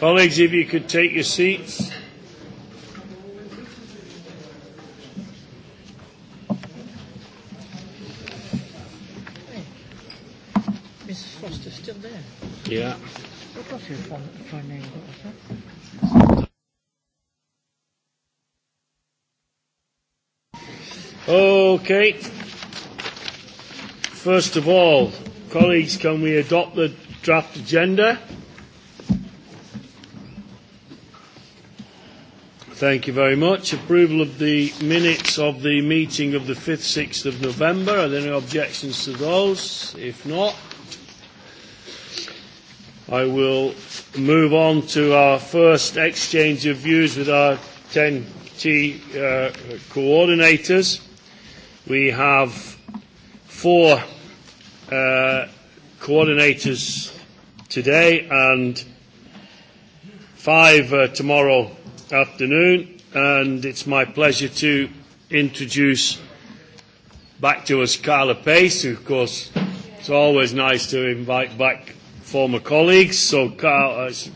Colleagues, if you could take your seats. Mrs. Foster's still there. Yeah. What was her phone name? What was that? Okay. First of all, colleagues, can we adopt the draft agenda? Thank you very much. Approval of the minutes of the meeting of the 5th, 6th of November. Are there any objections to those? If not, I will move on to our first exchange of views with our 10T uh, coordinators. We have four uh, coordinators today and five uh, tomorrow afternoon, and it's my pleasure to introduce back to us Carla Pace, who, of course, it's always nice to invite back former colleagues. So, Carl, it's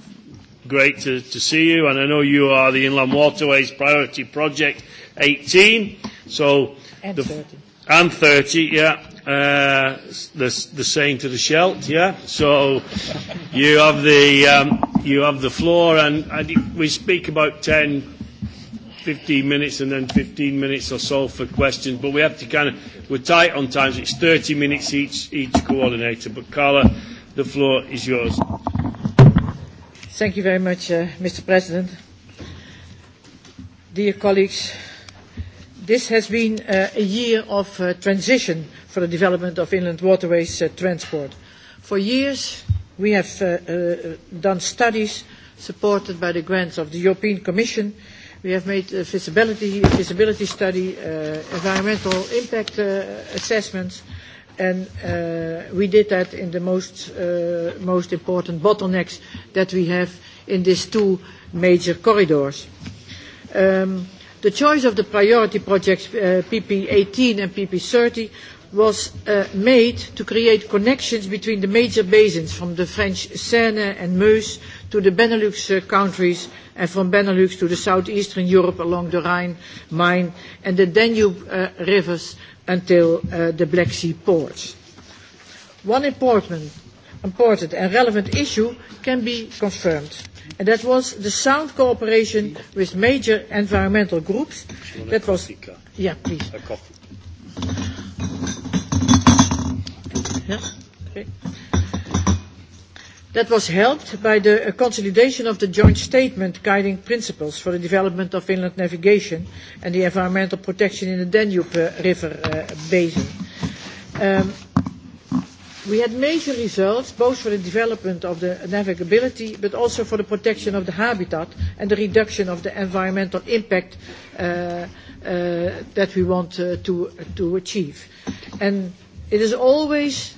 great to, to see you, and I know you are the Inland Waterways Priority Project 18. So, and the, 30. And 30, yeah uh, the, the saying to the Scheldt, yeah? So you have the, um, you have the floor, and I, we speak about 10, 15 minutes and then 15 minutes or so for questions, but we have to kind of, we're tight on times. So it's 30 minutes each, each coordinator. But Carla, the floor is yours. Thank you very much, uh, Mr. President. Dear colleagues, this has been uh, a year of uh, transition for the development of inland waterways uh, transport. For years, we have uh, uh, done studies supported by the grants of the European Commission. We have made a feasibility, a feasibility study, uh, environmental impact uh, assessments, and uh, we did that in the most, uh, most important bottlenecks that we have in these two major corridors. Um, the choice of the priority projects, uh, PP18 and PP30, was uh, made to create connections between the major basins from the French Seine and Meuse to the Benelux uh, countries and from Benelux to the southeastern Europe along the Rhine, Main and the Danube uh, rivers until uh, the Black Sea ports. One important, important and relevant issue can be confirmed and that was the sound cooperation with major environmental groups. That was, yeah, please. That was helped by the consolidation of the joint statement guiding principles for the development of inland navigation and the environmental protection in the Danube uh, River uh, basin. Um, We had major results, both for the development of the navigability, but also for the protection of the habitat and the reduction of the environmental impact uh, uh, that we want uh, to, to achieve. And it is always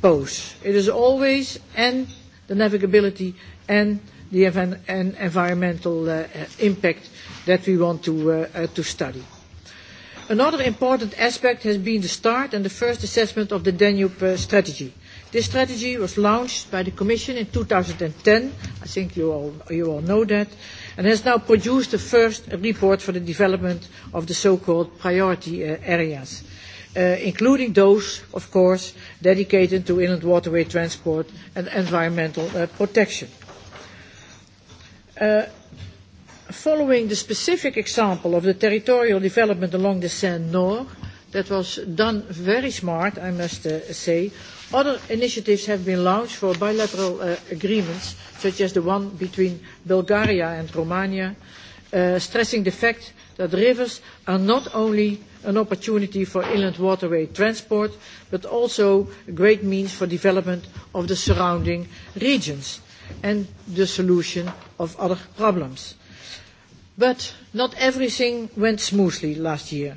both. It is always and the navigability and the env and environmental uh, impact that we want to, uh, uh, to study. Another important aspect has been the start and the first assessment of the Danube uh, strategy. This strategy was launched by the Commission in 2010, I think you all, you all know that, and has now produced the first report for the development of the so-called priority uh, areas, uh, including those, of course, dedicated to inland waterway transport and environmental uh, protection. Uh, following the specific example of the territorial development along the Seine Nord, that was done very smart, I must uh, say, other initiatives have been launched for bilateral uh, agreements, such as the one between Bulgaria and Romania, uh, stressing the fact that rivers are not only an opportunity for inland waterway transport, but also a great means for development of the surrounding regions and the solution of other problems. But not everything went smoothly last year.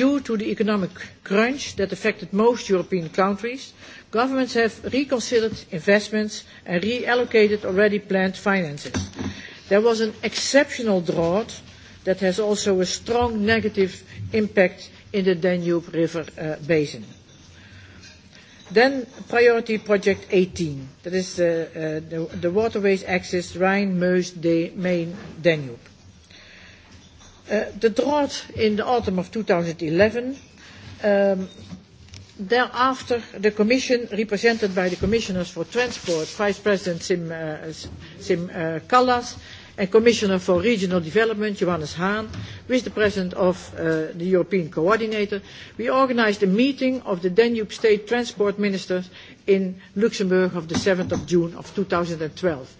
Due to the economic crunch that affected most European countries, governments have reconsidered investments and reallocated already planned finances. There was an exceptional drought that has also a strong negative impact in the Danube River uh, basin. Then priority project 18, that is uh, uh, the, the waterways access Rhine, Meuse, De, Main, Danube. Uh, eh, the drought in the autumn of 2011. Um, thereafter, the Commission, represented by the Commissioners for Transport, Vice President Sim, uh, Sim uh, eh, Callas, and Commissioner for Regional Development, Johannes Hahn, with the President of uh, the European Coordinator, we organized a meeting of the Danube State Transport Ministers in Luxembourg of the 7th of June of 2012.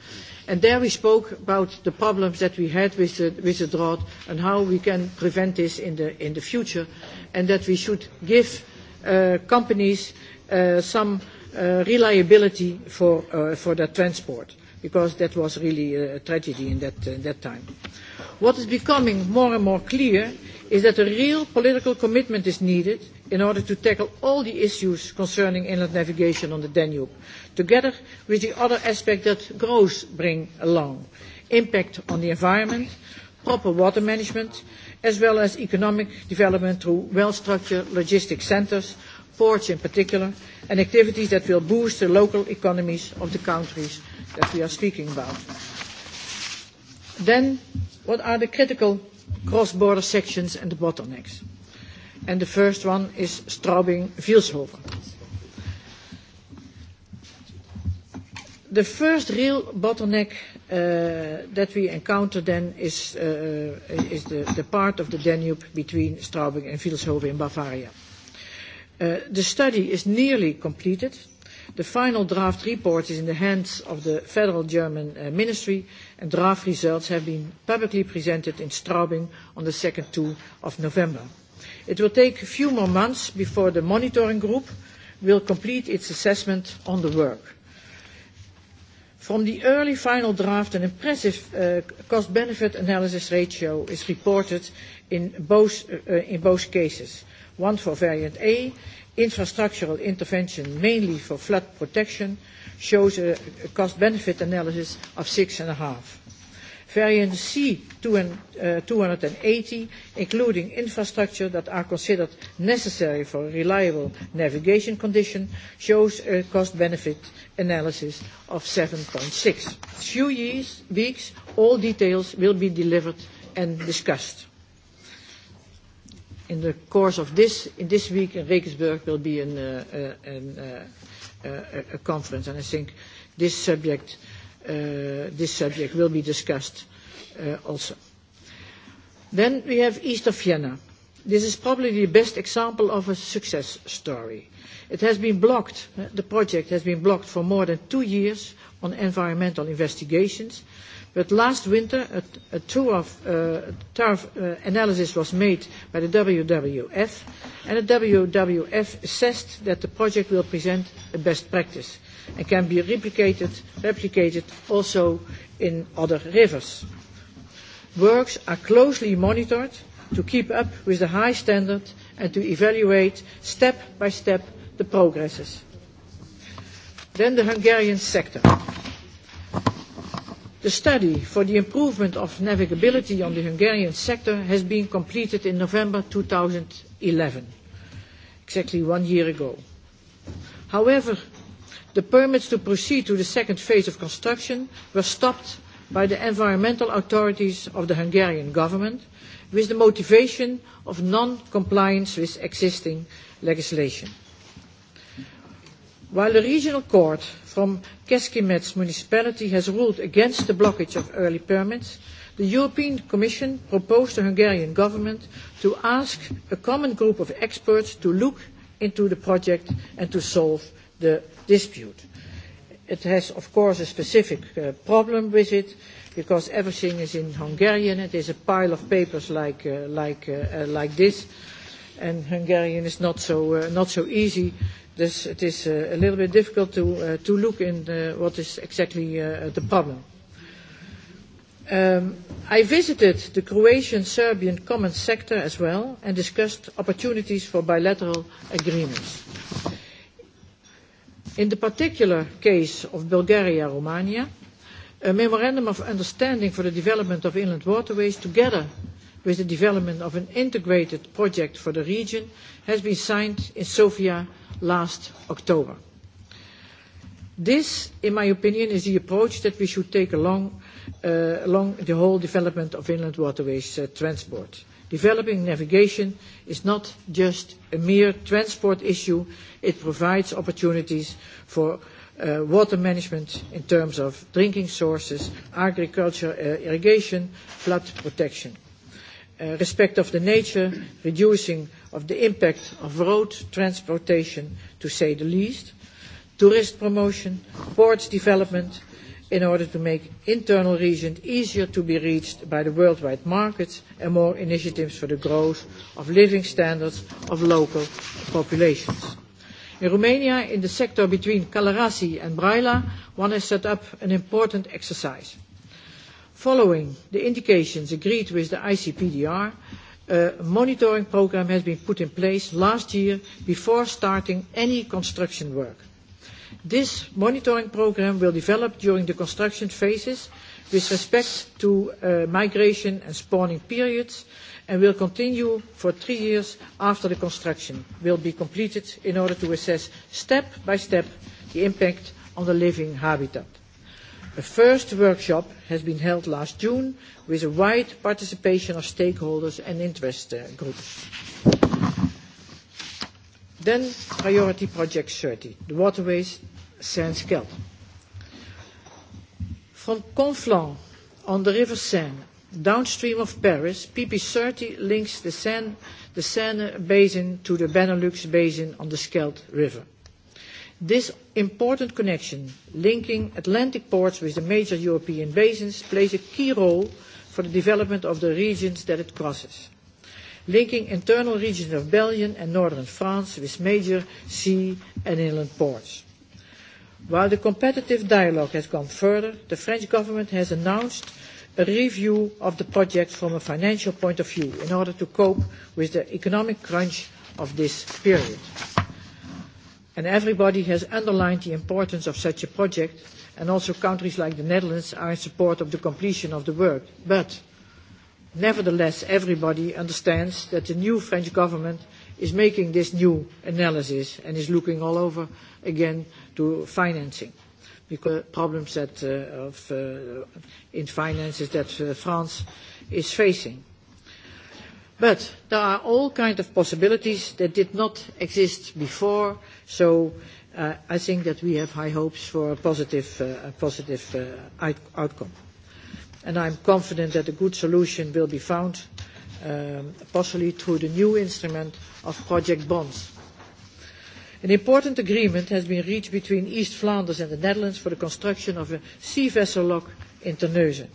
And there we spoke about the problems that we had with the, with the drought and how we can prevent this in the, in the future, and that we should give uh, companies uh, some uh, reliability for, uh, for their transport, because that was really a tragedy in that, in that time. What is becoming more and more clear is that a real political commitment is needed – in order to tackle all the issues concerning inland navigation on the Danube, together with the other aspects that growth bring along, impact on the environment, proper water management, as well as economic development through well-structured logistics centers, ports in particular, and activities that will boost the local economies of the countries that we are speaking about. Then, what are the critical cross-border sections and the bottlenecks? and the first one is Straubing-Vilshoven. The first real bottleneck uh, that we encounter then is, uh, uh, is the, the part of the Danube between Straubing and Vilshoven in Bavaria. Uh, the study is nearly completed. The final draft report is in the hands of the Federal German uh, Ministry, and draft results have been publicly presented in Straubing on the 2nd 2 of November. Uh, It will take a few more months before the monitoring group will complete its assessment on the work. From the early final draft, an impressive uh, cost-benefit analysis ratio is reported in both, uh, uh in both cases, one for variant A, infrastructural intervention, mainly for flood protection, shows a cost-benefit analysis of 6.5. Variant C 280, eh, including infrastructure that are considered necessary for reliable navigation condition, shows a cost-benefit analysis of 7.6. Few years, weeks, all details will be delivered and discussed. In the course of this, in this week in Regensburg will be an, uh, an, uh, a, a conference, and I think this subject Eh, this subject will be discussed eh, also. Then we have East of Vienna. This is probably the best example of a success story. It has been blocked, eh, the project has been blocked for more than two years on environmental investigations, but last winter a, a of, uh, tariff uh, analysis was made by the WWF, and the WWF assessed that the project will present a best practice and can be replicated, replicated also in other rivers. Works are closely monitored to keep up with the high standard and to evaluate step by step the progresses. Then the Hungarian sector. The study for the improvement of navigability on the Hungarian sector has been completed in November 2011, exactly one year ago. However, the permits to proceed to the second phase of construction were stopped by the environmental authorities of the Hungarian government with the motivation of non-compliance with existing legislation. While the regional court from Keskimets municipality has ruled against the blockage of early permits, the European Commission proposed the Hungarian government to ask a common group of experts to look into the project and to solve the dispute. It has, of course, a specific uh, problem with it because everything is in Hungarian. It is a pile of papers like, uh, like, uh, uh, like this, and Hungarian is not so, uh, not so easy. This, it is uh, a little bit difficult to, uh, to look in uh, what is exactly uh, the problem. Um, I visited the Croatian-Serbian common sector as well and discussed opportunities for bilateral agreements. In the particular case of Bulgaria-Romania, a memorandum of understanding for the development of inland waterways, together with the development of an integrated project for the region, has been signed in Sofia last October. This, in my opinion, is the approach that we should take along, uh, along the whole development of inland waterways uh, transport. Uh, Developing navigation is not just a mere transport issue, it provides opportunities for uh, water management in terms of drinking sources, agriculture, uh, irrigation, flood protection. Uh, respect of the nature, reducing of the impact of road transportation, to say the least, tourist promotion, ports development, in order to make internal regions easier to be reached by the worldwide markets and more initiatives for the growth of living standards of local populations. In Romania, in the sector between Calarasi and Braila, one has set up an important exercise. Following the indications agreed with the ICPDR, a monitoring program has been put in place last year before starting any construction work. This monitoring program will develop during the construction phases with respect to uh, migration and spawning periods and will continue for three years after the construction will be completed in order to assess step by step the impact on the living habitat. A first workshop has been held last June with a wide participation of stakeholders and interest uh, groups. Then priority project 30, the waterways Seine-Skeldt. From Conflans on the river Seine, downstream of Paris, PP30 links the Seine, the Seine basin to the Benelux basin on the Scheldt River. This important connection, linking Atlantic ports with the major European basins, plays a key role for the development of the regions that it crosses linking internal regions of Belgium and northern France with major sea and inland ports. While the competitive dialogue has gone further, the French government has announced a review of the project from a financial point of view in order to cope with the economic crunch of this period. And everybody has underlined the importance of such a project, and also countries like the Netherlands are in support of the completion of the work. But Nevertheless, everybody understands that the new French government is making this new analysis and is looking all over again to financing. Because problems that, uh, of, uh, in finances that uh, France is facing. But there are all kinds of possibilities that did not exist before, so uh, I think that we have high hopes for a positive, uh, a positive uh, outcome and I'm confident that a good solution will be found, um, possibly through the new instrument of project bonds. An important agreement has been reached between East Flanders and the Netherlands for the construction of a sea vessel lock in Terneuzen.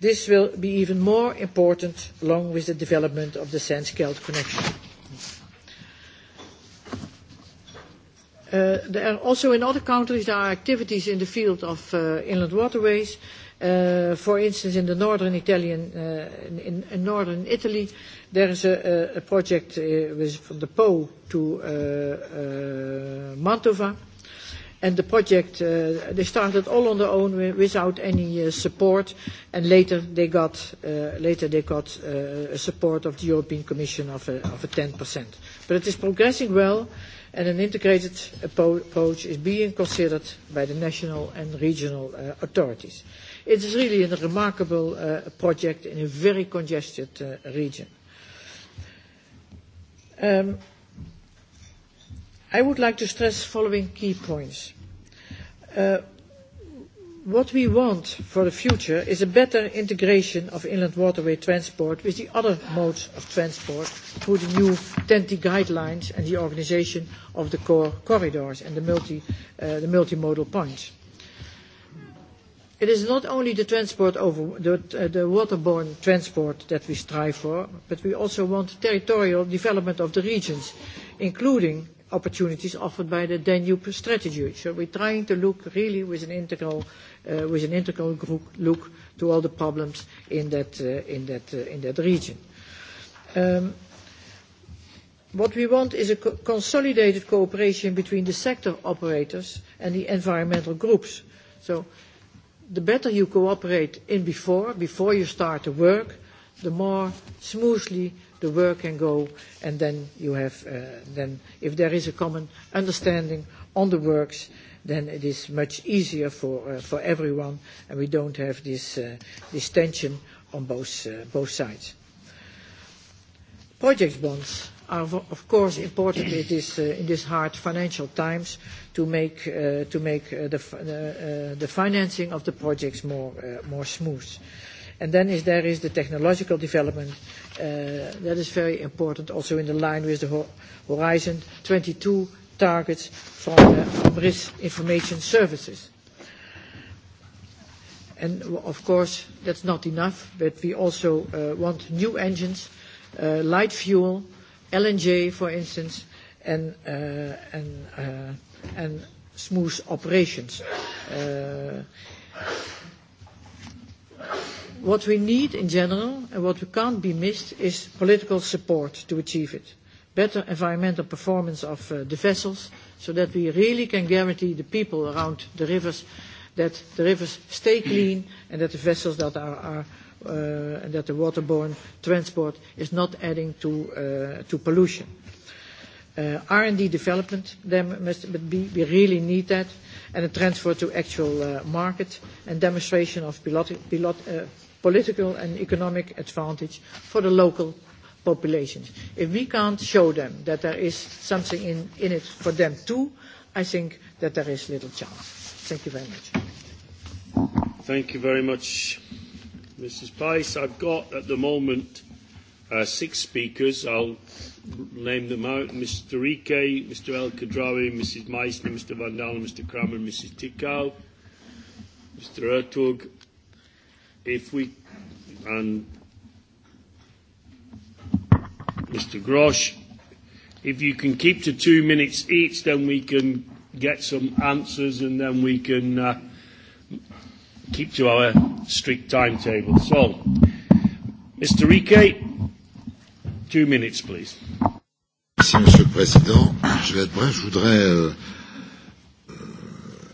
This will be even more important along with the development of the Sandskeld connection. Uh, there are also in other countries there are activities in the field of uh, inland waterways Uh, eh, for instance, in the northern Italian, uh, in, in northern Italy, there is a, a project uh, with, from the Po to uh, uh, Mantova, and the project uh, they started all on their own without any uh, support, and later they got uh, later they got uh, support of the European Commission of a, of a 10%. But it is progressing well, and an integrated approach is being considered by the national and regional uh, authorities. Uh, It is really a remarkable uh, project in a very congested uh, region. Um, I would like to stress following key points. Uh, what we want for the future is a better integration of inland waterway transport with the other modes of transport through the new TEN-T guidelines and the organization of the core corridors and the, multi, uh, the multimodal points. Uh, It is not only the transport over the, uh, the waterborne transport that we strive for, but we also want territorial development of the regions, including opportunities offered by the Danube strategy. So we're trying to look really with an integral, uh, with an integral group look to all the problems in that, uh, in that, uh, in that region. Um, What we want is a co consolidated cooperation between the sector operators and the environmental groups. So the better you cooperate in before, before you start the work, the more smoothly the work can go, and then you have, uh, then if there is a common understanding on the works, then it is much easier for, uh, for everyone, and we don't have this, uh, this tension on both, uh, both sides. Project bonds are, of course, important in this, uh, in this hard financial times, to make, uh, to make uh, the, uh, uh, the financing of the projects more, uh, more smooth. And then is, there is the technological development. Uh, that is very important, also in the line with the Horizon 22 targets from, uh, from risk information services. And of course, that's not enough, but we also uh, want new engines, uh, light fuel, LNG, for instance, and, uh, and uh, and smooth operations. Uh, what we need in general and what we can't be missed is political support to achieve it. Better environmental performance of uh, the vessels so that we really can guarantee the people around the rivers that the rivers stay clean and that the vessels that are, are uh, and that the waterborne transport is not adding to, uh, to pollution. Uh, uh, R&D development, then must be, we really need that, and a transfer to actual uh, market and demonstration of pilot, pilot, uh, political and economic advantage for the local populations. If we can't show them that there is something in, in it for them too, I think that there is little chance. Thank you very much. Thank you very much, Mrs. Price. I've got at the moment uh, six speakers. I'll name them out. Mr. Rike, Mr. El Kadrawi, Mrs. Meissner, Mr. Van Dalen, Mr. Kramer, Mrs. Tikal, Mr. Ertug. If we, and Mr. Grosh, if you can keep to two minutes each, then we can get some answers and then we can uh, keep to our strict timetable. So, Mr. Rike, Two minutes, please. Merci, Monsieur le Président. Je vais être bref. Je voudrais euh, euh,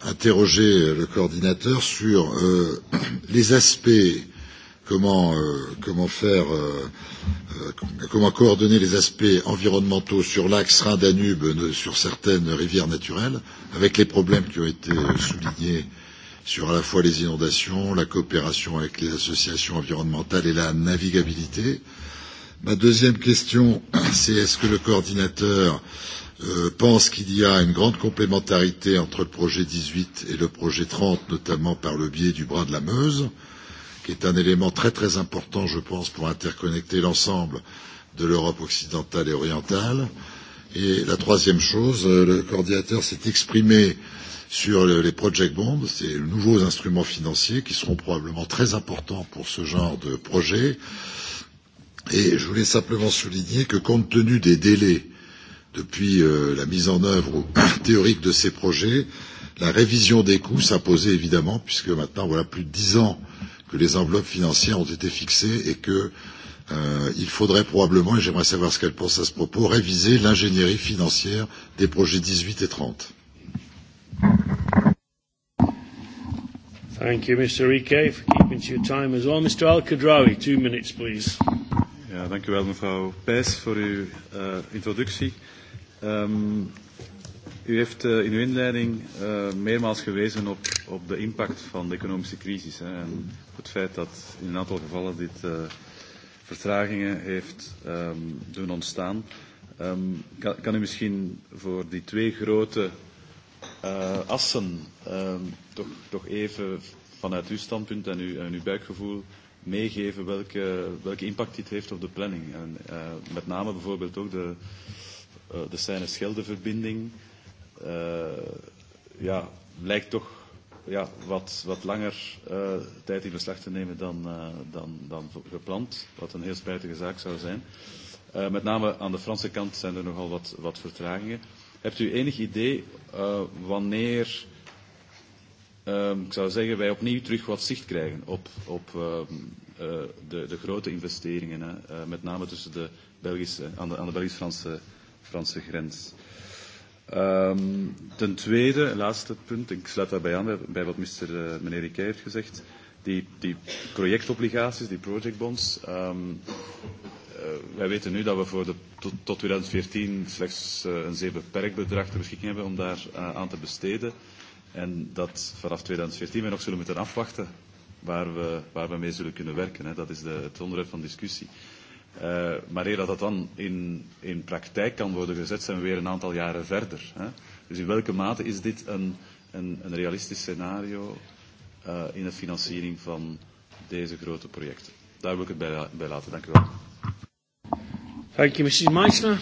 interroger le coordinateur sur euh, les aspects comment, euh, comment faire, euh, euh, comment coordonner les aspects environnementaux sur l'axe Rhin-Danube, sur certaines rivières naturelles, avec les problèmes qui ont été soulignés sur à la fois les inondations, la coopération avec les associations environnementales et la navigabilité. Ma deuxième question, c'est est-ce que le coordinateur euh, pense qu'il y a une grande complémentarité entre le projet 18 et le projet 30, notamment par le biais du bras de la Meuse, qui est un élément très très important, je pense, pour interconnecter l'ensemble de l'Europe occidentale et orientale. Et la troisième chose, euh, le coordinateur s'est exprimé sur les project bonds, c'est les nouveaux instruments financiers qui seront probablement très importants pour ce genre de projet. Euh, Et je voulais simplement souligner que compte tenu des délais depuis euh, la mise en œuvre théorique de ces projets, la révision des coûts s'imposait évidemment, puisque maintenant, voilà plus de dix ans que les enveloppes financières ont été fixées et que euh, il faudrait probablement, et j'aimerais savoir ce qu'elle pense à ce propos, réviser l'ingénierie financière des projets 18 et 30. Thank you, Mr. Rike, for keeping to your time as well. Mr. Al Kadrawi, two minutes, please. Ja, dank u wel, mevrouw Pijs, voor uw uh, introductie. Um, u heeft uh, in uw inleiding uh, meermaals gewezen op, op de impact van de economische crisis. Hè, en op het feit dat in een aantal gevallen dit uh, vertragingen heeft um, doen ontstaan. Um, kan, kan u misschien voor die twee grote uh, assen um, toch, toch even vanuit uw standpunt en uw, en uw buikgevoel uh, meegeven welke, welke impact dit heeft op de planning. En, uh, met name bijvoorbeeld ook de, uh, de Seine-Schelde-verbinding uh, eh, ja, lijkt toch ja, wat, wat langer uh, tijd in beslag te nemen dan, uh, dan, dan gepland, wat een heel spijtige zaak zou zijn. Uh, met name aan de Franse kant zijn er nogal wat, wat vertragingen. Hebt u enig idee uh, wanneer um, ik zou zeggen, wij opnieuw terug wat zicht krijgen op, op um, uh, de, de grote investeringen. Hè, uh, met name tussen de Belgische, aan de, aan de Belgisch-Franse Franse grens. Um, ten tweede, laatste punt, ik sluit daarbij aan bij wat mister, uh, meneer Riquet heeft gezegd. Die, die projectobligaties, die projectbonds. Um, uh, wij weten nu dat we voor de, tot, tot 2014 slechts uh, een zeer beperkt bedrag ter beschikking hebben om daar uh, aan te besteden. Uh, En dat vanaf 2014 we nog zullen moeten afwachten waar we, waar we mee zullen kunnen werken. Hè. Dat is de, het onderwerp van discussie. Uh, maar eer dat dat dan in, in praktijk kan worden gezet, zijn we weer een aantal jaren verder. Hè. Dus in welke mate is dit een, een, een realistisch scenario uh, in de financiering van deze grote projecten? Daar wil ik het bij, bij laten. Dank u wel. Thank you, Mrs. Meissner.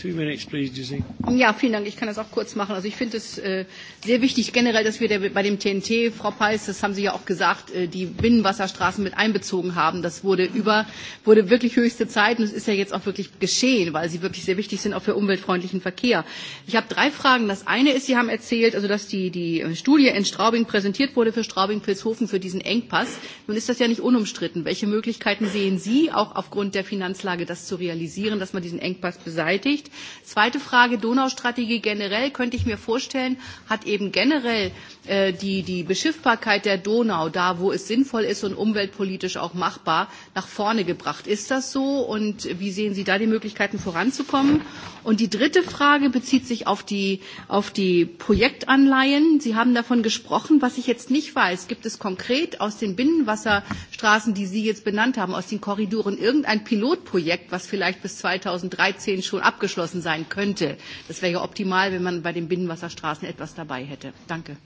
Two minutes, please, Jazine. Ja, vielen Dank. Ich kann das auch kurz machen. Also ich finde es äh, sehr wichtig generell, dass wir der, bei dem TNT, Frau Peis, das haben Sie ja auch gesagt, äh, die Binnenwasserstraßen mit einbezogen haben. Das wurde über, wurde wirklich höchste Zeit und es ist ja jetzt auch wirklich geschehen, weil sie wirklich sehr wichtig sind auch für umweltfreundlichen Verkehr. Ich habe drei Fragen. Das eine ist, Sie haben erzählt, also dass die, die Studie in Straubing präsentiert wurde für Straubing-Pilzhofen für diesen Engpass. Nun ist das ja nicht unumstritten. Welche Möglichkeiten sehen Sie auch aufgrund der Finanzlage, das zu realisieren, dass man diesen Engpass beseitigt? Zweite Frage, Donaustrategie generell, könnte ich mir vorstellen, hat eben generell Äh, die, die Beschiffbarkeit der Donau, da wo es sinnvoll ist und umweltpolitisch auch machbar, nach vorne gebracht. Ist das so? Und wie sehen Sie da die Möglichkeiten voranzukommen? Und die dritte Frage bezieht sich auf die, auf die Projektanleihen. Sie haben davon gesprochen. Was ich jetzt nicht weiß, gibt es konkret aus den Binnenwasserstraßen, die Sie jetzt benannt haben, aus den Korridoren irgendein Pilotprojekt, was vielleicht bis 2013 schon abgeschlossen sein könnte? Das wäre ja optimal, wenn man bei den Binnenwasserstraßen etwas dabei hätte. Danke.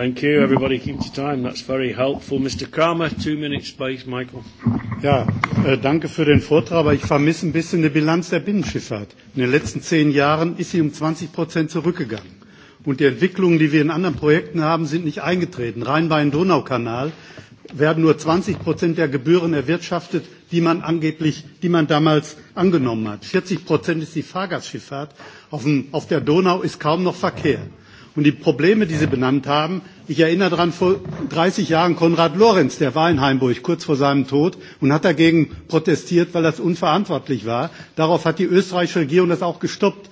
Thank you. Everybody keep to time. That's very helpful. Mr. Kramer, two minutes, please, Michael. Ja, äh, danke für den Vortrag, aber ich vermisse ein bisschen eine Bilanz der Binnenschifffahrt. In den letzten zehn Jahren ist sie um 20 Prozent zurückgegangen. Und die Entwicklungen, die wir in anderen Projekten haben, sind nicht eingetreten. Rhein-Main-Donau-Kanal werden nur 20 Prozent der Gebühren erwirtschaftet, die man angeblich, die man damals angenommen hat. 40 Prozent ist die Fahrgastschifffahrt. Auf, dem, auf der Donau ist kaum noch Verkehr. Und die Probleme, die Sie benannt haben, ich erinnere daran, vor 30 Jahren Konrad Lorenz, der war in Heimburg kurz vor seinem Tod und hat dagegen protestiert, weil das unverantwortlich war. Darauf hat die österreichische Regierung das auch gestoppt.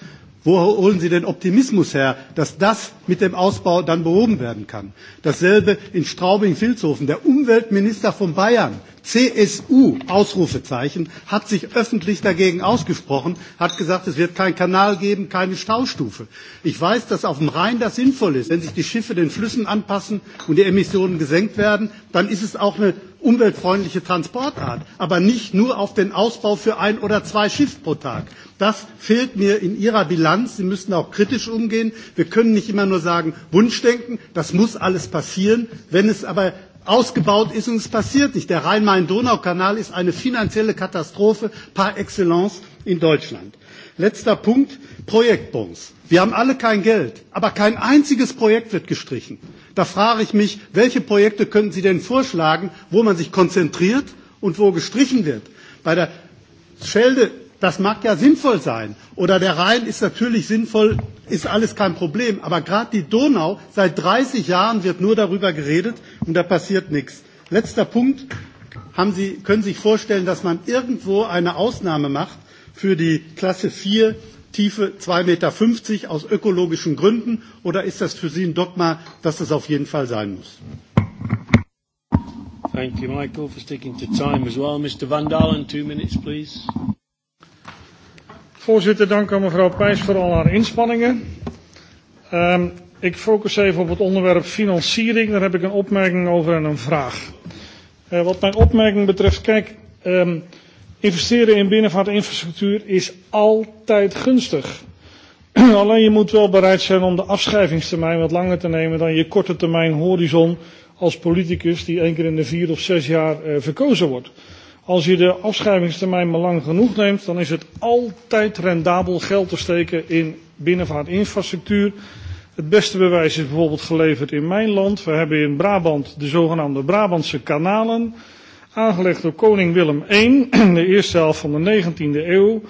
Wo holen Sie denn Optimismus her, dass das mit dem Ausbau dann behoben werden kann? Dasselbe in Straubing-Vilshofen. Der Umweltminister von Bayern, CSU, Ausrufezeichen, hat sich öffentlich dagegen ausgesprochen, hat gesagt, es wird keinen Kanal geben, keine Staustufe. Ich weiß, dass auf dem Rhein das sinnvoll ist. Wenn sich die Schiffe den Flüssen anpassen und die Emissionen gesenkt werden, dann ist es auch eine umweltfreundliche Transportart, aber nicht nur auf den Ausbau für ein oder zwei Schiffe pro Tag. Das fehlt mir in Ihrer Bilanz. Sie müssen auch kritisch umgehen. Wir können nicht immer nur sagen, Wunschdenken, das muss alles passieren. Wenn es aber ausgebaut ist und es passiert nicht. Der Rhein-Main-Donau-Kanal ist eine finanzielle Katastrophe par excellence in Deutschland. Letzter Punkt, Projektbonds. Wir haben alle kein Geld, aber kein einziges Projekt wird gestrichen. Da frage ich mich, welche Projekte könnten Sie denn vorschlagen, wo man sich konzentriert und wo gestrichen wird? Bei der Schelde Das mag ja sinnvoll sein. Oder der Rhein ist natürlich sinnvoll, ist alles kein Problem. Aber gerade die Donau, seit 30 Jahren wird nur darüber geredet und da passiert nichts. Letzter Punkt. Haben Sie, können Sie sich vorstellen, dass man irgendwo eine Ausnahme macht für die Klasse 4 Tiefe 2,50 Meter aus ökologischen Gründen? Oder ist das für Sie ein Dogma, dass das auf jeden Fall sein muss? Thank you, Michael, for sticking to time as well. Mr. Van Dalen, two minutes, please. Voorzitter, dank aan mevrouw Pijs voor al haar inspanningen. Um, ik focus even op het onderwerp financiering. Daar heb ik een opmerking over en een vraag. Uh, wat mijn opmerking betreft, kijk, um, investeren in binnenvaartinfrastructuur is altijd gunstig. Alleen je moet wel bereid zijn om de afschrijvingstermijn wat langer te nemen dan je korte termijn horizon als politicus die één keer in de vier of zes jaar uh, verkozen wordt. Uh, Als je de afschrijvingstermijn maar lang genoeg neemt, dan is het altijd rendabel geld te steken in binnenvaartinfrastructuur. Het beste bewijs is bijvoorbeeld geleverd in mijn land. We hebben in Brabant de zogenaamde Brabantse kanalen, aangelegd door koning Willem I in de eerste helft van de 19e eeuw.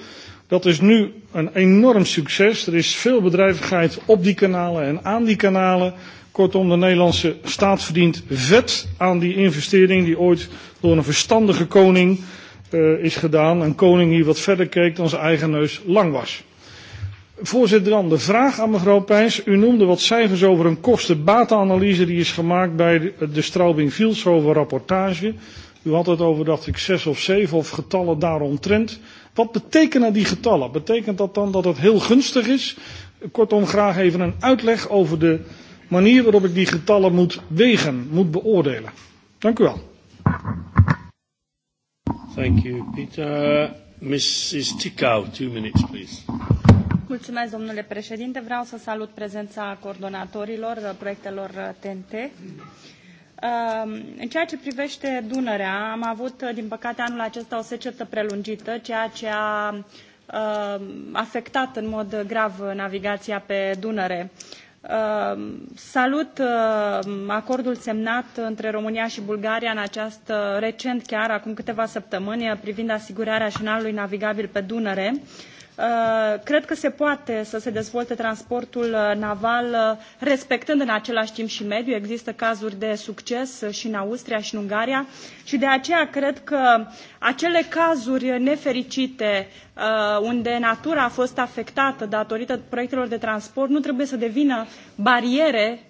Dat is nu een enorm succes. Er is veel bedrijvigheid op die kanalen en aan die kanalen. Kortom, de Nederlandse staat verdient vet aan die investering die ooit door een verstandige koning uh, is gedaan. Een koning die wat verder keek dan zijn eigen neus lang was. Voorzitter, dan de vraag aan mevrouw Pijs. U noemde wat cijfers over een kosten-batenanalyse die is gemaakt bij de, de Straubing-Vilshoven rapportage. U had het over, dacht ik, zes of zeven of getallen daaromtrent. Wat betekenen die getallen? Betekent dat dan dat het heel gunstig is? Kortom, graag even een uitleg over de manier waarop ik die getallen moet wegen, moet beoordelen. Dank u wel. Thank you, Peter. Mrs. Ticau, two minutes, please. Mulțumesc, domnule președinte. Vreau să salut prezența coordonatorilor uh, proiectelor TNT. Uh, um, în ceea ce privește Dunărea, am avut, uh, din păcate, anul acesta o secetă prelungită, ceea ce a afectat în mod grav navigația pe Dunăre. Uh, Ehm, salut ehm, acordul semnat între România și Bulgaria în această eh, recent chiar acum câteva săptămâni privind asigurarea șinalului navigabil pe Dunăre. Uh, Uh, cred că se poate să se dezvolte transportul uh, naval uh, respectând în același timp și mediul. Există cazuri de succes și în Austria și în Ungaria și de aceea cred că acele cazuri nefericite unde natura a fost afectată datorită proiectelor de transport nu trebuie să devină bariere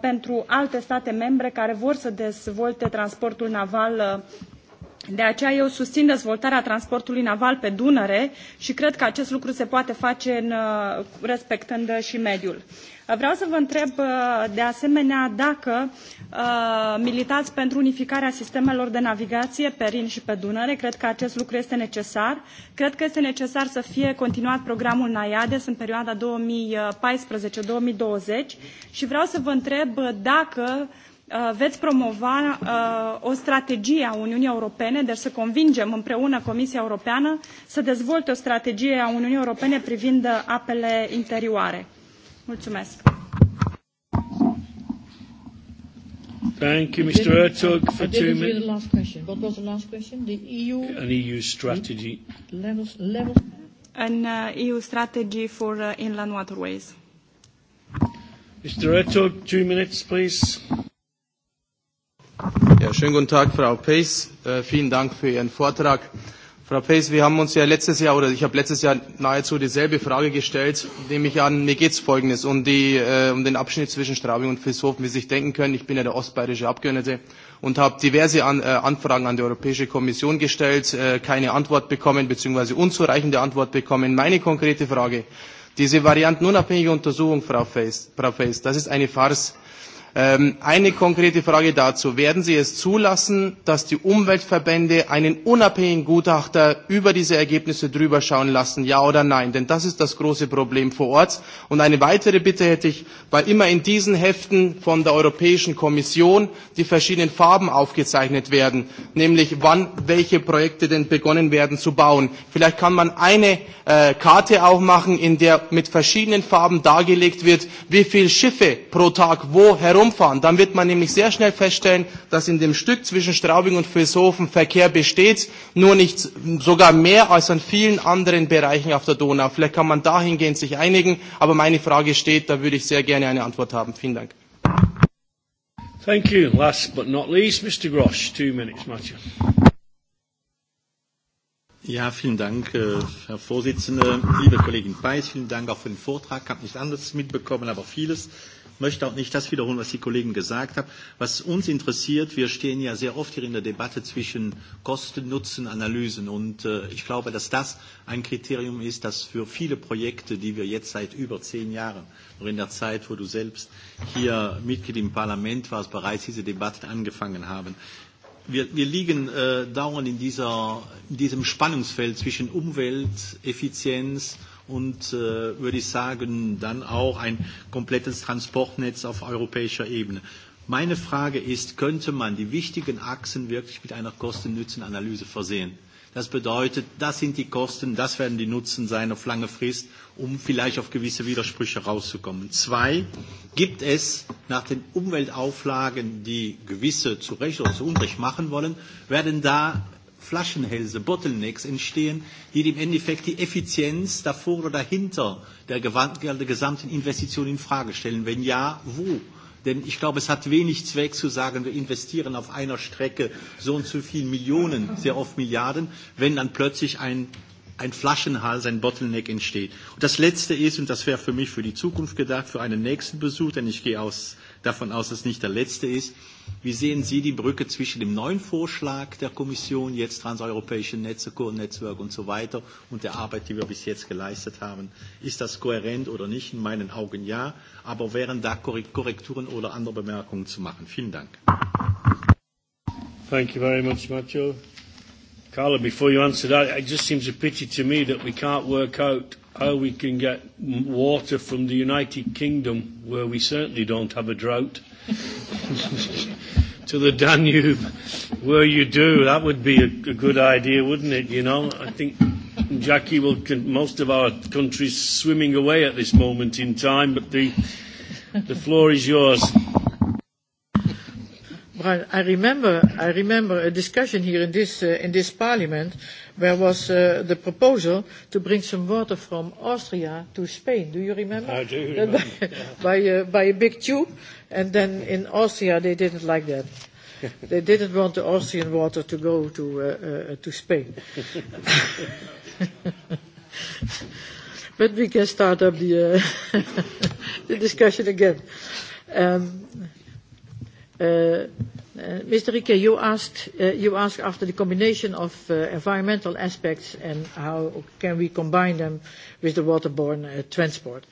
pentru alte state membre care vor să dezvolte transportul naval De aceea eu susțin dezvoltarea transportului naval pe Dunăre și cred că acest lucru se poate face în, uh, respectând și mediul. Uh, vreau să vă întreb uh, de asemenea dacă uh, militați pentru unificarea sistemelor de navigație pe Rin și pe Dunăre. Cred că acest lucru este necesar. Cred că este necesar să fie continuat programul NAIADES în perioada 2014-2020 și vreau să vă întreb dacă uh, Uh, veți promova uh, o strategie a Uniunii Europene, deci să convingem împreună Comisia Europeană să dezvolte o strategie a Uniunii Europene privind uh, apele interioare. Mulțumesc. Thank you, Mr. Ertug, for I didn't two minutes. hear the last question. What was the last question? The EU. An EU strategy. Levels. Levels. An uh, EU strategy for uh, inland waterways. Mr. Ertug, two minutes, please. Schönen guten Tag, Frau Pace. Äh, vielen Dank für Ihren Vortrag. Frau Pace, wir haben uns ja letztes Jahr oder ich habe letztes Jahr nahezu dieselbe Frage gestellt, nehme ich an, mir geht es folgendes um, die, äh, um den Abschnitt zwischen Straubing und Vilshofen, wie Sie sich denken können. Ich bin ja der ostbayerische Abgeordnete und habe diverse an, äh, Anfragen an die Europäische Kommission gestellt, äh, keine Antwort bekommen bzw. unzureichende Antwort bekommen. Meine konkrete Frage, diese variantenunabhängige Untersuchung, Frau Face, Frau Face das ist eine Farce. Ähm, eine konkrete Frage dazu. Werden Sie es zulassen, dass die Umweltverbände einen unabhängigen Gutachter über diese Ergebnisse drüber schauen lassen? Ja oder nein? Denn das ist das große Problem vor Ort. Und eine weitere Bitte hätte ich, weil immer in diesen Heften von der Europäischen Kommission die verschiedenen Farben aufgezeichnet werden, nämlich wann welche Projekte denn begonnen werden zu bauen. Vielleicht kann man eine äh, Karte auch machen, in der mit verschiedenen Farben dargelegt wird, wie viele Schiffe pro Tag wo herum herumfahren, dann wird man nämlich sehr schnell feststellen, dass in dem Stück zwischen Straubing und Vilshofen Verkehr besteht, nur nicht sogar mehr als an vielen anderen Bereichen auf der Donau. Vielleicht kann man dahingehend sich einigen, aber meine Frage steht, da würde ich sehr gerne eine Antwort haben. Vielen Dank. Thank you. Last but not least, Mr. Grosch, two minutes, Matthew. Ja, vielen Dank, äh, Herr Vorsitzender, liebe Kollegin Peis, vielen Dank auch für den Vortrag. Ich habe nicht alles mitbekommen, aber vieles möchte auch nicht das wiederholen, was die Kollegen gesagt haben. Was uns interessiert, wir stehen ja sehr oft hier in der Debatte zwischen Kosten-Nutzen-Analysen. Und äh, ich glaube, dass das ein Kriterium ist, das für viele Projekte, die wir jetzt seit über zehn Jahren, noch in der Zeit, wo du selbst hier Mitglied im Parlament warst, bereits diese Debatte angefangen haben, wir, wir liegen äh, dauernd in, dieser, in diesem Spannungsfeld zwischen Umwelt, Effizienz und, äh, würde ich sagen, dann auch ein komplettes Transportnetz auf europäischer Ebene. Meine Frage ist, könnte man die wichtigen Achsen wirklich mit einer Kosten-Nutzen-Analyse versehen? Das bedeutet, das sind die Kosten, das werden die Nutzen sein auf lange Frist, um vielleicht auf gewisse Widersprüche rauszukommen. Zwei, gibt es nach den Umweltauflagen, die gewisse zu Recht oder zu Unrecht machen wollen, werden da Flaschenhälse, Bottlenecks entstehen, die im Endeffekt die Effizienz davor oder dahinter der, der gesamten Investition in Frage stellen. Wenn ja, wo? Denn ich glaube, es hat wenig Zweck zu sagen, wir investieren auf einer Strecke so und so viel Millionen, sehr oft Milliarden, wenn dann plötzlich ein, ein Flaschenhals, ein Bottleneck entsteht. Und das Letzte ist, und das wäre für mich für die Zukunft gedacht, für einen nächsten Besuch, denn ich gehe aus, davon aus, dass es nicht der letzte ist, Wie sehen Sie die Brücke zwischen dem neuen Vorschlag der Kommission, jetzt transeuropäische Netze, Core-Netzwerk und so weiter, und der Arbeit, die wir bis jetzt geleistet haben? Ist das kohärent oder nicht? In meinen Augen ja. Aber wären da Korrekturen oder andere Bemerkungen zu machen? Vielen Dank. Thank you very much, Macho. Carla, before you answer that, it just seems a pity to me that we can't work out how we can get water from the United Kingdom, where we certainly don't have a drought to the Danube, where you do, that would be a, a good idea, wouldn't it? You know, I think Jackie will. Con- most of our countries swimming away at this moment in time, but the the floor is yours. Well, I remember, I remember a discussion here in this, uh, in this parliament where was uh, the proposal to bring some water from Austria to Spain. Do you remember? I do remember. by, yeah. by, uh, by a big tube And then in Austria, they didn't like that. They didn't want the Austrian water to go to, uh, uh, to Spain. but we can start up the, uh, the discussion again. Um, uh, Uh, Mr. Rieke, you asked, uh, you asked after the combination of uh, environmental aspects and how can we combine them with the waterborne uh, transport.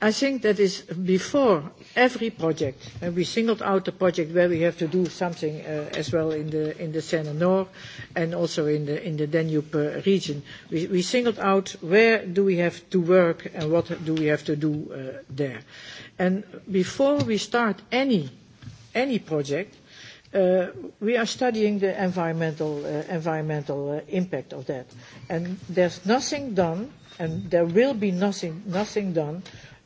I think that is before every project, and we singled out the project where we have to do something uh, as well in the in the Seine Nord and also in the in the Danube uh, region. We, we singled out where do we have to work and what do we have to do uh, there. And before we start any any project, Uh, we are studying the environmental, uh, environmental uh, impact of that. And there's nothing done, and there will be nothing, nothing done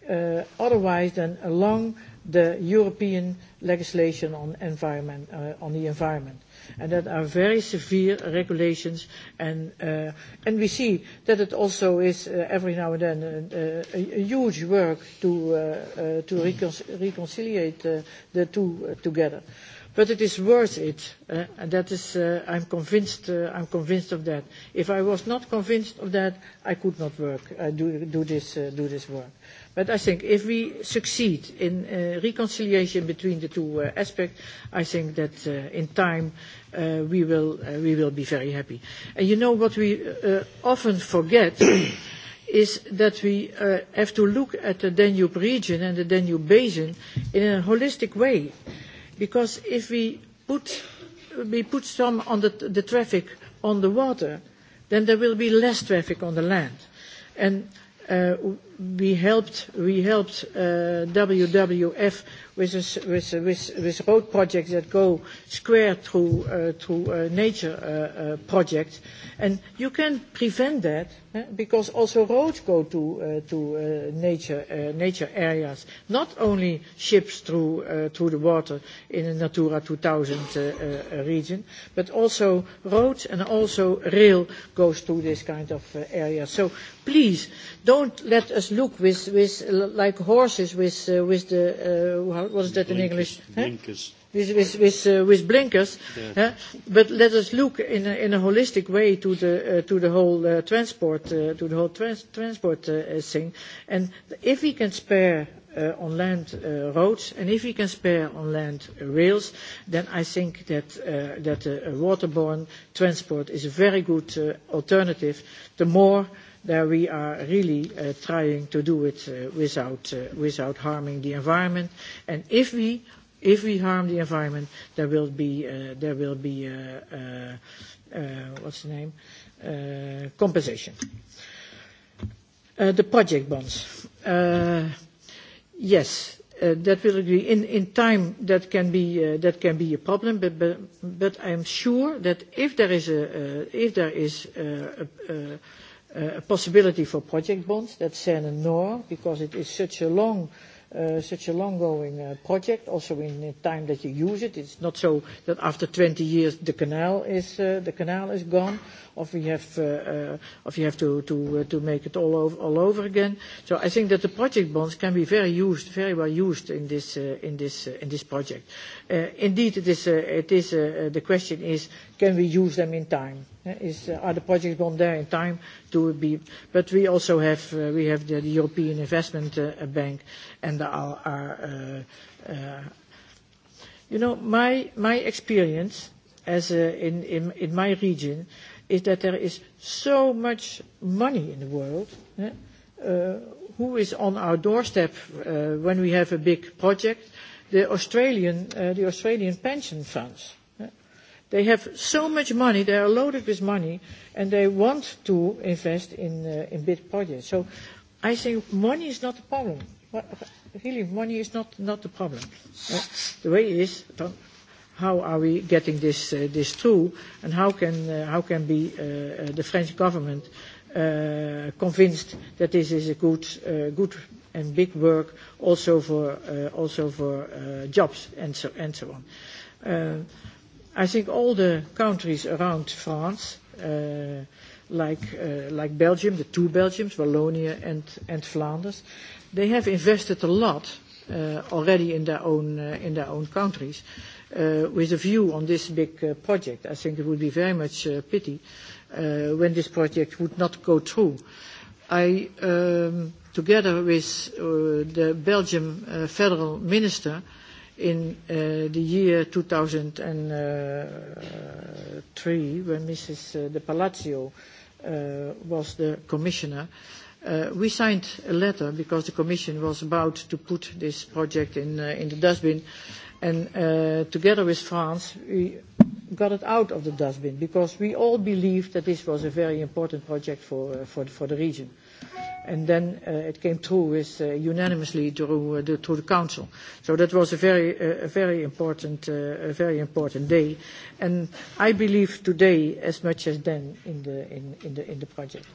uh, otherwise than along the European legislation on, environment, uh, on the environment. And that are very severe regulations. And, uh, and we see that it also is uh, every now and then a, uh, uh, a, a huge work to, uh, uh, to recon- reconciliate uh, the two uh, together. Uh, But it is worth it. Uh, that is, uh, I'm convinced. Uh, I'm convinced of that. If I was not convinced of that, I could not work. I uh, do, do this uh, do this work. But I think if we succeed in uh, reconciliation between the two uh, aspects, I think that uh, in time uh, we will uh, we will be very happy. And you know what we uh, often forget. is that we uh, have to look at the Danube region and the Danube basin in a holistic way. Uh, Because if we put, we put some on the, the traffic on the water, then there will be less traffic on the land. And uh, we helped we helped uh, WWF with, a, with, a, with, with road projects that go square through uh, through uh, nature uh, uh, projects, and you can prevent that eh, because also roads go to uh, to uh, nature uh, nature areas, not only ships through uh, through the water in a Natura 2000 uh, uh, region, but also roads and also rail goes to this kind of uh, area. So please don't let us look with, with like horses with uh, with the uh, what is that blinkers, in English? Blinkers. Huh? With with with, uh, with blinkers. Yeah. Huh? But let us look in a, in a holistic way to the uh, to the whole uh, transport uh, to the whole trans- transport uh, uh thing. And if we can spare Uh, on land uh, roads, and if we can spare on land uh, rails, then I think that uh, that waterborne transport is a very good uh, alternative. The more there we are really uh, trying to do it uh, without, uh, without harming the environment. And if we, if we harm the environment, there will be, uh, there will be uh, uh, uh, what's the name, uh, compensation. Uh, the project bonds. Uh, yes, Uh, that will agree. In, in time, that can be, uh, that can be a problem, but, but, but I'm sure that if there is a, uh, if there is uh, a, a, uh, a possibility for project bonds. That's Cern Noor, because it is such a long Uh, such a long-going uh, project, also in the time that you use it. It's not so that after 20 years the canal is, uh, the canal is gone, of we have, uh, uh, of you have to, to, uh, to make it all over, all over again. So I think that the project bonds can be very used, very well used in this, uh, in this, uh, in this project. Uh, indeed, it is, uh, it is, uh, uh the question is, can we use them in time? Uh, is, uh, are the projects gone there in time to be? But we also have, uh, we have the, the European Investment uh, Bank, and there are, are uh, you know, my, my experience as in, in, in my region is that there is so much money in the world. Eh? Uh, who is on our doorstep uh, when we have a big project? The Australian, uh, the Australian pension funds. Eh? They have so much money, they are loaded with money, and they want to invest in, uh, in big projects. So I think money is not the problem. What, really, money is not, not the problem. Uh, the way it is, don't, how are we getting this, uh, this through, and how can, uh, how can be uh, uh, the French government uh, convinced that this is a good, uh, good and big work also for, uh, also for uh, jobs and so, and so on. Uh, I think all the countries around France, uh, like, uh, like Belgium, the two Belgiums, Wallonia and, and Flanders, they have invested a lot uh, already in their own, uh, in their own countries. Uh, uh, with a view on this big uh, project. I think it would be very much a uh, pity uh, when this project would not go through. I, um, together with uh, the Belgium uh, federal minister, in uh, the year 2003, when Mrs. Uh, de Palacio uh, was the commissioner, uh, we signed a letter because the commission was about to put this project in, uh, in the dustbin And uh, together with France, we got it out of the dustbin because we all believed that this was a very important project for, uh, for, for the region. And then uh, it came through with, uh, unanimously through, uh, the, through the council. So that was a very, uh, a very, important, uh, a very important day. And I believe today as much as then in the, in, in the, in the project.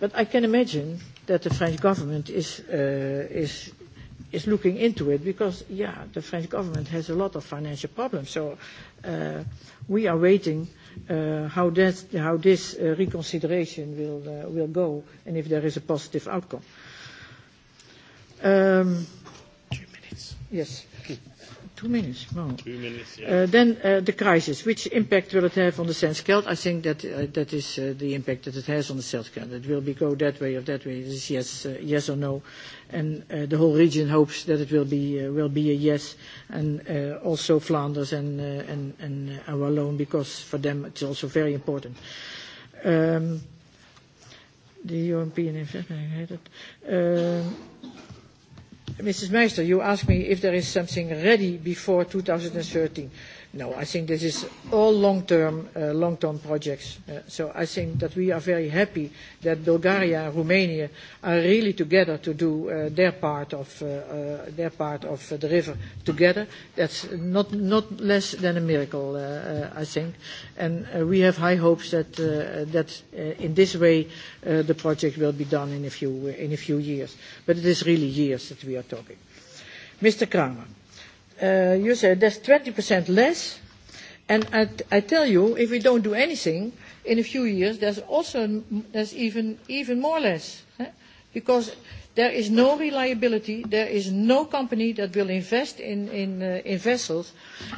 But I can imagine that the French government is, uh, is, is looking into it because, yeah, the French government has a lot of financial problems. So uh, we are waiting uh, how, that, how this uh, reconsideration will, uh, will go and if there is a positive outcome. Um, Two minutes. Yes two minutes more. Two minutes, yeah. Uh, then uh, the crisis. Which impact will it have on the Senskeld? I think that uh, that is uh, the impact that it has on the Senskeld. It will be go that way or that way. It is yes, uh, yes or no. And uh, the whole region hopes that it will be uh, will be a yes, and uh, also Flanders and uh, and and uh, Wallon because for them it's also very important. Um, the European Investment. Uh, Mrs. Meister, you asked me if there is something ready before 2013. No, I think this is all long-term uh, long projects. Uh, so I think that we are very happy that Bulgaria and Romania are really together to do uh, their part of, uh, uh, their part of the river together. That's not, not less than a miracle, uh, I think. And we have high hopes that, that in this way, the project will be done in a, few, in a few years. But it is really years that we are talking. Mr. Kramer uh, you say that's 20% less. And I, I tell you, if we don't do anything, in a few years, there's also there's even, even more less. Eh? Because There is no reliability. There is no company that will invest in, in, uh, in vessels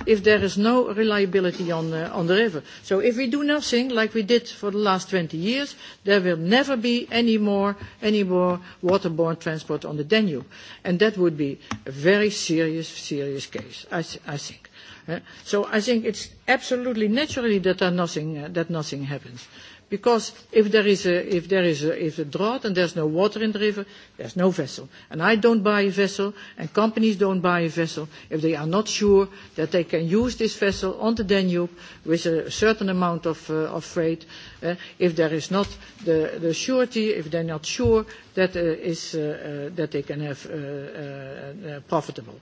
if there is no reliability on, uh, on the river. So if we do nothing like we did for the last 20 years, there will never be any more, any more waterborne transport on the Danube. And that would be a very serious, serious case, I, th- I think. Uh, so I think it's absolutely naturally that, uh, nothing, uh, that nothing happens. Uh, Because if there is a, if there is a, if a drought and there's no water in the river, there's no vessel. And I don't buy a vessel, and companies don't buy a vessel if they are not sure that they can use this vessel on the Danube with a certain amount of, uh, of freight. Uh, if there is not the, the surety, if they're not sure that, uh, is, uh, uh, that they can have uh, uh, uh, profitable.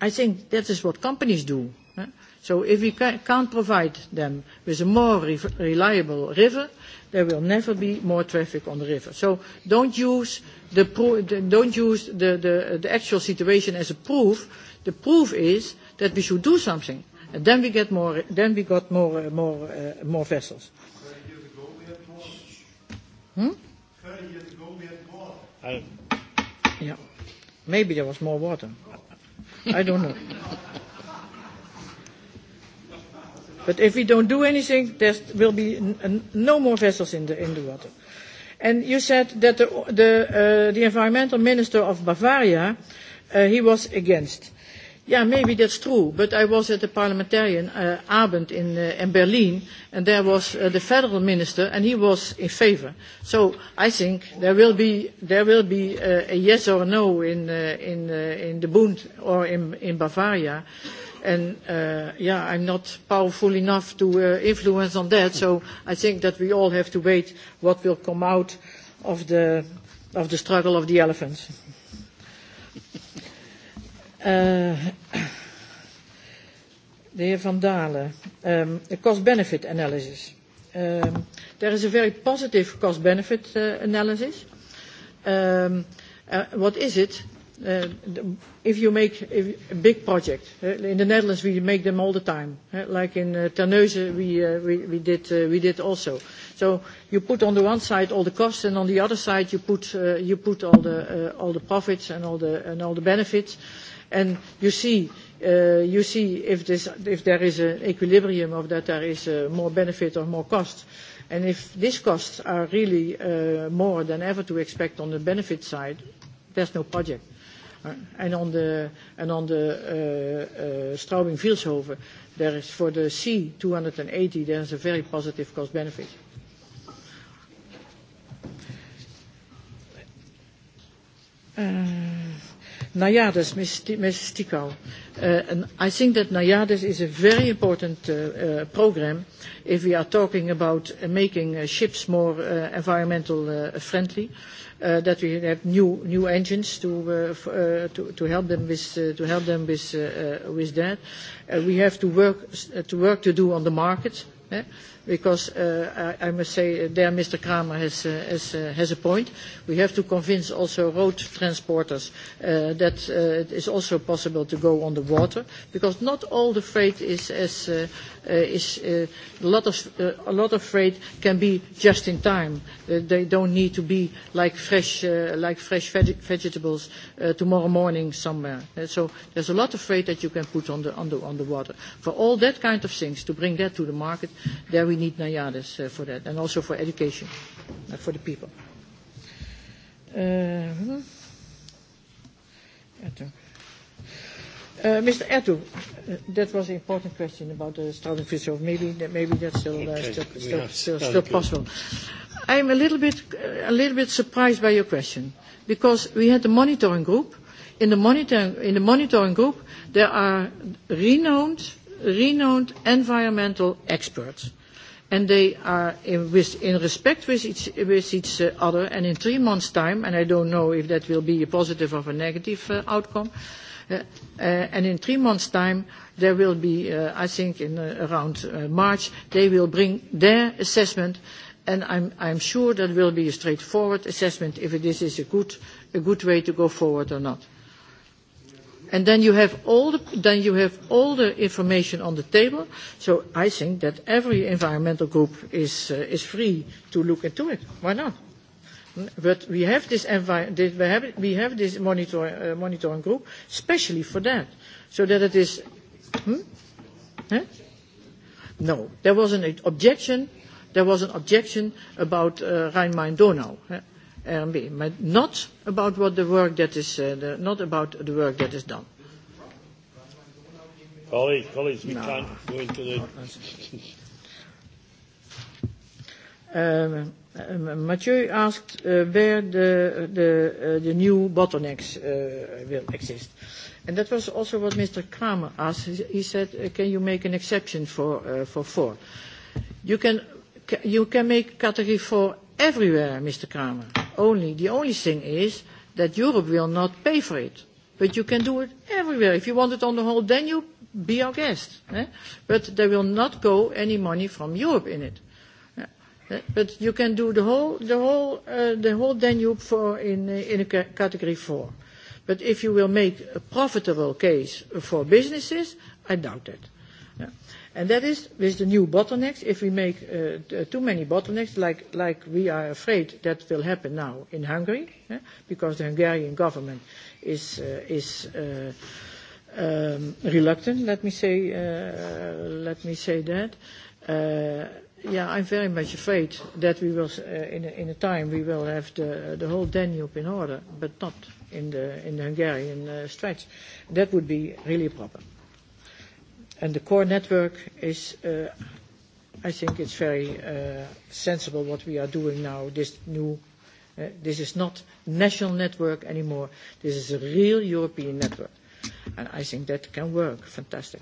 I think that is what companies do. Huh? Eh? So if we ca can't provide them with a more re reliable river, there will never be more traffic on the river. So don't use the, pro don't use the, the, the actual situation as a proof. The proof is that we should do something. And then we, get more, then we got more, uh, more, uh, more vessels. 30 years ago we had more. Hmm? 30 years ago we had more. I, yeah. Maybe there was more water. I don't know. But if we don't do anything, there will be n- n- no more vessels in the, in the water. And you said that the, the, uh, the environmental minister of Bavaria, uh, he was against. Yeah, maybe that's true, but I was at the parliamentarian uh, Abend in, uh, in Berlin, and there was uh, the federal minister, and he was in favor. So I think there will be, there will be uh, a yes or a no in, uh, in, uh, in the Bund or in, in Bavaria. Uh, And uh, yeah, I'm not powerful enough to uh, influence on that. So I think that we all have to wait what will come out of the of the struggle of the elephants. Uh, the heer Van Dalen, um, a cost-benefit analysis. Um, there is a very positive cost-benefit uh, analysis. Um, uh, what is it? uh, if you make if a big project, uh, in the Netherlands we make them all the time, uh, like in uh, Terneuzen we, uh, we, we, did, uh, we did also. So you put on the one side all the costs and on the other side you put, uh, you put all, the, uh, all the profits and all the, and all the benefits. And you see, uh, you see if, this, if there is an equilibrium of that there is uh, more benefit or more cost. And if these costs are really uh, more than ever to expect on the benefit side, there's no project. Uh, En on the, eh, eh, and on the uh, uh, Straubing Vilshoven, there is for the C280, there is a very positive cost benefit. Uh, eh, Naiades, Ms. Tikal. Uh, I think that Naiades is a very important uh, uh, program if we are talking about making ships more environmental friendly uh, that we have new new engines to uh, f- uh, to, to help them with uh, to help them with uh, uh, with that. Uh, we have to work uh, to work to do on the market. Eh? because uh, I, I must say uh, there Mr. Kramer has, uh, has, uh, has a point. We have to convince also road transporters uh, that uh, it is also possible to go on the water, because not all the freight is as uh, uh, is uh, a lot of uh, a lot of freight can be just in time. Uh, they don't need to be like fresh uh, like fresh veg- vegetables uh, tomorrow morning somewhere. Uh, so there's a lot of freight that you can put on the on the on the water. For all that kind of things to bring that to the market, there we we need NIAIDIS uh, for that, and also for education, uh, for the people. Uh, Ertu. Uh, Mr. Ertu, uh, that was an important question about the starving fish, so maybe, that, maybe that's still, uh, okay. uh, still, still, still, still possible. I'm a little, bit, uh, a little bit surprised by your question, because we had the monitoring group. In the monitoring, in the monitoring group, there are renowned renowned environmental experts and they are in, with, in respect with each, with each uh, other. And in three months' time, and I don't know if that will be a positive or a negative uh, outcome, uh, uh, and in three months' time, there will be, uh, I think, in uh, around uh, March, they will bring their assessment, and I'm, I'm sure that will be a straightforward assessment if this is a good, a good way to go forward or not and then you have all the then you have all the information on the table. So I think that every environmental group is uh, is free to look into it. Why not? But we have this, envi- this we have, we have this monitor, uh, monitoring group specially for that, so that it is. Hmm? Huh? No, there was an objection. There was an objection about uh, Rhine-Main-Donau. Huh? RMB, but not about what the work that is, uh, the, not about the work that is done. Colleagues, colleagues, we no. can't go into the. um, uh, Mathieu asked uh, where the the, uh, the new bottlenecks uh, will exist, and that was also what Mr. Kramer asked. He said, uh, "Can you make an exception for uh, for four? You can you can make category four everywhere, Mr. Kramer." only, the only thing is that Europe will not pay for it. But you can do it everywhere. If you want it on the whole Danube, be our guest. Eh? But there will not go any money from Europe in it. Eh? eh? But you can do the whole, the whole, uh, the whole Danube for in, uh, in a category four. But if you will make a profitable case for businesses, I doubt that. Yeah. And that is with the new bottlenecks, if we make uh, uh, too many bottlenecks, like, like we are afraid that will happen now in Hungary, eh? because the Hungarian government is, uh, is uh, um, reluctant, let me say, uh, let me say that. Uh, yeah, I'm very much afraid that we will, in a, in a time, we will have the, the whole Danube in order, but not in the, in the Hungarian stretch. That would be really a problem. And the core network is, uh, I think it's very uh, sensible what we are doing now, this new. Uh, this is not national network anymore. This is a real European network. And I think that can work. Fantastic.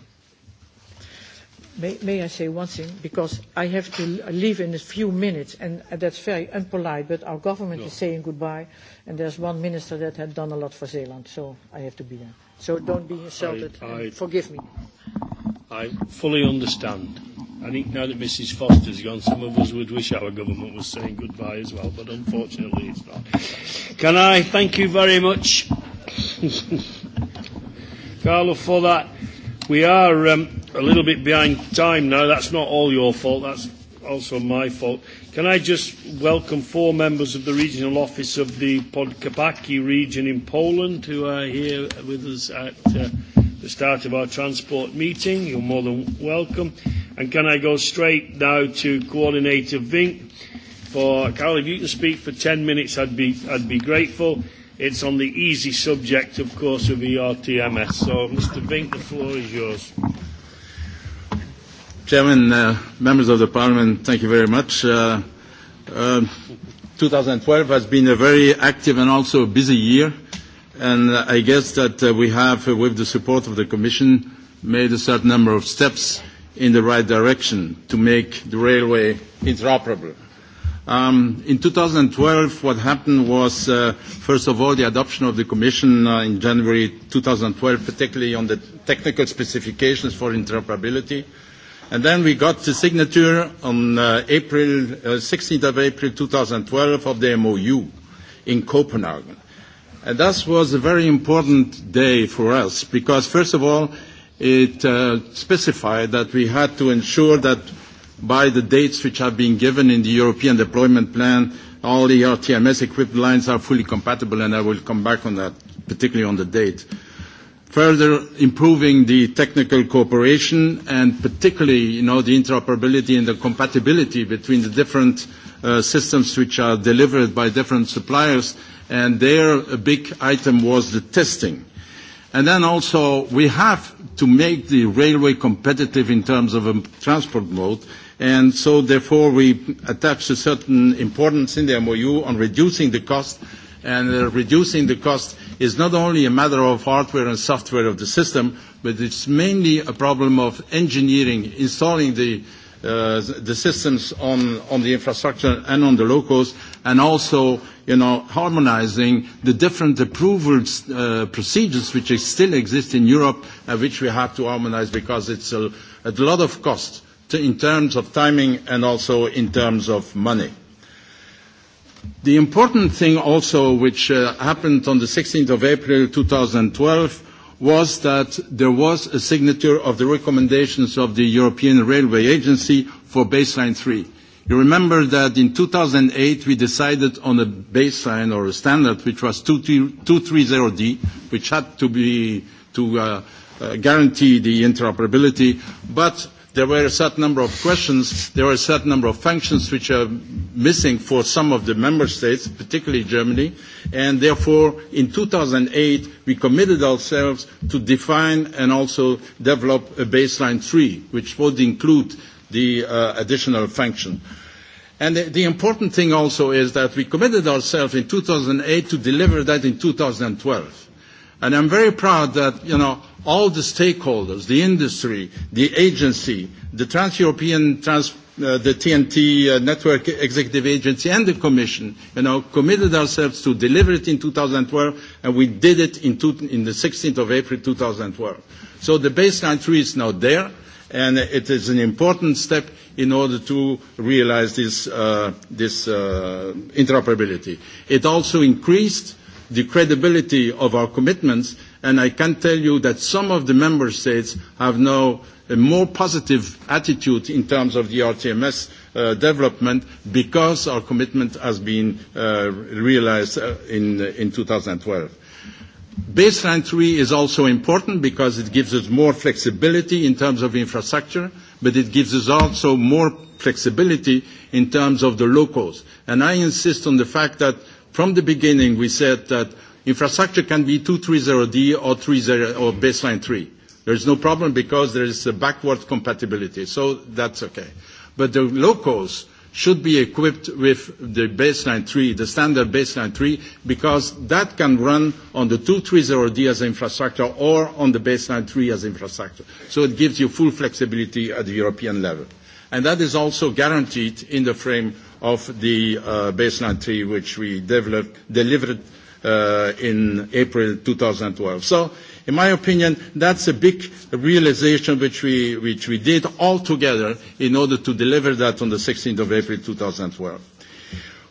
May, may I say one thing? Because I have to leave in a few minutes, and that's very unpolite, but our government no. is saying goodbye, and there's one minister that had done a lot for Zeeland, so I have to be there. So don't be insulted. I, I, forgive me. I fully understand. I think now that Mrs. Foster's gone, some of us would wish our government was saying goodbye as well, but unfortunately it's not. Can I thank you very much, Carlo, for that? We are um, a little bit behind time now. That's not all your fault. That's also my fault. Can I just welcome four members of the regional office of the Podkabaki region in Poland who are here with us at uh, the start of our transport meeting. You're more than welcome. And can I go straight now to Coordinator Vink? For Carol, if you can speak for 10 minutes, I'd be, I'd be grateful. It's on the easy subject, of course, of ERTMS. So, Mr. Vink, the floor is yours. Chairman, uh, members of the Parliament, thank you very much. Uh, uh, 2012 has been a very active and also busy year, and uh, I guess that uh, we have, uh, with the support of the Commission, made a certain number of steps in the right direction to make the railway interoperable. Um, in 2012, what happened was, uh, first of all, the adoption of the Commission uh, in January 2012, particularly on the technical specifications for interoperability. And then we got the signature on uh, April, uh, 16th of April 2012 of the MOU in Copenhagen. And that was a very important day for us because, first of all, it uh, specified that we had to ensure that by the dates which have been given in the European deployment plan, all the RTMS equipped lines are fully compatible, and I will come back on that, particularly on the date. Further improving the technical cooperation and particularly, you know, the interoperability and the compatibility between the different uh, systems which are delivered by different suppliers, and there, a big item was the testing. And then also, we have to make the railway competitive in terms of a transport mode, and so therefore we attach a certain importance in the MOU on reducing the cost and uh, reducing the cost is not only a matter of hardware and software of the system, but it's mainly a problem of engineering, installing the, uh, the systems on, on the infrastructure and on the locals, and also, you know, harmonizing the different approval uh, procedures which still exist in Europe, uh, which we have to harmonize because it's a, a lot of cost in terms of timing and also in terms of money. The important thing also, which uh, happened on the 16th of April 2012, was that there was a signature of the recommendations of the European Railway Agency for baseline 3. You remember that in 2008, we decided on a baseline or a standard, which was 230D, which had to be to uh, uh, guarantee the interoperability. But there were a certain number of questions, there were a certain number of functions which are missing for some of the member states, particularly Germany, and therefore in 2008 we committed ourselves to define and also develop a baseline three, which would include the uh, additional function. And the, the important thing also is that we committed ourselves in 2008 to deliver that in 2012. And I'm very proud that, you know, all the stakeholders, the industry, the agency, the Trans-European Trans uh, the TNT uh, Network Executive Agency and the Commission, you know, committed ourselves to deliver it in 2012, and we did it in, two, in the 16th of April 2012. So the baseline three is now there, and it is an important step in order to realize this, uh, this uh, interoperability. It also increased the credibility of our commitments, and I can tell you that some of the member states have now a more positive attitude in terms of the RTMS uh, development because our commitment has been uh, realized uh, in, uh, in 2012. Baseline 3 is also important because it gives us more flexibility in terms of infrastructure, but it gives us also more flexibility in terms of the locals. And I insist on the fact that From the beginning, we said that infrastructure can be 230D or, 30, or baseline 3. There is no problem because there is a backward compatibility, so that's okay. But the locals should be equipped with the baseline 3, the standard baseline 3, because that can run on the 230D as infrastructure or on the baseline 3 as infrastructure. So it gives you full flexibility at the European level. And that is also guaranteed in the frame of the uh, baseline tree, which we developed, delivered uh, in April 2012. So in my opinion, that's a big realization which we, which we did all together in order to deliver that on the 16th of April 2012.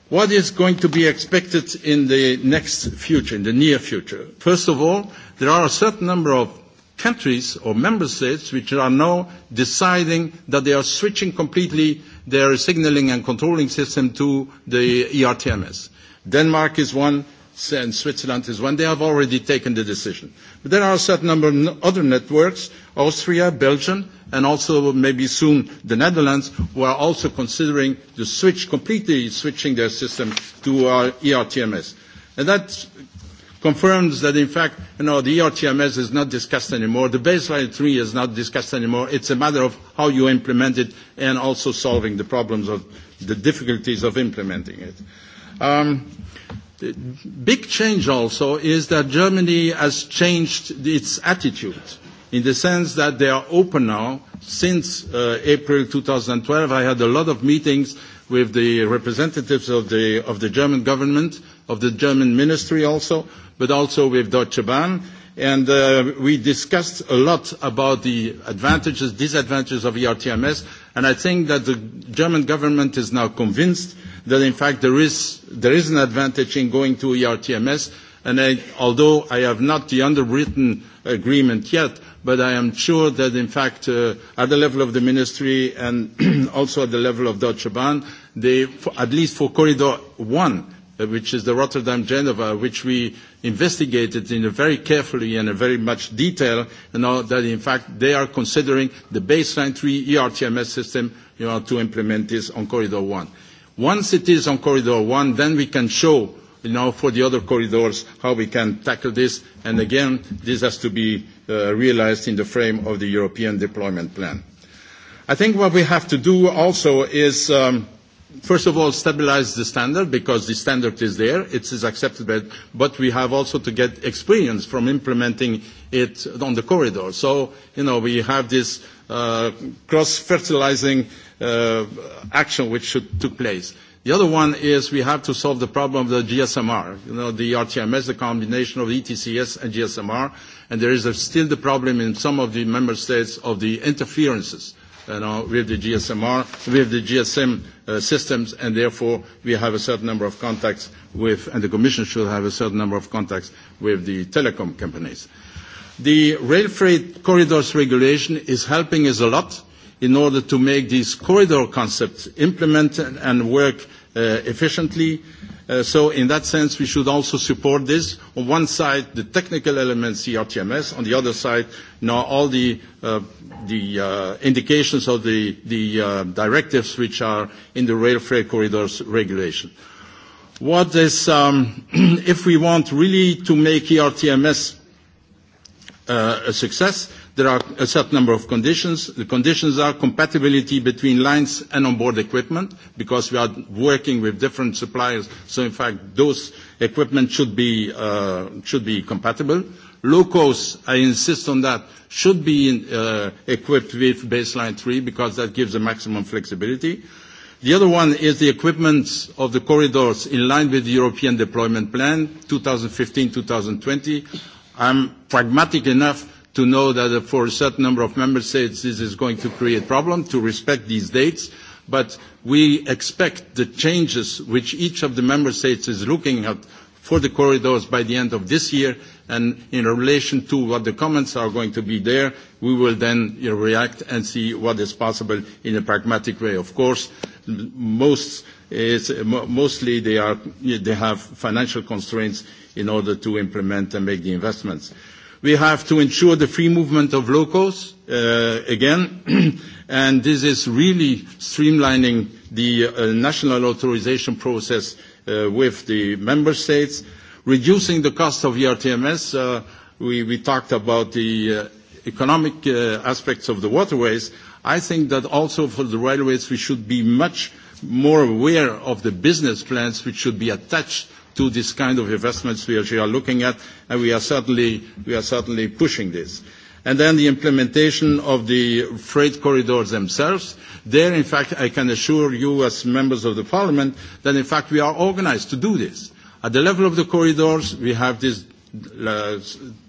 What is going to be expected in the next future, in the near future? First of all, there are a certain number of countries or member states which are now deciding that they are switching completely their signaling and controlling system to the ERTMS. Denmark is one, and Switzerland is one. They have already taken the decision. But there are a certain number of other networks, Austria, Belgium, and also maybe soon the Netherlands, who are also considering the switch, completely switching their system to our uh, e ERTMS. And that confirms that, in fact, you know, the ERTMS is not discussed anymore. The baseline three is not discussed anymore. It's a matter of how you implement it and also solving the problems of the difficulties of implementing it. Um, the big change also is that Germany has changed its attitude in the sense that they are open now. Since uh, April 2012, I had a lot of meetings with the representatives of the, of the German government of the German ministry also, but also with Deutsche Bahn. And uh, we discussed a lot about the advantages, disadvantages of ERTMS, and I think that the German government is now convinced that in fact there is, there is an advantage in going to ERTMS, and I, although I have not the underwritten agreement yet, but I am sure that in fact uh, at the level of the ministry and also at the level of Deutsche Bahn, they, for, at least for corridor one, Uh, which is the Rotterdam Geneva, which we investigated in a very carefully and a very much detail, and now that in fact they are considering the baseline three ERTMS system you know, to implement this on corridor one. Once it is on corridor one, then we can show you know, for the other corridors how we can tackle this, and again this has to be uh, realized in the frame of the European deployment plan. I think what we have to do also is. Um, first of all, stabilize the standard because the standard is there, it is accepted, by, but we have also to get experience from implementing it on the corridor. So, you know, we have this uh, cross-fertilizing uh, action which should took place. The other one is we have to solve the problem of the GSMR, you know, the RTMS, the combination of ETCS and GSMR, and there is a, still the problem in some of the member states of the interferences you uh, know, with the GSMR, with the GSM uh, systems, and therefore we have a certain number of contacts with, and the Commission should have a certain number of contacts with the telecom companies. The rail freight corridors regulation is helping us a lot in order to make these corridor concepts implement and, and work uh, efficiently. Uh, Uh, so in that sense, we should also support this. On one side, the technical elements, CRTMS. On the other side, now all the, uh, the uh, indications of the, the uh, directives which are in the rail freight corridors regulation. What is, um, if we want really to make ERTMS uh, a success, There are a set number of conditions. The conditions are compatibility between lines and onboard equipment, because we are working with different suppliers, so in fact, those equipment should be, uh, should be compatible. Low cost, I insist on that, should be in, uh, equipped with baseline 3, because that gives the maximum flexibility. The other one is the equipment of the corridors in line with the European deployment plan, 2015, 2020. I'm pragmatic enough to know that for a certain number of member states this is going to create problem to respect these dates but we expect the changes which each of the member states is looking at for the corridors by the end of this year and in relation to what the comments are going to be there we will then you know, react and see what is possible in a pragmatic way of course most is mostly they are they have financial constraints in order to implement and make the investments We have to ensure the free movement of locals, uh, again, and this is really streamlining the uh, national authorization process uh, with the member states, reducing the cost of ERTMS. Uh, we, we talked about the uh, economic uh, aspects of the waterways. I think that also for the railways, we should be much more aware of the business plans which should be attached to this kind of investments which we are looking at, and we are certainly, we are certainly pushing this. And then the implementation of the freight corridors themselves. There, in fact, I can assure you as members of the parliament that, in fact, we are organized to do this. At the level of the corridors, we have this uh,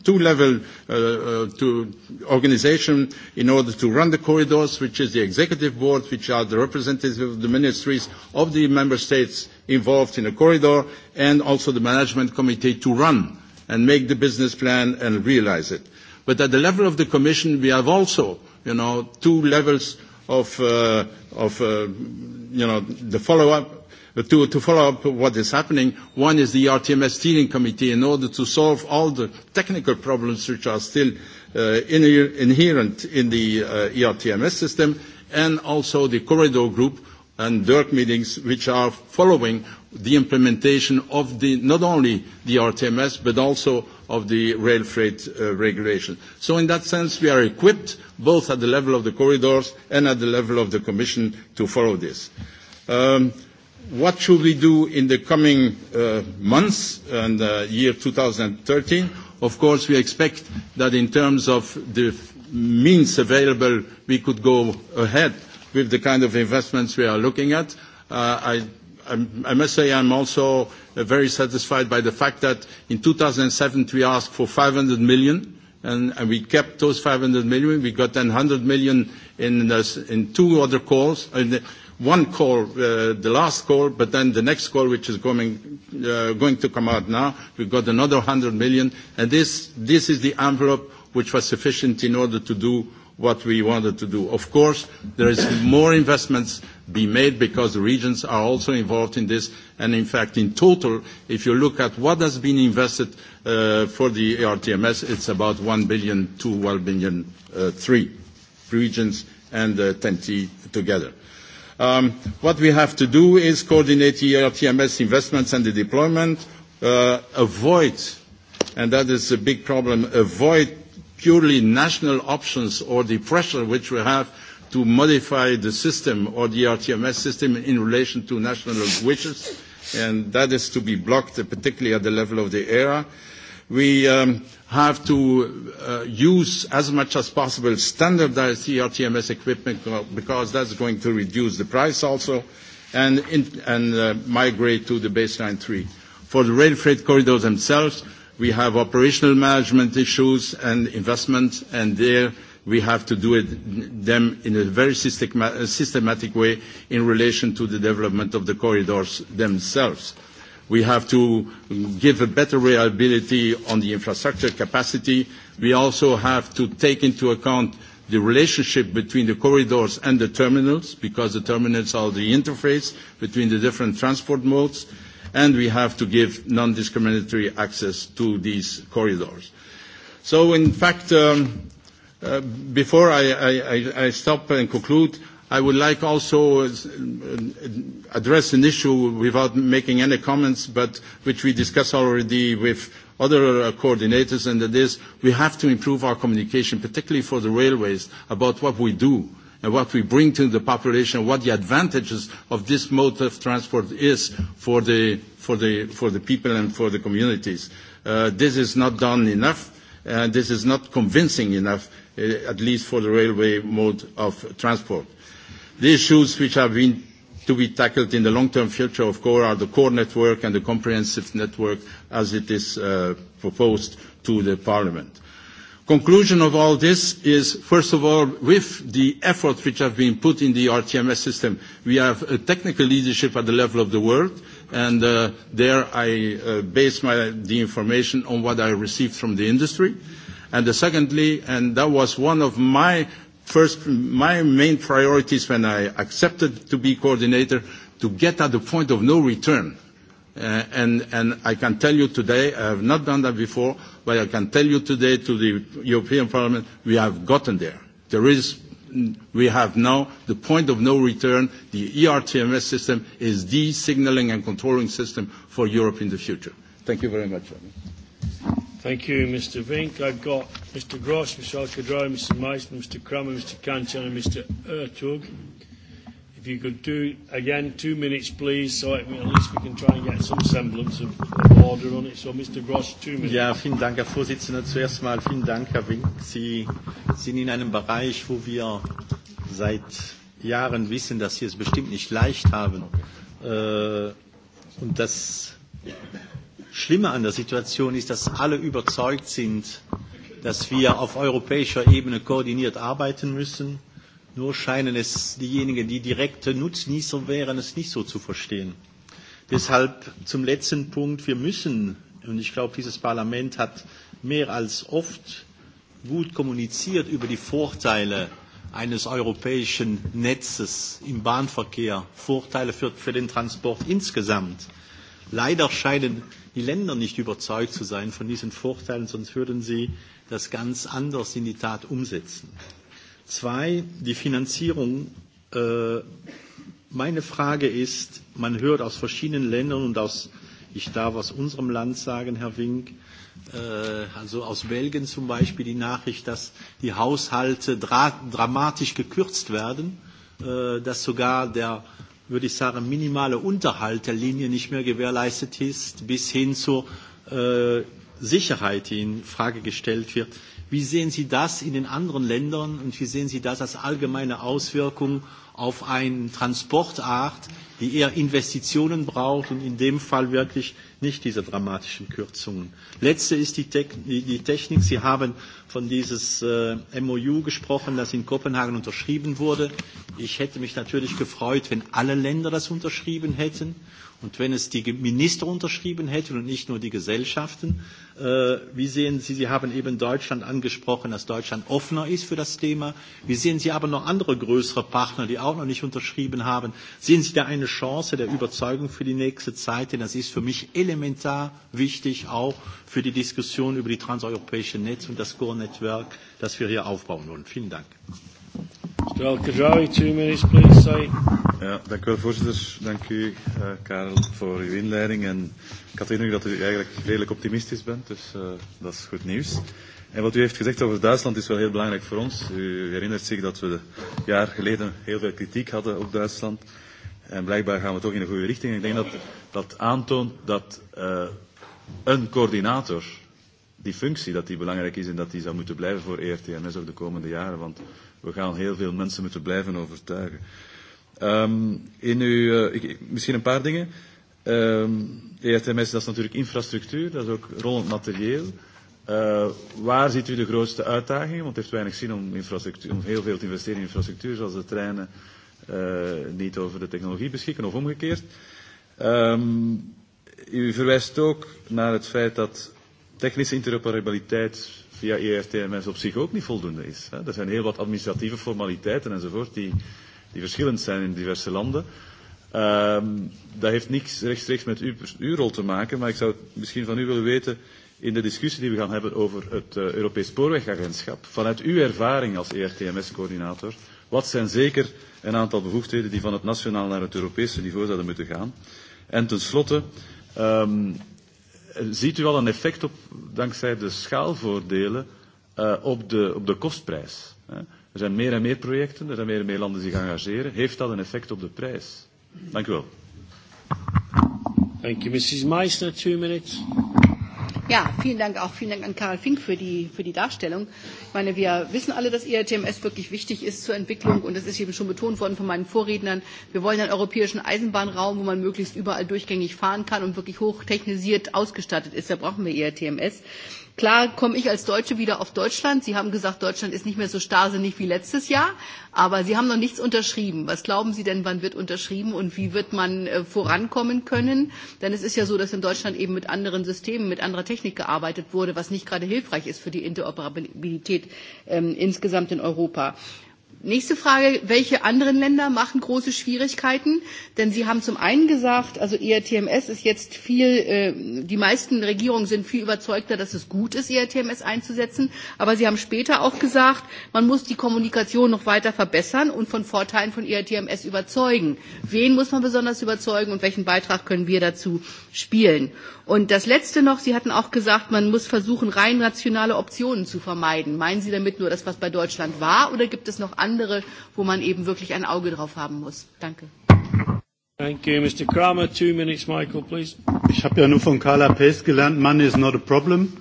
two-level uh, uh, to organization in order to run the corridors, which is the executive board, which are the representatives of the ministries of the member states involved in a corridor and also the management committee to run and make the business plan and realize it. But at the level of the Commission, we have also, you know, two levels of, uh, of uh, you know, the follow-up uh, to, to follow up what is happening, one is the e RTMS steering committee in order to solve all the technical problems which are still uh, in, inherent in the uh, ERTMS system, and also the corridor group and DIRC meetings which are following the implementation of the, not only the RTMS, but also of the rail freight uh, regulation. So in that sense, we are equipped, both at the level of the corridors and at the level of the Commission, to follow this. Um, what should we do in the coming uh, months and uh, year 2013? Of course, we expect that in terms of the means available, we could go ahead with the kind of investments we are looking at. Uh, I, I'm, I must say I'm also uh, very satisfied by the fact that in 2007 we asked for 500 million, and, and we kept those 500 million. We got then 100 million in, this, in two other calls. In one call, uh, the last call, but then the next call, which is coming, uh, going to come out now, we got another 100 million. And this, this is the envelope which was sufficient in order to do what we wanted to do. Of course, there is more investments be made because the regions are also involved in this. And in fact, in total, if you look at what has been invested uh, for the ERTMS, it's about 1 billion to 1 billion uh, three regions and uh, TEN-T together. Um, what we have to do is coordinate the ERTMS investments and the deployment, uh, avoid, and that is a big problem, avoid purely national options or the pressure which we have to modify the system or the RTMS system in relation to national languages, and that is to be blocked, particularly at the level of the era. We um, have to uh, use as much as possible standardized ERTMS equipment because that's going to reduce the price also and, in, and uh, migrate to the baseline three. For the rail freight corridors themselves, We have operational management issues and investment, and there we have to do it, them in a very systematic way in relation to the development of the corridors themselves. We have to give a better reliability on the infrastructure capacity. We also have to take into account the relationship between the corridors and the terminals, because the terminals are the interface between the different transport modes. Mm-hmm and we have to give non-discriminatory access to these corridors. So in fact, um, uh, before I, I, I stop and conclude, I would like also uh, uh, address an issue without making any comments, but which we discussed already with other uh, coordinators, and that is we have to improve our communication, particularly for the railways, about what we do and what we bring to the population, what the advantages of this mode of transport is for the, for the, for the people and for the communities. Uh, this is not done enough, and this is not convincing enough, uh, at least for the railway mode of transport. The issues which have been to be tackled in the long-term future, of course, are the core network and the comprehensive network as it is uh, proposed to the Parliament. Conclusion of all this is, first of all, with the efforts which have been put in the RTMS system, we have a technical leadership at the level of the world, and uh, there I uh, base my, the information on what I received from the industry. And the uh, secondly, and that was one of my first, my main priorities when I accepted to be coordinator, to get at the point of no return. Uh, and, and I can tell you today, I have not done that before, But I can tell you today to the European Parliament, we have gotten there. There is, we have now the point of no return. The ERTMS system is the signaling and controlling system for Europe in the future. Thank you very much. Thank you, Mr. Vink. I've got Mr. Gross, Mr. Alcadrao, Mr. Meissner, Mr. Kramer, Mr. Kanchan, and Mr. Ertug if you could do, again, two minutes, please, so at least we can try and get some semblance of, of order on it. So, Mr. Gross, two minutes. Ja, vielen Dank, Herr Vorsitzender. Zuerst mal vielen Dank, Herr Wink. Sie sind in einem Bereich, wo wir seit Jahren wissen, dass Sie es bestimmt nicht leicht haben. Äh, und das Schlimme an der Situation ist, dass alle überzeugt sind, dass wir auf europäischer Ebene koordiniert arbeiten müssen – Nur scheinen es diejenigen, die direkte Nutznießer wären, es nicht so zu verstehen. Deshalb zum letzten Punkt. Wir müssen, und ich glaube, dieses Parlament hat mehr als oft gut kommuniziert über die Vorteile eines europäischen Netzes im Bahnverkehr, Vorteile für, für den Transport insgesamt. Leider scheinen die Länder nicht überzeugt zu sein von diesen Vorteilen, sonst würden sie das ganz anders in die Tat umsetzen. Zwei, die Finanzierung. Äh, meine Frage ist, man hört aus verschiedenen Ländern und aus, ich darf aus unserem Land sagen, Herr Wink, äh, also aus Belgien zum Beispiel die Nachricht, dass die Haushalte dra dramatisch gekürzt werden, äh, dass sogar der würde ich sagen, minimale Unterhalt der Linie nicht mehr gewährleistet ist, bis hin zur äh, Sicherheit, die in Frage gestellt wird. Wie sehen Sie das in den anderen Ländern und wie sehen Sie das als allgemeine Auswirkung auf eine Transportart, die eher Investitionen braucht und in dem Fall wirklich nicht diese dramatischen Kürzungen. Letzte ist die, Te die Technik. Sie haben von dieses äh, MOU gesprochen, das in Kopenhagen unterschrieben wurde. Ich hätte mich natürlich gefreut, wenn alle Länder das unterschrieben hätten Und wenn es die Minister unterschrieben hätten und nicht nur die Gesellschaften, äh, wie sehen Sie, Sie haben eben Deutschland angesprochen, dass Deutschland offener ist für das Thema. Wie sehen Sie aber noch andere größere Partner, die auch noch nicht unterschrieben haben? Sehen Sie da eine Chance der Überzeugung für die nächste Zeit? Denn das ist für mich elementar wichtig, auch für die Diskussion über die transeuropäische Netz und das Core-Netzwerk, das wir hier aufbauen wollen. Vielen Dank. Mr. El-Kadrawi, two minutes, please, say. Ja, dank u wel, voorzitter. Dank u, uh, Karel, voor uw inleiding. En ik had de indruk dat u eigenlijk redelijk optimistisch bent, dus uh, dat is goed nieuws. En wat u heeft gezegd over Duitsland is wel heel belangrijk voor ons. U herinnert zich dat we een jaar geleden heel veel kritiek hadden op Duitsland. En blijkbaar gaan we toch in de goede richting. En ik denk dat dat aantoont dat uh, een coördinator, die functie, dat die belangrijk is en dat die zou moeten blijven voor ERTMS ook de komende jaren. Want we gaan heel veel mensen moeten blijven overtuigen. Um, in uw, uh, ik, misschien een paar dingen. Um, ehm, ERTMS, dat is natuurlijk infrastructuur, dat is ook rollend materieel. Uh, waar ziet u de grootste uitdagingen? Want het heeft weinig zin om, infrastructuur, om heel veel te investeren in infrastructuur, zoals de treinen uh, niet over de technologie beschikken of omgekeerd. Um, u verwijst ook naar het feit dat technische interoperabiliteit via ERTMS op zich ook niet voldoende is. Hè. Er zijn heel wat administratieve formaliteiten enzovoort die, die verschillend zijn in diverse landen. Um, dat heeft niks rechtstreeks met uw, uw rol te maken, maar ik zou misschien van u willen weten in de discussie die we gaan hebben over het uh, Europees Spoorwegagentschap, vanuit uw ervaring als ERTMS-coördinator, wat zijn zeker een aantal bevoegdheden die van het nationaal naar het Europese niveau zouden moeten gaan? En tenslotte, um, ziet u al een effect op, dankzij de schaalvoordelen, uh, op, de, op de kostprijs. Hè? Er zijn meer en meer projecten, er zijn meer en meer landen die zich engageren. Heeft dat een effect op de prijs? Dank u wel. Thank you, Mrs. Meissner. Two minutes. Ja, vielen Dank auch. Vielen Dank an Karl Fink für die, für die Darstellung. Ich meine, wir wissen alle, dass ERTMS wirklich wichtig ist zur Entwicklung und das ist eben schon betont worden von meinen Vorrednern. Wir wollen einen europäischen Eisenbahnraum, wo man möglichst überall durchgängig fahren kann und wirklich hochtechnisiert ausgestattet ist. Da brauchen wir ERTMS. Klar komme ich als Deutsche wieder auf Deutschland. Sie haben gesagt, Deutschland ist nicht mehr so starrsinnig wie letztes Jahr, aber Sie haben noch nichts unterschrieben. Was glauben Sie denn, wann wird unterschrieben und wie wird man äh, vorankommen können? Denn es ist ja so, dass in Deutschland eben mit anderen Systemen, mit anderer Technik gearbeitet wurde, was nicht gerade hilfreich ist für die Interoperabilität ähm, insgesamt in Europa. Nächste Frage, welche anderen Länder machen große Schwierigkeiten? Denn Sie haben zum einen gesagt, also ERTMS ist jetzt viel, äh, die meisten Regierungen sind viel überzeugter, dass es gut ist, ERTMS einzusetzen. Aber Sie haben später auch gesagt, man muss die Kommunikation noch weiter verbessern und von Vorteilen von ERTMS überzeugen. Wen muss man besonders überzeugen und welchen Beitrag können wir dazu spielen? Und das Letzte noch, Sie hatten auch gesagt, man muss versuchen, rein nationale Optionen zu vermeiden. Meinen Sie damit nur das, was bei Deutschland war, oder gibt es noch andere andere, wo man eben wirklich ein Auge drauf haben muss. Danke. Thank you, Mr. Kramer. Two minutes, Michael, please. Ich habe ja nur von Carla Pace gelernt, money is not a problem.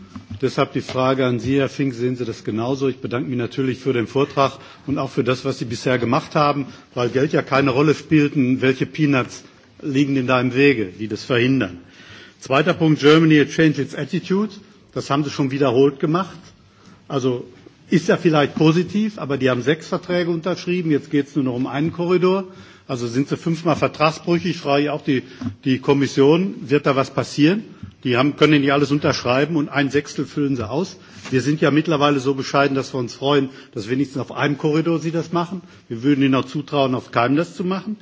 Deshalb die Frage an Sie, Herr Fink, sehen Sie das genauso? Ich bedanke mich natürlich für den Vortrag und auch für das, was Sie bisher gemacht haben, weil Geld ja keine Rolle spielt, welche Peanuts liegen in deinem Wege, die das verhindern. Zweiter Punkt, Germany, it changed its attitude. Das haben Sie schon wiederholt gemacht. Also Ist ja vielleicht positiv, aber die haben sechs Verträge unterschrieben. Jetzt geht es nur noch um einen Korridor. Also sind sie fünfmal vertragsbrüchig. Frage ich auch die, die Kommission, wird da was passieren? Die haben, können nicht alles unterschreiben und ein Sechstel füllen sie aus. Wir sind ja mittlerweile so bescheiden, dass wir uns freuen, dass wenigstens auf einem Korridor sie das machen. Wir würden ihnen auch zutrauen, auf keinem das zu machen.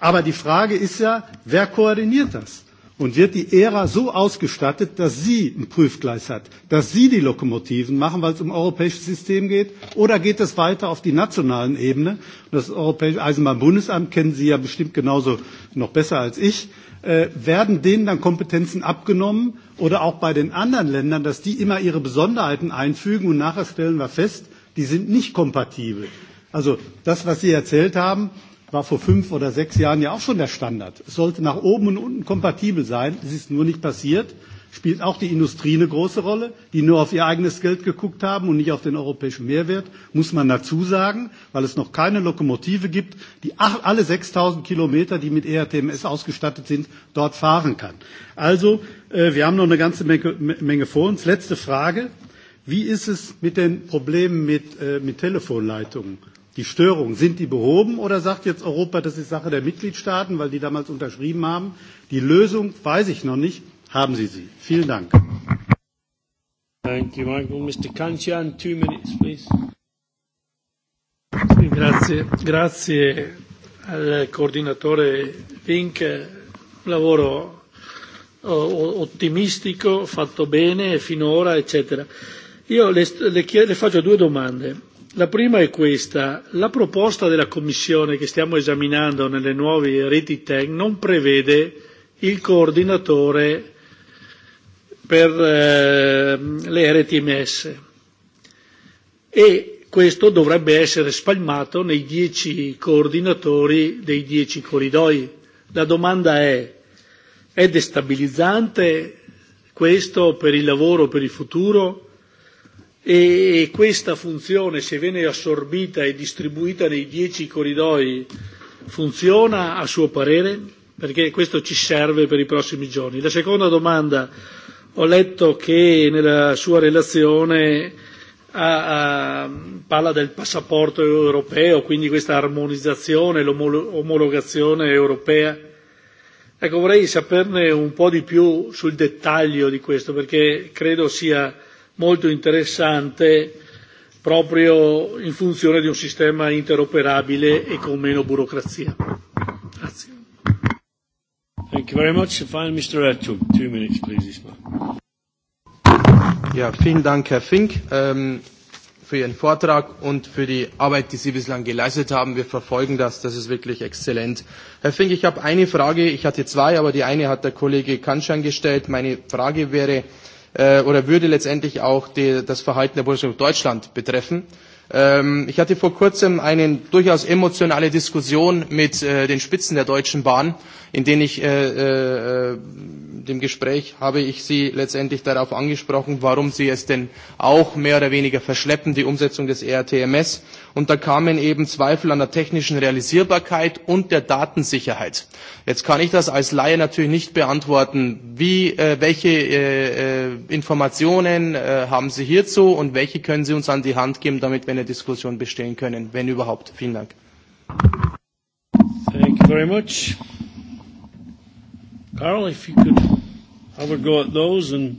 Aber die Frage ist ja, wer koordiniert das? und wird die ERA so ausgestattet, dass sie ein Prüfgleis hat, dass sie die Lokomotiven machen, weil es um europäisches System geht? Oder geht es weiter auf die nationalen Ebene? Das Europäische Eisenbahnbundesamt kennen Sie ja bestimmt genauso noch besser als ich. Äh, werden denen dann Kompetenzen abgenommen oder auch bei den anderen Ländern, dass die immer ihre Besonderheiten einfügen und nachher stellen wir fest, die sind nicht kompatibel. Also das, was Sie erzählt haben, war vor fünf oder sechs Jahren ja auch schon der Standard. Es sollte nach oben und unten kompatibel sein. Es ist nur nicht passiert. Spielt auch die Industrie eine große Rolle, die nur auf ihr eigenes Geld geguckt haben und nicht auf den europäischen Mehrwert, muss man dazu sagen, weil es noch keine Lokomotive gibt, die alle 6000 Kilometer, die mit ERTMS ausgestattet sind, dort fahren kann. Also, äh, wir haben noch eine ganze Menge, Menge vor uns. Letzte Frage. Wie ist es mit den Problemen mit, äh, mit Telefonleitungen? die Störungen, sind die behoben oder sagt jetzt Europa, das ist Sache der Mitgliedstaaten, weil die damals unterschrieben haben? Die Lösung weiß ich noch nicht. Haben Sie sie? Vielen Dank. Thank you, Michael. Mr. Kanchan, two minutes, please. Grazie, grazie al coordinatore Fink, un lavoro ottimistico, fatto bene finora, eccetera. Io le, le, le faccio due domande La prima è questa. La proposta della Commissione che stiamo esaminando nelle nuove reti TEC non prevede il coordinatore per eh, le RTMS e questo dovrebbe essere spalmato nei dieci coordinatori dei dieci corridoi. La domanda è, è destabilizzante questo per il lavoro, per il futuro? e questa funzione, se viene assorbita e distribuita nei dieci corridoi, funziona a suo parere? Perché questo ci serve per i prossimi giorni. La seconda domanda, ho letto che nella sua relazione a, a, parla del passaporto europeo, quindi questa armonizzazione, l'omologazione europea. Ecco, vorrei saperne un po' di più sul dettaglio di questo, perché credo sia molto interessante proprio in funzione di un sistema interoperabile e con meno burocrazia. Grazie. Thank you very much. Fine, Mr. Ertug, two minutes, please, Ismail. Ja, vielen Dank, Herr Fink, ähm, für Ihren Vortrag und für die Arbeit, die Sie bislang geleistet haben. Wir verfolgen das. Das ist wirklich exzellent. Herr Fink, ich habe eine Frage. Ich hatte zwei, aber die eine hat der Kollege Kanschan gestellt. Meine Frage wäre, äh, oder würde letztendlich auch die, das Verhalten der Bundesrepublik Deutschland betreffen. Ähm, ich hatte vor kurzem eine durchaus emotionale Diskussion mit äh, den Spitzen der Deutschen Bahn in denen ich äh, äh, dem Gespräch habe ich Sie letztendlich darauf angesprochen, warum Sie es denn auch mehr oder weniger verschleppen, die Umsetzung des ERTMS. Und da kamen eben Zweifel an der technischen Realisierbarkeit und der Datensicherheit. Jetzt kann ich das als Laie natürlich nicht beantworten. Wie, äh, welche äh, äh, Informationen äh, haben Sie hierzu und welche können Sie uns an die Hand geben, damit wir eine Diskussion bestehen können, wenn überhaupt? Vielen Dank. Thank you very much. Carl, if you could have a go at those and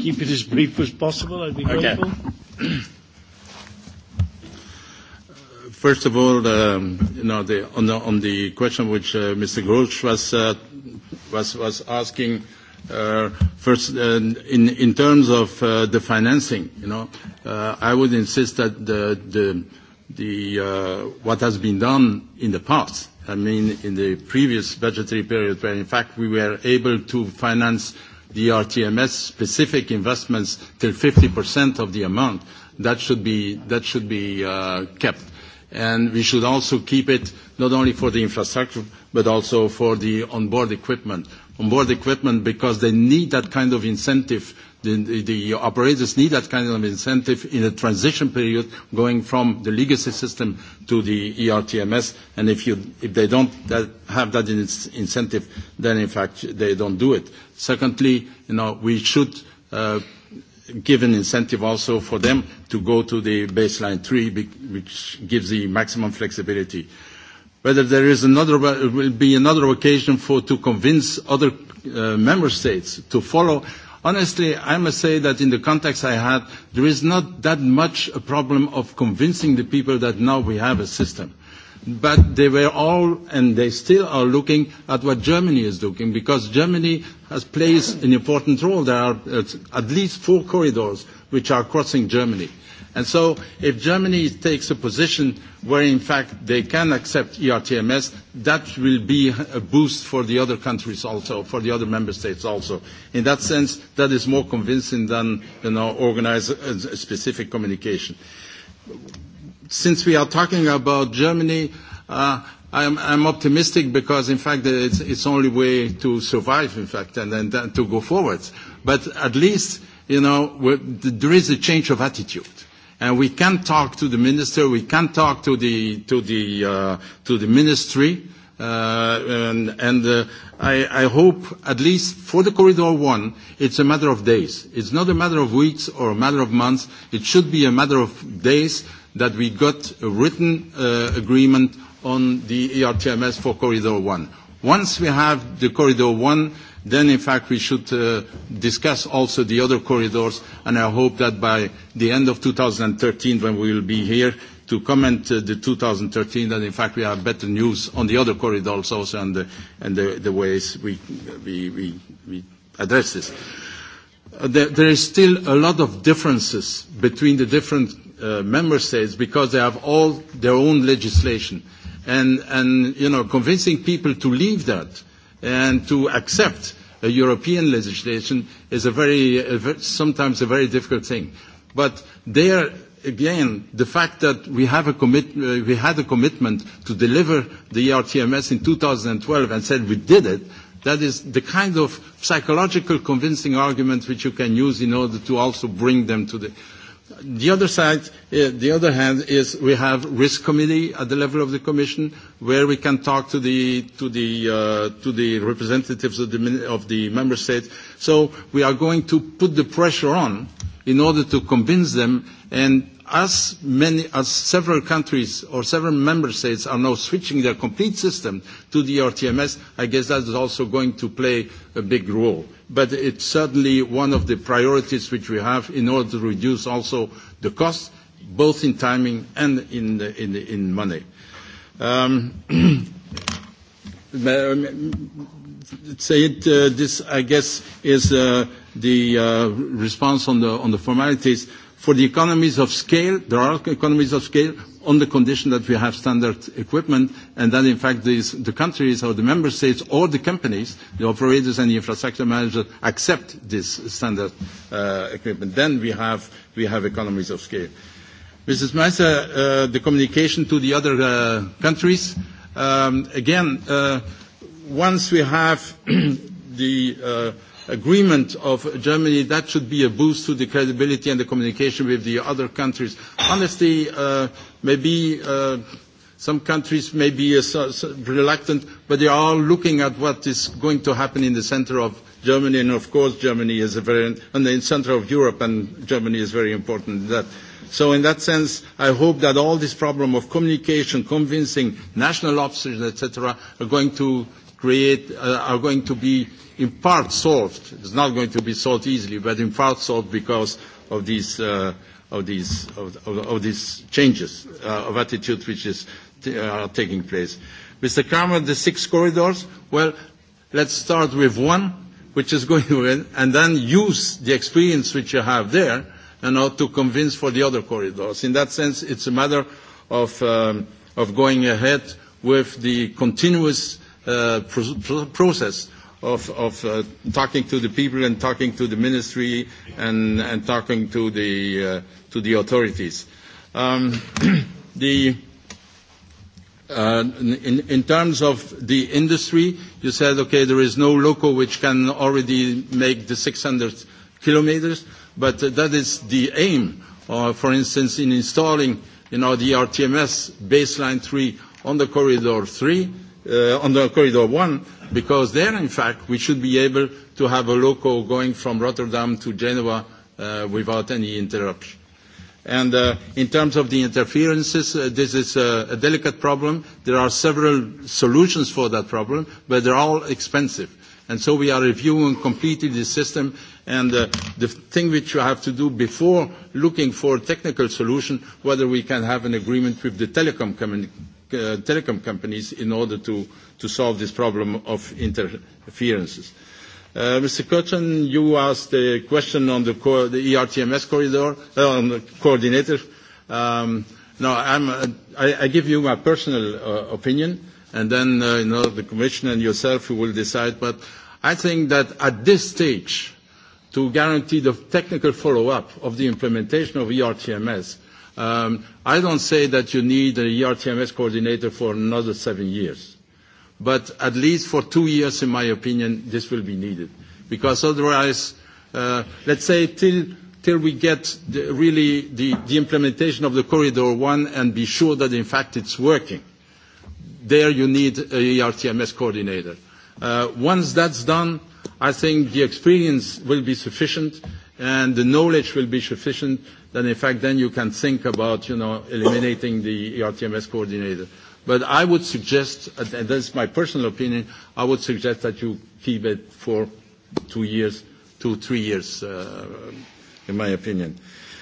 keep it as brief as possible, I'd be grateful. Okay. Uh, first of all, um, you know, the, on, the, on the question which uh, Mr. Grosch was, uh, was, was asking, uh, first, uh, in, in terms of uh, the financing, you know, I would insist that the, the, what has been done in the past I mean, in the previous budgetary period, where in fact we were able to finance the RTMS specific investments till 50% of the amount. That should be, that should be uh, kept. And we should also keep it not only for the infrastructure, but also for the onboard equipment. Onboard equipment, because they need that kind of incentive The, the, the operators need that kind of incentive in a transition period going from the legacy system to the ERTMS. And if, you, if they don't that, have that in incentive, then in fact they don't do it. Secondly, you know, we should uh, give an incentive also for them to go to the baseline three, which gives the maximum flexibility. Whether there is another, will be another occasion for to convince other uh, member states to follow honestly, I must say that in the context I had, there is not that much a problem of convincing the people that now we have a system. But they were all, and they still are looking at what Germany is doing, because Germany has plays an important role. There are uh, at least four corridors which are crossing Germany. Uh, And so if Germany takes a position where in fact they can accept ERTMS, that will be a boost for the other countries also, for the other member states also. In that sense, that is more convincing than, you know, organize a, a specific communication. Since we are talking about Germany, uh, I'm, I'm optimistic because, in fact, it's, it's only way to survive, in fact, and, and, and to go forward. But at least, you know, there is a change of attitude and we can talk to the minister, we can talk to the to the uh, to the ministry, uh, and and uh, I, I hope at least for the corridor one, it's a matter of days. It's not a matter of weeks or a matter of months. It should be a matter of days that we got a written uh, agreement on the ERTMS for corridor one. Once we have the corridor one then in fact we should uh, discuss also the other corridors and I hope that by the end of 2013 when we will be here to comment uh, the 2013 that in fact we have better news on the other corridors also and the, and the, the ways we, we, we, we address this. Uh, there, there is still a lot of differences between the different uh, member states because they have all their own legislation. And, and, you know, convincing people to leave that and to accept a European legislation is a very, a very, sometimes a very difficult thing. But there, again, the fact that we, have a commit, uh, we had a commitment to deliver the ERTMS in 2012 and said we did it, that is the kind of psychological convincing argument which you can use in order to also bring them to the, the other side, uh, the other hand is we have risk committee at the level of the commission where we can talk to the to the uh, to the representatives of the of the member states. So we are going to put the pressure on in order to convince them. And as many as several countries or several member states are now switching their complete system to the RTMS, I guess that is also going to play a big role but it's certainly one of the priorities which we have in order to reduce also the cost, both in timing and in, the, in, the, in money. Um, say it, uh, this, I guess, is uh, the uh, response on the, on the formalities. For the economies of scale, there are economies of scale on the condition that we have standard equipment and that in fact these, the countries or the member states or the companies, the operators and the infrastructure managers accept this standard uh, equipment. Then we have, we have economies of scale. Mrs. Meissner, uh, uh, the communication to the other uh, countries. Um, again, uh, once we have the uh, agreement of Germany, that should be a boost to the credibility and the communication with the other countries. Honestly, uh, maybe uh, some countries may be uh, so, so reluctant, but they are looking at what is going to happen in the center of Germany, and of course Germany is a very, and the center of Europe, and Germany is very important in that. So in that sense, I hope that all this problem of communication, convincing national officers, etc., are going to create, uh, are going to be uh, in part solved. It's not going to be solved easily, but in part solved because of these, uh, of these, of, of, of these changes uh, of attitude which is t- uh, are taking place. Mr. Kramer, the six corridors, well, let's start with one which is going to win, and then use the experience which you have there you know, to convince for the other corridors. In that sense, it's a matter of, um, of going ahead with the continuous uh, pro- pro- process of, of uh, talking to the people and talking to the ministry and, and talking to the, uh, to the authorities. Um, the, uh, in, in terms of the industry, you said, okay, there is no loco which can already make the 600 kilometers, but uh, that is the aim. Uh, for instance, in installing you know, the RTMS baseline 3 on the corridor 3, uh, on the corridor one, because there, in fact, we should be able to have a local going from Rotterdam to Genoa uh, without any interruption. And uh, in terms of the interferences, uh, this is a, a delicate problem. There are several solutions for that problem, but they're all expensive. And so we are reviewing completely the system. And uh, the thing which you have to do before looking for a technical solution, whether we can have an agreement with the telecom community uh, telecom companies in order to, to solve this problem of interferences. Uh, Mr. Cotton, you asked a question on the, co- the ERTMS corridor, uh, on the coordinator. Um, now, I'm, uh, I, I give you my personal uh, opinion, and then uh, you know, the Commissioner and yourself you will decide. But I think that at this stage, to guarantee the technical follow-up of the implementation of ERTMS, uh, Um, I don't say that you need a ERTMS coordinator for another seven years, but at least for two years, in my opinion, this will be needed. Because otherwise, uh, let's say till, till we get the, really the, the implementation of the Corridor 1 and be sure that in fact it's working, there you need a ERTMS coordinator. Uh, once that's done, I think the experience will be sufficient and the knowledge will be sufficient, then in fact then you can think about you know eliminating the ERTMS coordinator. But I would suggest, and that's my personal opinion, I would suggest that you keep it for two years, two three years, uh, in my opinion.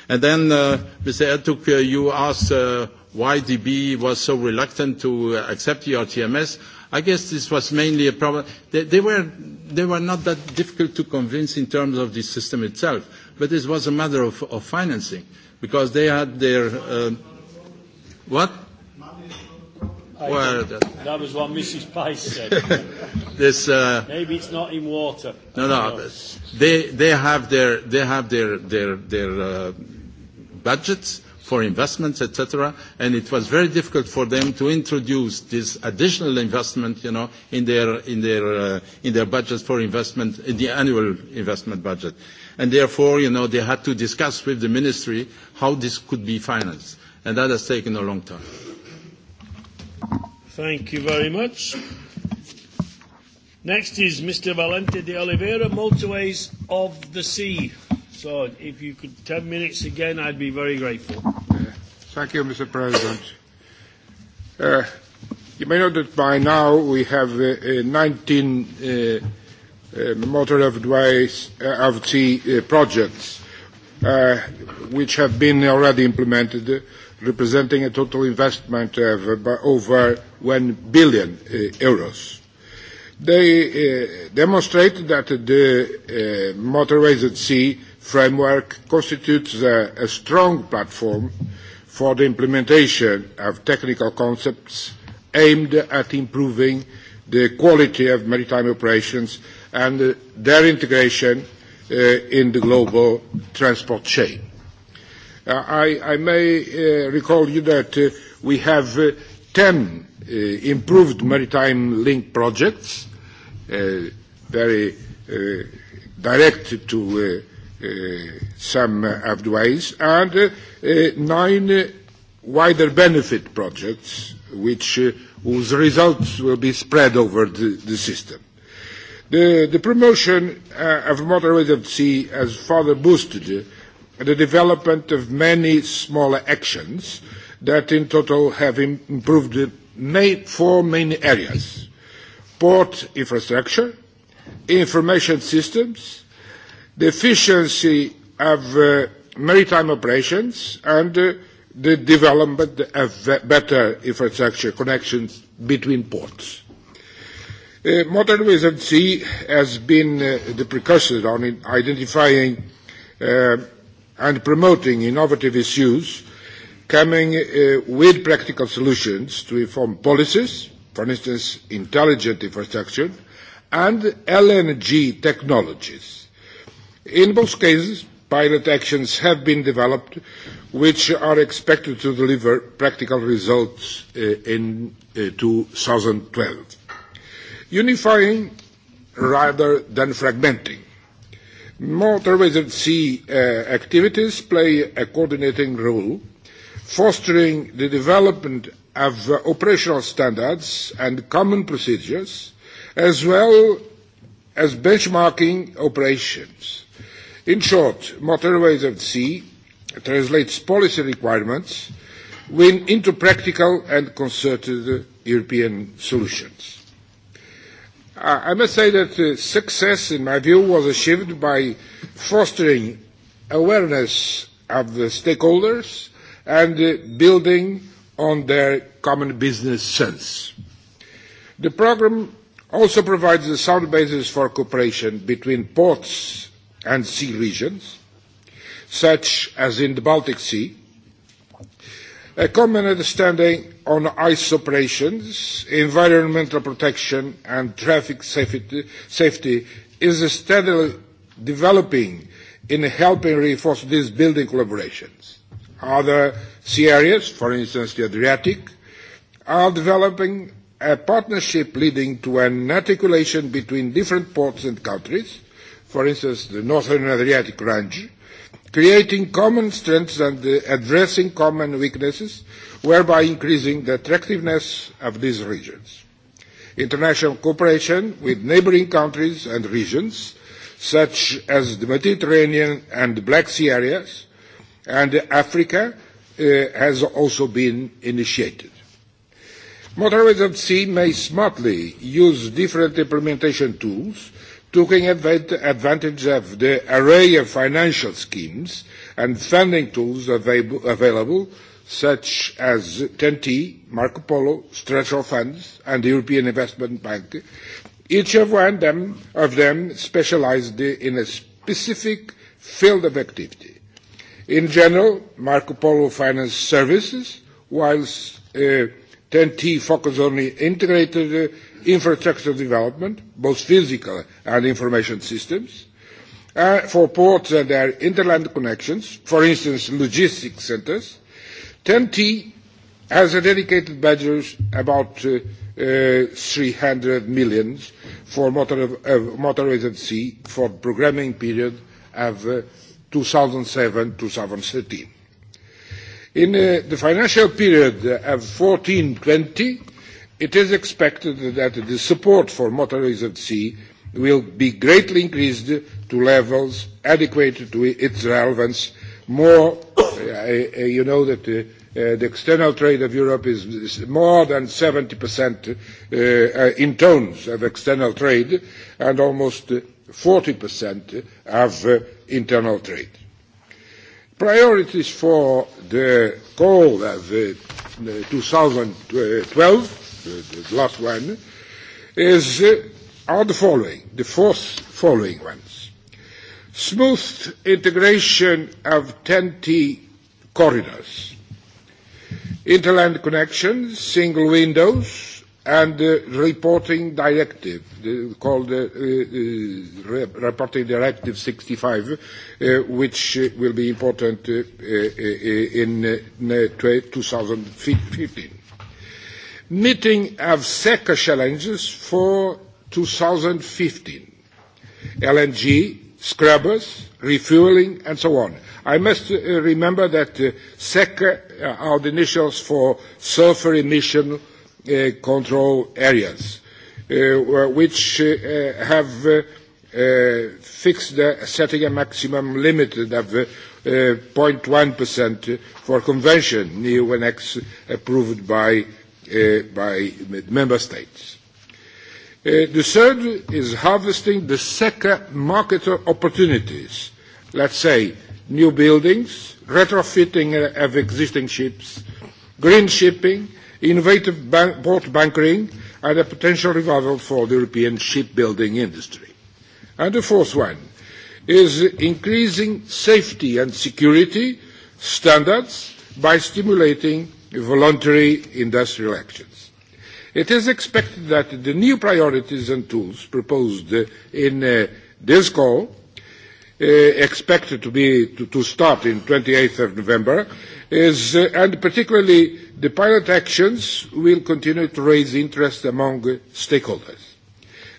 And then, uh, Mr. Ertug, uh, you asked uh, why DB was so reluctant to uh, accept ERTMS. I guess this was mainly a problem. They, they, were, they were not that difficult to convince in terms of the system itself, but this was a matter of, of financing because they had their. Uh, what? I well, that, that was what Mrs. Price said. this, uh, Maybe it's not in water. No, no. Know. They, they have their, they have their, their, their uh, budgets for investments, etc. And it was very difficult for them to introduce this additional investment, you know, in their in their uh, in their budgets for investment, in the annual investment budget. And therefore, you know, they had to discuss with the ministry how this could be financed, and that has taken a long time. Thank you very much. Next is Mr. Valente de Oliveira, Motorways of the Sea. So if you could, 10 minutes again, I'd be very grateful. Uh, thank you, Mr. President. Uh, you may know that by now we have uh, 19 uh, uh, uh, motor advice uh, FT uh, projects uh, which have been already implemented, uh, representing a total investment of uh, over 1 billion uh, euros. They uh, demonstrate that the uh, motorways at sea framework constitutes a, a strong platform for the implementation of technical concepts aimed at improving the quality of maritime operations and uh, their integration uh, in the global transport chain. Uh, I, I may uh, recall you that uh, we have uh, 10 uh, improved maritime link projects, uh, very uh, direct to uh, Uh, some of the ways, and uh, uh, nine wider benefit projects, which whose results will be spread over the, the system. The, the promotion uh, of moderated sea has further boosted uh, the development of many smaller actions that in total have Im- improved uh, main, four main areas. Port infrastructure, information systems, the efficiency of uh, maritime operations and uh, the development of better infrastructure connections between ports. Uh, Motorways at Sea has been uh, the precursor on in identifying uh, and promoting innovative issues, coming uh, with practical solutions to inform policies, for instance, intelligent infrastructure, and LNG technologies In both cases, pilot actions have been developed which are expected to deliver practical results uh, in uh, 2012. Unifying rather than fragmenting. Motorways at sea uh, activities play a coordinating role, fostering the development of uh, operational standards and common procedures, as well as benchmarking operations In short, motorways at sea translates policy requirements when into practical and concerted European solutions. I must say that uh, success, in my view, was achieved by fostering awareness of the stakeholders and uh, building on their common business sense. The programme also provides a sound basis for cooperation between ports and sea regions, such as in the Baltic Sea, a common understanding on ICE operations, environmental protection and traffic safety, safety is steadily developing in helping reinforce these building collaborations. Other sea areas, for instance the Adriatic, are developing a partnership leading to an articulation between different ports and countries for instance, the Northern Adriatic Range, creating common strengths and uh, addressing common weaknesses, whereby increasing the attractiveness of these regions. International cooperation with neighboring countries and regions, such as the Mediterranean and Black Sea areas, and Africa, uh, has also been initiated. Motorists at sea may smartly use different implementation tools taking advantage of the array of financial schemes and funding tools avail available, such as TEN-T, Marco Polo, structural funds, and the European Investment Bank, each of, one them, of them specialized in a specific field of activity. In general, Marco Polo Finance Services, whilst uh, TEN-T focus on integrated uh, infrastructure development, both physical and information systems, uh, for ports and their interland connections, for instance, logistics centers. 10T has a dedicated budget about uh, uh, 300 million for motor, uh, motorized sea for programming period of uh, 2007-2013. In uh, the financial period of 14-20, It is expected that the support for motorists at sea will be greatly increased to levels adequate to its relevance. More, uh, you know that uh, uh, the external trade of Europe is, is more than 70% uh, uh, in tons of external trade and almost 40% uh, of uh, internal trade. Priorities for the call of uh, 2012 the, the last one, is, uh, are the following, the four following ones. Smooth integration of 10T corridors, interland connections, single windows, and the reporting directive, the, called the uh, uh, re- reporting directive 65, uh, which uh, will be important uh, uh, uh in uh, 2015 meeting of SECA challenges for 2015, LNG, scrubbers, refueling, and so on. I must uh, remember that uh, SECA uh, are the initials for sulfur emission uh, control areas, uh, which uh, have uh, uh, fixed the, setting a maximum limit of uh, 0.1% uh, for convention, new and ex approved by uh, by member states. Uh, the third is harvesting the sector market opportunities. Let's say new buildings, retrofitting uh, of existing ships, green shipping, innovative ban- port bunkering, and a potential revival for the European shipbuilding industry. And the fourth one is increasing safety and security standards by stimulating voluntary industrial actions. It is expected that the new priorities and tools proposed in uh, this call, uh, expected to, be, to, to start in 28th of November, is, uh, and particularly the pilot actions will continue to raise interest among uh, stakeholders.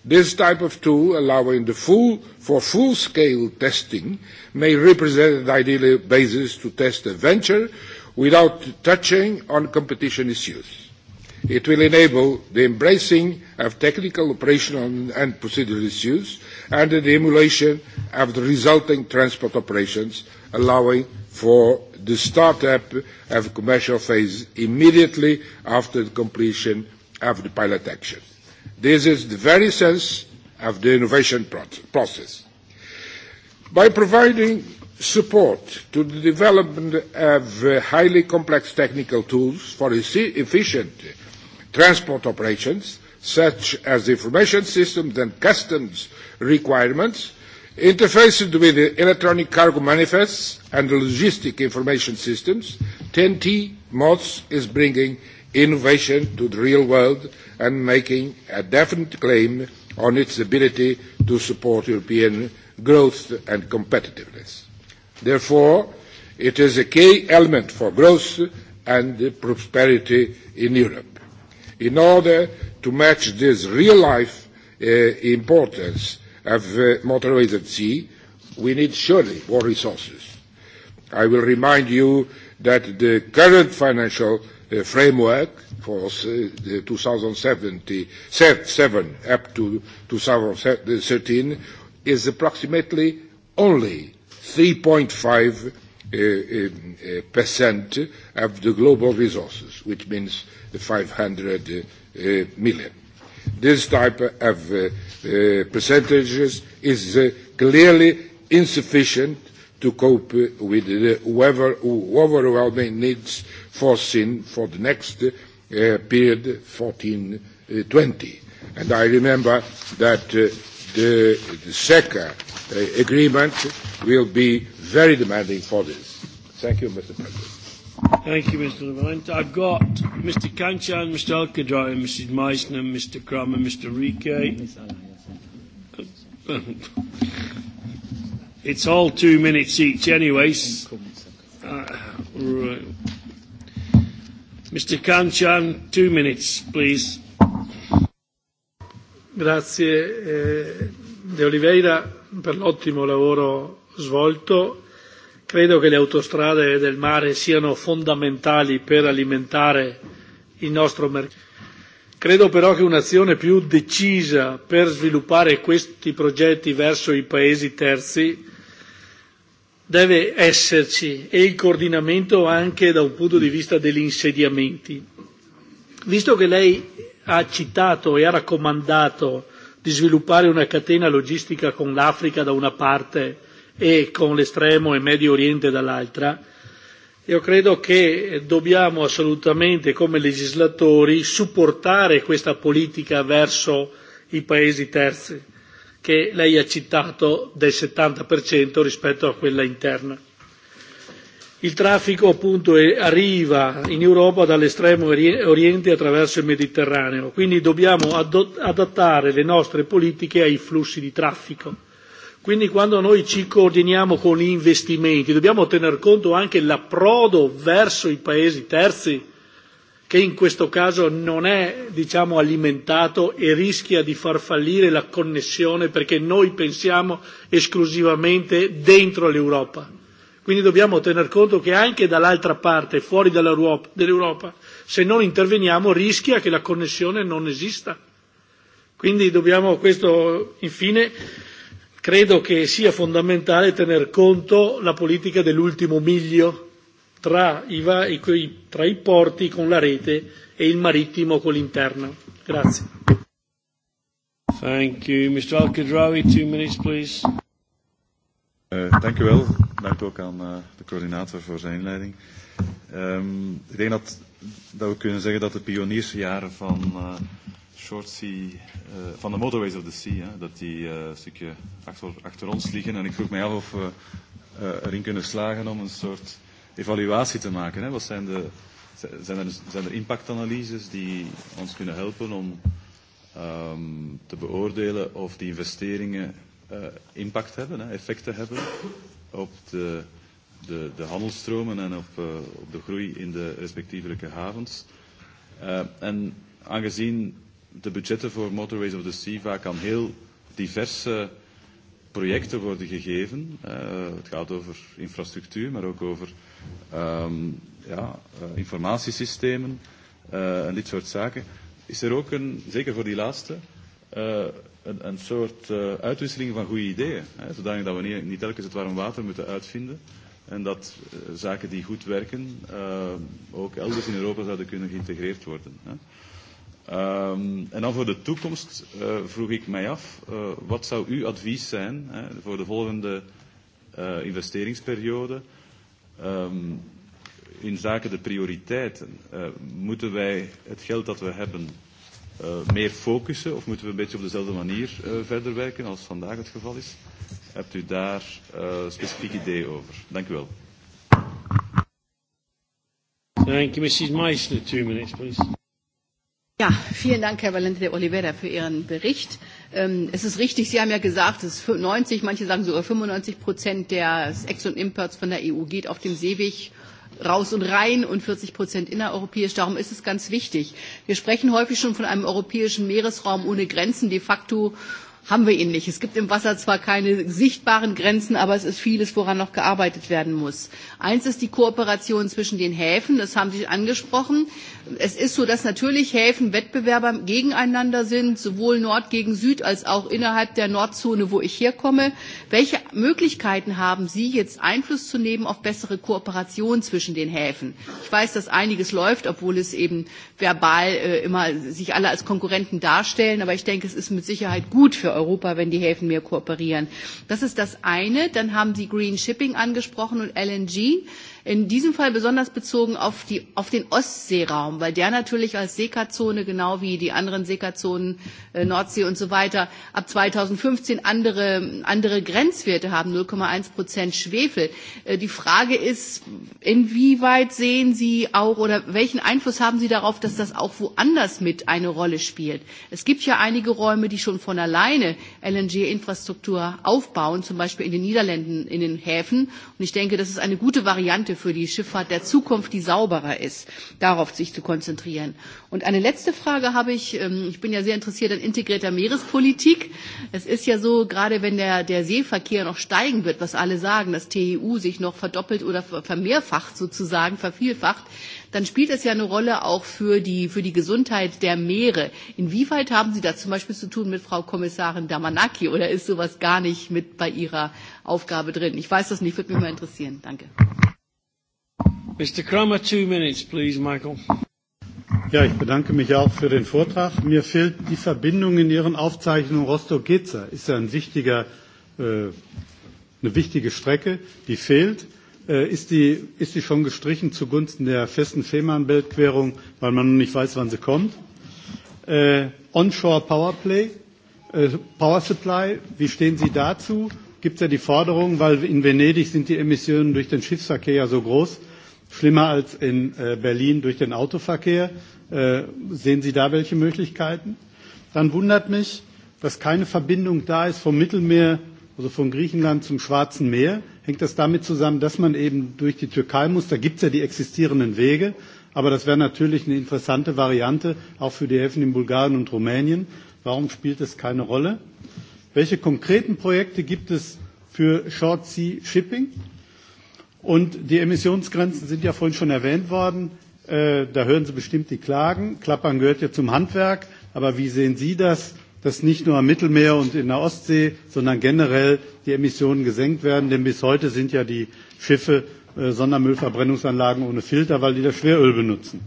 This type of tool, allowing the full, for full-scale testing, may represent an ideal basis to test a venture without touching on competition issues. It will enable the embracing of technical, operational and procedural issues and the emulation of the resulting transport operations, allowing for the start-up of commercial phase immediately after the completion of the pilot action. This is the very sense of the innovation process. By providing support to the development of uh, highly complex technical tools for efficient transport operations, such as information systems and customs requirements, interfaces with electronic cargo manifests and logistic information systems, TNT MODS is bringing innovation to the real world and making a definite claim on its ability to support European growth and competitiveness. Therefore, it is a key element for growth and prosperity in Europe. In order to match this real-life uh, importance of uh, motorways at sea, we need surely more resources. I will remind you that the current financial uh, framework for uh, the 2007 up to 2013 is approximately only 3.5% uh, uh, uh of the global resources, which means the 500 uh, uh, million. This type of uh, uh, percentages is uh, clearly insufficient to cope with the overwhelming needs foreseen for the next uh, period 14-20. Uh, I remember that uh, the, the SECA uh, agreement will be very demanding for this. Thank you, Mr. President. Thank you, Mr. Lavalente. I've got Mr. Kanchan, Mr. Alcadroy, Mrs. Meissner, Mr. Crum, and Mr. Rike. it's all two minutes each, anyways. Uh, right. Mr. Kanchan, two minutes, please. Grazie eh, De Oliveira per l'ottimo lavoro svolto. Credo che le autostrade del mare siano fondamentali per alimentare il nostro mercato. Credo però che un'azione più decisa per sviluppare questi progetti verso i paesi terzi deve esserci e il coordinamento anche da un punto di vista degli insediamenti. Visto che lei ha citato e ha raccomandato di sviluppare una catena logistica con l'Africa da una parte e con l'estremo e Medio Oriente dall'altra, io credo che dobbiamo assolutamente come legislatori supportare questa politica verso i paesi terzi che lei ha citato del 70% rispetto a quella interna. Il traffico appunto è, arriva in Europa dall'estremo oriente attraverso il Mediterraneo, quindi dobbiamo adattare le nostre politiche ai flussi di traffico. Quindi quando noi ci coordiniamo con gli investimenti dobbiamo tener conto anche dell'approdo verso i paesi terzi, che in questo caso non è diciamo, alimentato e rischia di far fallire la connessione perché noi pensiamo esclusivamente dentro l'Europa Quindi dobbiamo tener conto che anche dall'altra parte, fuori dall'Europa, dell'Europa, se non interveniamo rischia che la connessione non esista. Quindi dobbiamo questo, infine, credo che sia fondamentale tener conto la politica dell'ultimo miglio tra i, va, i, tra i porti con la rete e il marittimo con l'interno. Grazie. Thank you. Mr. Al-Kadrawi, two minutes, please. Uh, dank u wel. Dank ook aan uh, de coördinator voor zijn inleiding. Um, ik denk dat, dat we kunnen zeggen dat de pioniersjaren van uh, short sea, uh, van de motorways of the sea, hè, dat die uh, een stukje achter, achter ons liggen. En ik vroeg mij af of we uh, erin kunnen slagen om een soort evaluatie te maken. Hè. Wat zijn, de, zijn, er, zijn er impactanalyses die ons kunnen helpen om um, te beoordelen of die investeringen uh, impact hebben, hè, effecten hebben op de, de, de handelstromen en op, uh, op de groei in de respectievelijke havens. Uh, en aangezien de budgetten voor Motorways of the Sea vaak aan heel diverse projecten worden gegeven, uh, het gaat over infrastructuur, maar ook over um, ja, uh, informatiesystemen uh, en dit soort zaken, is er ook een, zeker voor die laatste, uh, een, een soort uh, uitwisseling van goede ideeën. Hè, zodanig dat we niet, niet telkens het warm water moeten uitvinden. En dat uh, zaken die goed werken uh, ook elders in Europa zouden kunnen geïntegreerd worden. Hè. Um, en dan voor de toekomst uh, vroeg ik mij af, uh, wat zou uw advies zijn hè, voor de volgende uh, investeringsperiode um, in zaken de prioriteiten? Uh, moeten wij het geld dat we hebben uh, meer focussen of moeten we een beetje op dezelfde manier uh, verder werken als vandaag het geval is? Hebt u daar uh, specifiek ideeën over? Dank u wel. Thank you, Mrs. Meissner. Two minutes, please. Ja, vielen Dank, Herr Valente de Oliveira, für Ihren Bericht. Ähm, es ist richtig, Sie haben ja gesagt, dass 90, manche sagen sogar 95 Prozent des Ex- und Imports von der EU geht auf dem Seeweg raus und rein und 40 Prozent innereuropäisch. Darum ist es ganz wichtig. Wir sprechen häufig schon von einem europäischen Meeresraum ohne Grenzen. De facto haben wir ihn nicht. Es gibt im Wasser zwar keine sichtbaren Grenzen, aber es ist vieles, woran noch gearbeitet werden muss. Eins ist die Kooperation zwischen den Häfen, das haben Sie angesprochen. Es ist so, dass natürlich Häfen Wettbewerber gegeneinander sind, sowohl Nord gegen Süd als auch innerhalb der Nordzone, wo ich herkomme. Welche Möglichkeiten haben Sie jetzt Einfluss zu nehmen auf bessere Kooperation zwischen den Häfen? Ich weiß, dass einiges läuft, obwohl es eben verbal äh, immer sich alle als Konkurrenten darstellen, aber ich denke, es ist mit Sicherheit gut für Europa, wenn die Häfen mehr kooperieren. Das ist das eine. Dann haben Sie Green Shipping angesprochen und LNG. In diesem Fall besonders bezogen auf, die, auf den Ostseeraum, weil der natürlich als SECA-Zone, genau wie die anderen SECA-Zonen, äh, Nordsee und so weiter, ab 2015 andere, andere Grenzwerte haben, 0,1 Prozent Schwefel. Äh, die Frage ist, inwieweit sehen Sie auch oder welchen Einfluss haben Sie darauf, dass das auch woanders mit eine Rolle spielt? Es gibt ja einige Räume, die schon von alleine LNG-Infrastruktur aufbauen, zum Beispiel in den Niederlanden, in den Häfen. Und ich denke, das ist eine gute Variante, Variante für die Schifffahrt der Zukunft, die sauberer ist, darauf sich zu konzentrieren. Und eine letzte Frage habe ich. Ähm, ich bin ja sehr interessiert an integrierter Meerespolitik. Es ist ja so, gerade wenn der, der Seeverkehr noch steigen wird, was alle sagen, dass TEU e sich noch verdoppelt oder vermehrfacht sozusagen, vervielfacht, dann spielt es ja eine Rolle auch für die, für die Gesundheit der Meere. Inwieweit haben Sie da zum Beispiel zu tun mit Frau Kommissarin Damanaki oder ist sowas gar nicht mit bei Ihrer Aufgabe drin? Ich weiß das nicht, würde mich mal interessieren. Danke. Mr. Kramer, two minutes, please, Michael. Ja, ich bedanke mich auch für den Vortrag. Mir fehlt die Verbindung in Ihren Aufzeichnungen Rostock-Getzer. Ist ja ein wichtiger, äh, eine wichtige Strecke, die fehlt. Äh, ist, die, ist die schon gestrichen zugunsten der festen Fehmarnbeltquerung, weil man nicht weiß, wann sie kommt? Äh, Onshore Powerplay, äh, Power Supply, wie stehen Sie dazu? Gibt es ja die Forderung, weil in Venedig sind die Emissionen durch den Schiffsverkehr ja so groß, schlimmer als in äh, Berlin durch den Autoverkehr. Äh, sehen Sie da welche Möglichkeiten? Dann wundert mich, dass keine Verbindung da ist vom Mittelmeer, also von Griechenland zum Schwarzen Meer. Hängt das damit zusammen, dass man eben durch die Türkei muss? Da gibt es ja die existierenden Wege. Aber das wäre natürlich eine interessante Variante, auch für die Häfen in Bulgarien und Rumänien. Warum spielt das keine Rolle? Welche konkreten Projekte gibt es für Short Sea Shipping? Und die Emissionsgrenzen sind ja vorhin schon erwähnt worden. Äh, da hören Sie bestimmt die Klagen. Klappern gehört ja zum Handwerk. Aber wie sehen Sie das, dass nicht nur am Mittelmeer und in der Ostsee, sondern generell die Emissionen gesenkt werden? Denn bis heute sind ja die Schiffe äh, Sondermüllverbrennungsanlagen ohne Filter, weil die das Schweröl benutzen.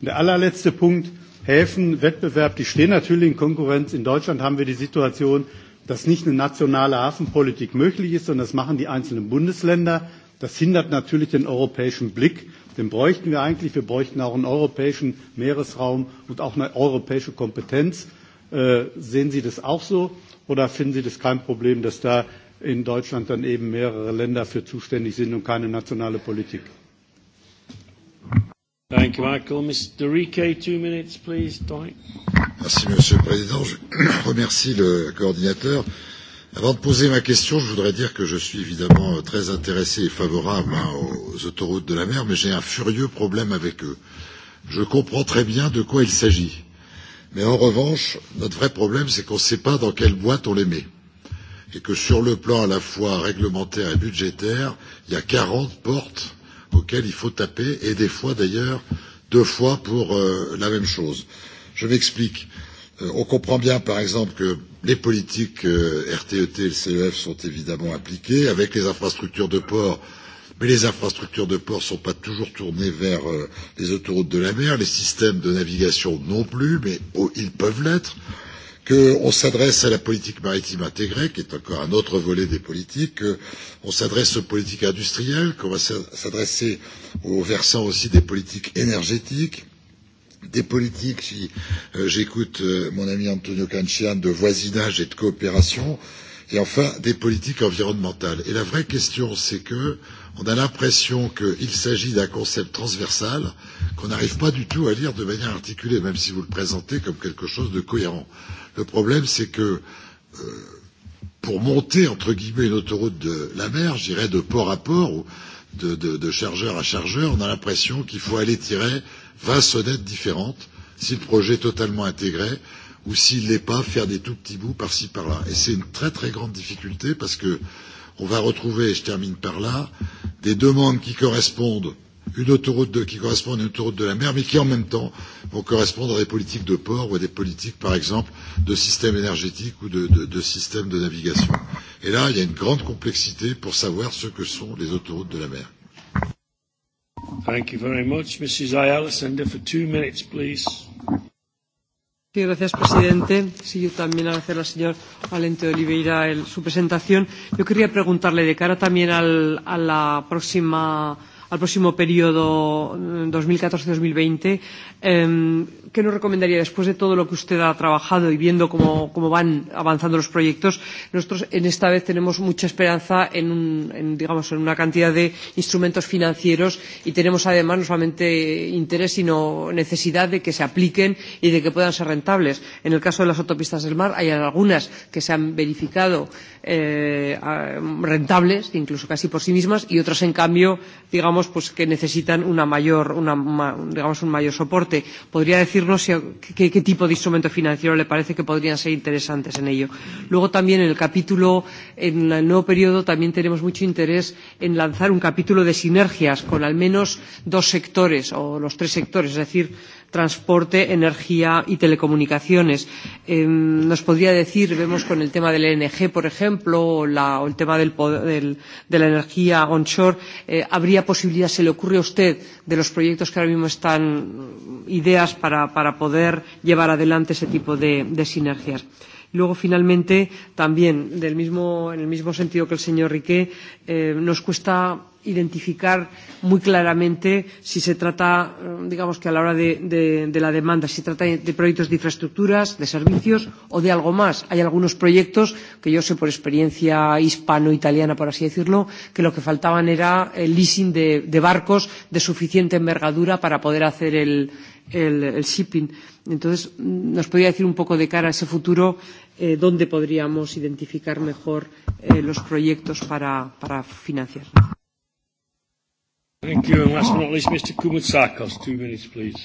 Und der allerletzte Punkt, Häfen, Wettbewerb, die stehen natürlich in Konkurrenz. In Deutschland haben wir die Situation, dass nicht eine nationale Hafenpolitik möglich ist, sondern das machen die einzelnen Bundesländer. Das hindert natürlich den europäischen Blick. Den bräuchten wir eigentlich. Wir bräuchten auch einen europäischen Meeresraum und auch eine europäische Kompetenz. Äh, sehen Sie das auch so? Oder finden Sie das kein Problem, dass da in Deutschland dann eben mehrere Länder für zuständig sind und keine nationale Politik? Thank you, Michael. Mr. Riquet, two minutes, please. Dominic. Merci, Monsieur le Président. Je remercie le coordinateur. Euh, Avant de poser ma question, je voudrais dire que je suis évidemment euh, très intéressé et favorable hein, aux autoroutes de la mer, mais j'ai un furieux problème avec eux. Je comprends très bien de quoi il s'agit. Mais en revanche, notre vrai problème, c'est qu'on ne sait pas dans quelle boîte on les met. Et que sur le plan à la fois réglementaire et budgétaire, il y a 40 portes auxquelles il faut taper, et des fois d'ailleurs deux fois pour euh, la même chose. Je m'explique. Euh, on comprend bien, par exemple, que les politiques euh, RTET e et le CEF sont évidemment impliquées avec les infrastructures de port, mais les infrastructures de port ne sont pas toujours tournées vers euh, les autoroutes de la mer, les systèmes de navigation non plus, mais oh, ils peuvent l'être. Qu'on s'adresse à la politique maritime intégrée, qui est encore un autre volet des politiques, qu'on s'adresse aux politiques industrielles, qu'on va s'adresser aux versants aussi des politiques énergétiques, des politiques, si euh, j'écoute euh, mon ami Antonio Cancian, de voisinage et de coopération, et enfin des politiques environnementales. Et la vraie question, c'est que on a l'impression qu'il s'agit d'un concept transversal qu'on n'arrive pas du tout à lire de manière articulée, même si vous le présentez comme quelque chose de cohérent. Le problème, c'est que euh, pour monter, entre guillemets, une autoroute de la mer, je dirais de port à port, ou de, de, de chargeur à chargeur, on a l'impression qu'il faut aller tirer 20 sonnettes différentes si le projet est totalement intégré ou s'il n'est pas, faire des tout petits bouts par-ci par-là. Et c'est une très très grande difficulté parce que on va retrouver, et je termine par là, des demandes qui correspondent une autoroute de, qui correspond à une autoroute de la mer, mais qui en même temps vont correspondre à des politiques de port ou à des politiques, par exemple, de système énergétique ou de, de, de système de navigation. Et là, il y a une grande complexité pour savoir ce que sont les autoroutes de la mer. Thank you very much. Mrs. Ayala Sender for two minutes, please. Sí, gracias, presidente. Sí, yo también agradecer al señor Valente Oliveira el, su presentación. Yo quería preguntarle, de cara también al, a la próxima al próximo periodo 2014-2020, eh, ¿qué nos recomendaría después de todo lo que usted ha trabajado y viendo cómo, cómo van avanzando los proyectos? Nosotros en esta vez tenemos mucha esperanza en, un, en, digamos, en una cantidad de instrumentos financieros y tenemos además no solamente interés, sino necesidad de que se apliquen y de que puedan ser rentables. En el caso de las autopistas del mar hay algunas que se han verificado eh, rentables, incluso casi por sí mismas, y otras, en cambio, digamos, digamos, pues, que necesitan una mayor, una, ma, digamos, un mayor soporte. ¿Podría decirnos si, qué, qué tipo de instrumento financiero le parece que podrían ser interesantes en ello? Luego también en el capítulo, en el nuevo periodo, también tenemos mucho interés en lanzar un capítulo de sinergias con al menos dos sectores o los tres sectores, es decir, transporte, energía y telecomunicaciones. Eh, nos podría decir, vemos con el tema del ENG, por ejemplo, o, la, o el tema del, del, de la energía onshore, eh, ¿habría posibilidad, se le ocurre a usted, de los proyectos que ahora mismo están, mm, ideas para, para poder llevar adelante ese tipo de, de sinergias? Y luego, finalmente, también, del mismo, en el mismo sentido que el señor Riquet, eh, nos cuesta identificar muy claramente si se trata, eh, digamos que a la hora de, de, de la demanda, si se trata de proyectos de infraestructuras, de servicios o de algo más. Hay algunos proyectos que yo sé por experiencia hispano-italiana, por así decirlo, que lo que faltaban era el leasing de, de barcos de suficiente envergadura para poder hacer el, el, el shipping. Entonces, ¿nos podría decir un poco de cara a ese futuro eh, dónde podríamos identificar mejor eh, los proyectos para, para financiar? Thank you. And last but not least, Mr. Koumoutsakos. Two minutes, please.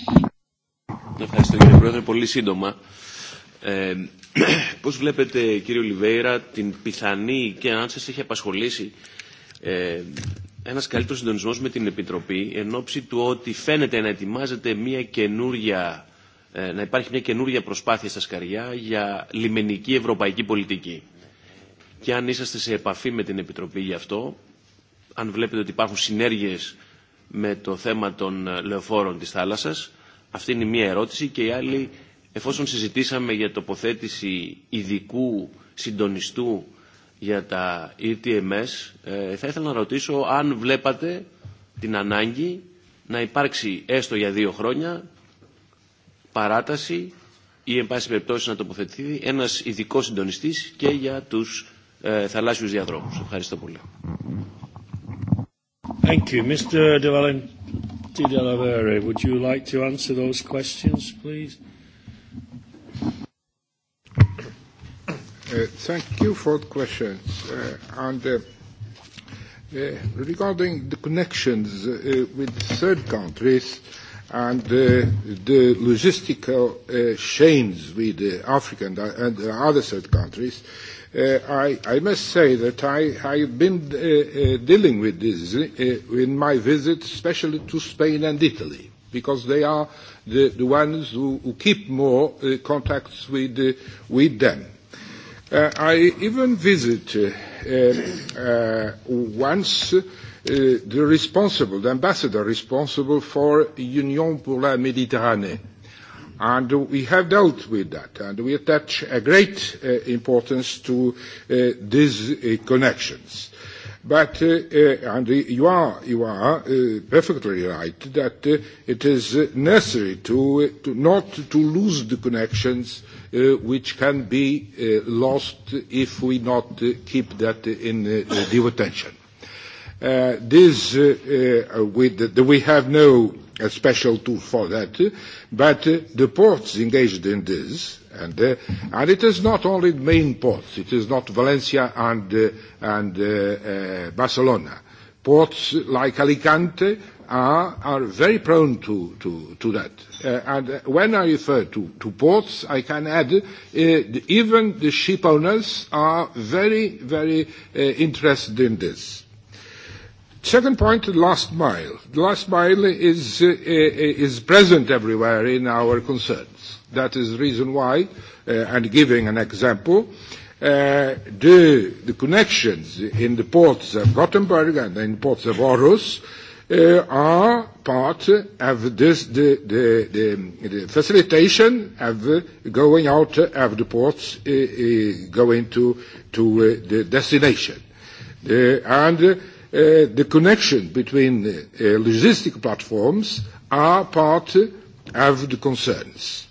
Ευχαριστώ κύριε Πρόεδρε. Πολύ σύντομα. Ε, πώς βλέπετε κύριε Ολιβέηρα την πιθανή και αν σας έχει απασχολήσει ε, ένας καλύτερος συντονισμός με την Επιτροπή εν ώψη του ότι φαίνεται να ετοιμάζεται μια καινούρια, ε, να υπάρχει μια καινούρια προσπάθεια στα σκαριά για λιμενική ευρωπαϊκή πολιτική. Και αν είσαστε σε επαφή με την Επιτροπή γι' αυτό, αν βλέπετε ότι υπάρχουν συνέργειες με το θέμα των λεωφόρων της θάλασσας. Αυτή είναι η μία ερώτηση και η άλλη, εφόσον συζητήσαμε για τοποθέτηση ειδικού συντονιστού για τα ETMS, θα ήθελα να ρωτήσω αν βλέπατε την ανάγκη να υπάρξει έστω για δύο χρόνια παράταση ή εν πάση περιπτώσει να τοποθετηθεί ένας ειδικός συντονιστής και για τους ε, θαλάσσιους διαδρόμους. Ευχαριστώ πολύ. Thank you. Mr. De Valenti Della Vere, would you like to answer those questions, please? Uh, thank you for the questions. Uh, and, uh, uh regarding the connections uh, with third countries and uh, the logistical chains with Africa and other third countries, Uh, I, I must say that I, I've been uh, uh, dealing with this uh, in my visits, especially to Spain and Italy, because they are the, the ones who, who keep more uh, contacts with, uh, with them. Uh, I even visit uh, uh, once uh, the responsible, the ambassador responsible for Union pour la Méditerranée and we have dealt with that, and we attach a great uh, importance to uh, these uh, connections. But, uh, uh, and uh, you are, you are uh, perfectly right that uh, it is uh, necessary to, uh, to not to lose the connections uh, which can be uh, lost if we not uh, keep that in uh, the attention. Uh, this, uh, uh, with the, we have no a special tool for that, but the ports engaged in this, and, uh, and it is not only the main ports, it is not Valencia and, uh, and uh, Barcelona. Ports like Alicante, are, are very prone to, to, to that. Uh, and uh, when I refer to, to ports, I can add uh, the, even the ship owners are very, very uh, interested in this. Second point, the last mile. The last mile is, uh, uh, is present everywhere in our concerns. That is the reason why, uh, and giving an example, uh, the, the connections in the ports of Gothenburg and in the ports of Aarhus uh, are part of this, the, the, the, the facilitation of uh, going out of the ports, uh, uh, going to, to uh, the destination. Uh, and uh, uh, the connection between uh, logistic platforms are part of the concerns.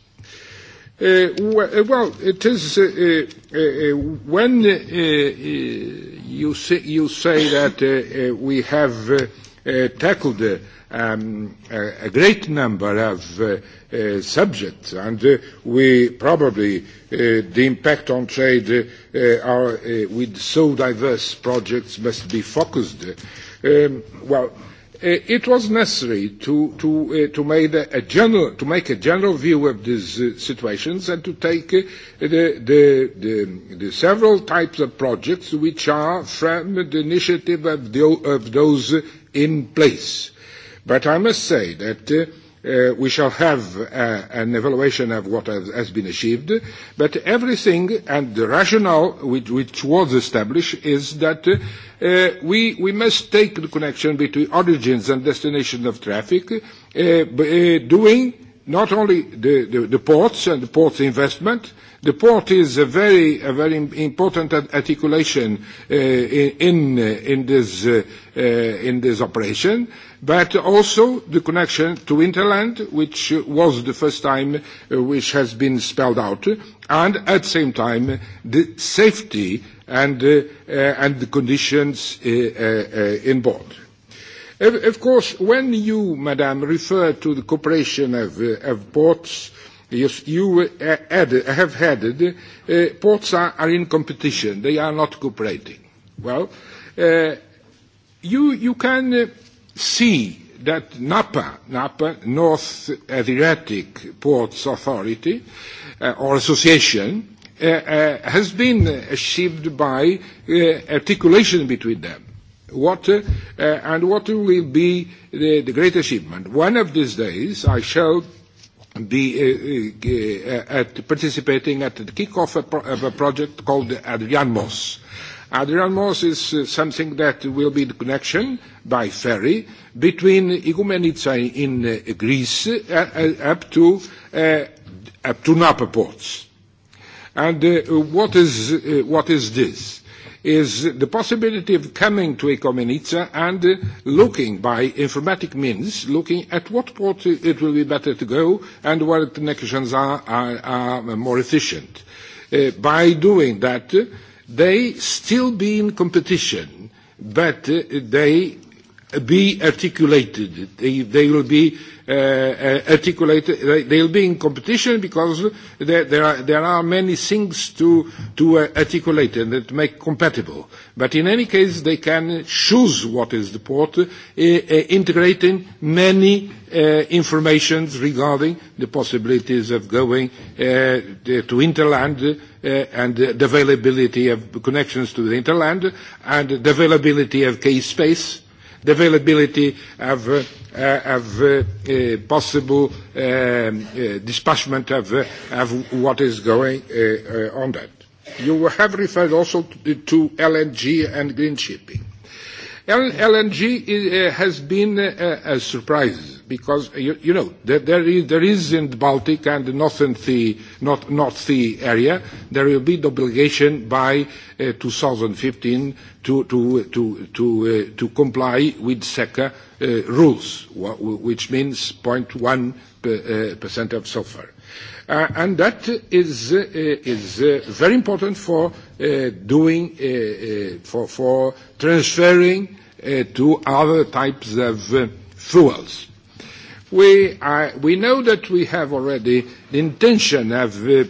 Uh, uh well, it is uh, uh, uh when uh, uh, you, say, you say that uh, uh, we have uh, uh, tackled uh, um, a, a great number of uh, uh, subjects, and uh, we probably uh, the impact on trade uh, uh, are, uh, with so diverse projects must be focused. Um, well Uh, it was necessary to, to, uh, to, make a general, to make a general view of these uh, situations and to take uh, the, the, the, the several types of projects which are from the initiative of, the, of those in place. But I must say that uh, uh, we shall have uh, an evaluation of what has, has been achieved. But everything and the rationale which, which was established is that uh, we, we must take the connection between origins and destinations of traffic, uh, b- uh, doing not only the, the, the ports and the ports investment, the port is a very, a very important articulation uh, in, uh, in, this, uh, uh, in this operation, but also the connection to hinterland, which was the first time uh, which has been spelled out, and at the same time the safety and, uh, uh, and the conditions uh, uh, uh, in port. Of course, when you, madam, refer to the cooperation of, uh, of ports, yes, you uh, add, have added uh, ports are, are in competition. They are not cooperating. Well, uh, you, you can uh, see that NAPA, NAPA, North Adriatic Ports Authority, uh, or association, uh, uh, has been uh, achieved by uh, articulation between them. What, uh, uh, and what will be the, the great achievement? One of these days, I shall be uh, uh, uh at participating at the kickoff of a project called Adrianmos. Adrianmos is uh, something that will be the connection by ferry between Igoumenitsa in uh, Greece uh, uh, up to uh, up to Napa ports. And uh, what is uh, what is this? is the possibility of coming to Ekomenica and uh, looking by informatic means, looking at what port it will be better to go and where the connections are, are, are more efficient. Uh, by doing that, uh, they still be in competition, but uh, they be articulated. They, they will be uh, uh articulated. They, they'll be in competition because there, there, are, there are many things to, to uh, articulate and that make compatible. But in any case, they can choose what is the port, uh, uh, integrating many uh, informations regarding the possibilities of going uh, to interland uh, and the availability of connections to the interland and the availability of case space the availability of, uh, of uh, uh, possible um, uh, dispatchment of, uh, of what is going uh, uh, on that. You have referred also to, to LNG and green shipping. LNG uh, has been uh, a surprise because, you know, there is in the Baltic and the North Sea area, there will be the obligation by 2015 uh, to comply with SECA rules, which means 0.1% of sulfur. Uh, and that is, uh, is uh, very important for uh, doing, uh, uh, for, for transferring uh, to other types of uh, fuels. We, are, we know that we have already the intention of uh,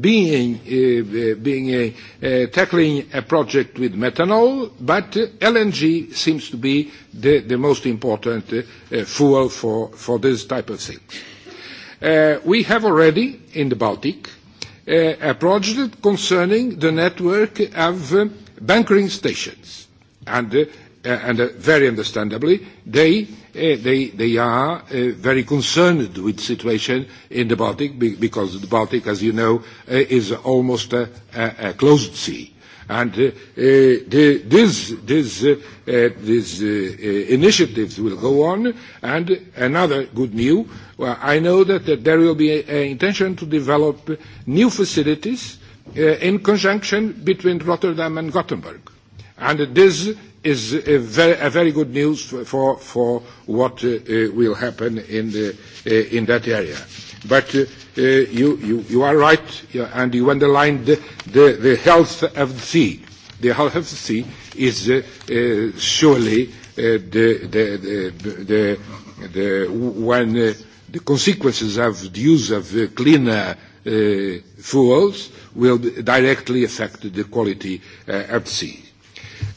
being, uh, uh, being a, uh, tackling a project with methanol, but LNG seems to be the, the most important uh, fuel for, for this type of things. Uh, we have already, in the Baltic, uh, a project concerning the network of uh, bunkering stations. And, uh, uh and uh, very understandably, they, uh, they, they are uh, very concerned with the situation in the Baltic be- because the Baltic, as you know, uh, is almost a, a, a closed sea. And uh, uh, the, this, this, uh, uh, these uh, uh, initiatives will go on. And another good news Well, I know that, that there will be an intention to develop new facilities uh, in conjunction between Rotterdam and Gothenburg. And this is a very, a very good news for, for what uh, uh, will happen in, the, uh, in that area. But uh, uh, you, you, you are right, yeah, and you underlined the, the, the health of the sea. The health of the sea is uh, uh, surely uh, the, the, the, the, the one uh, the consequences of the use of uh, cleaner uh, fuels will directly affect the quality uh, at sea.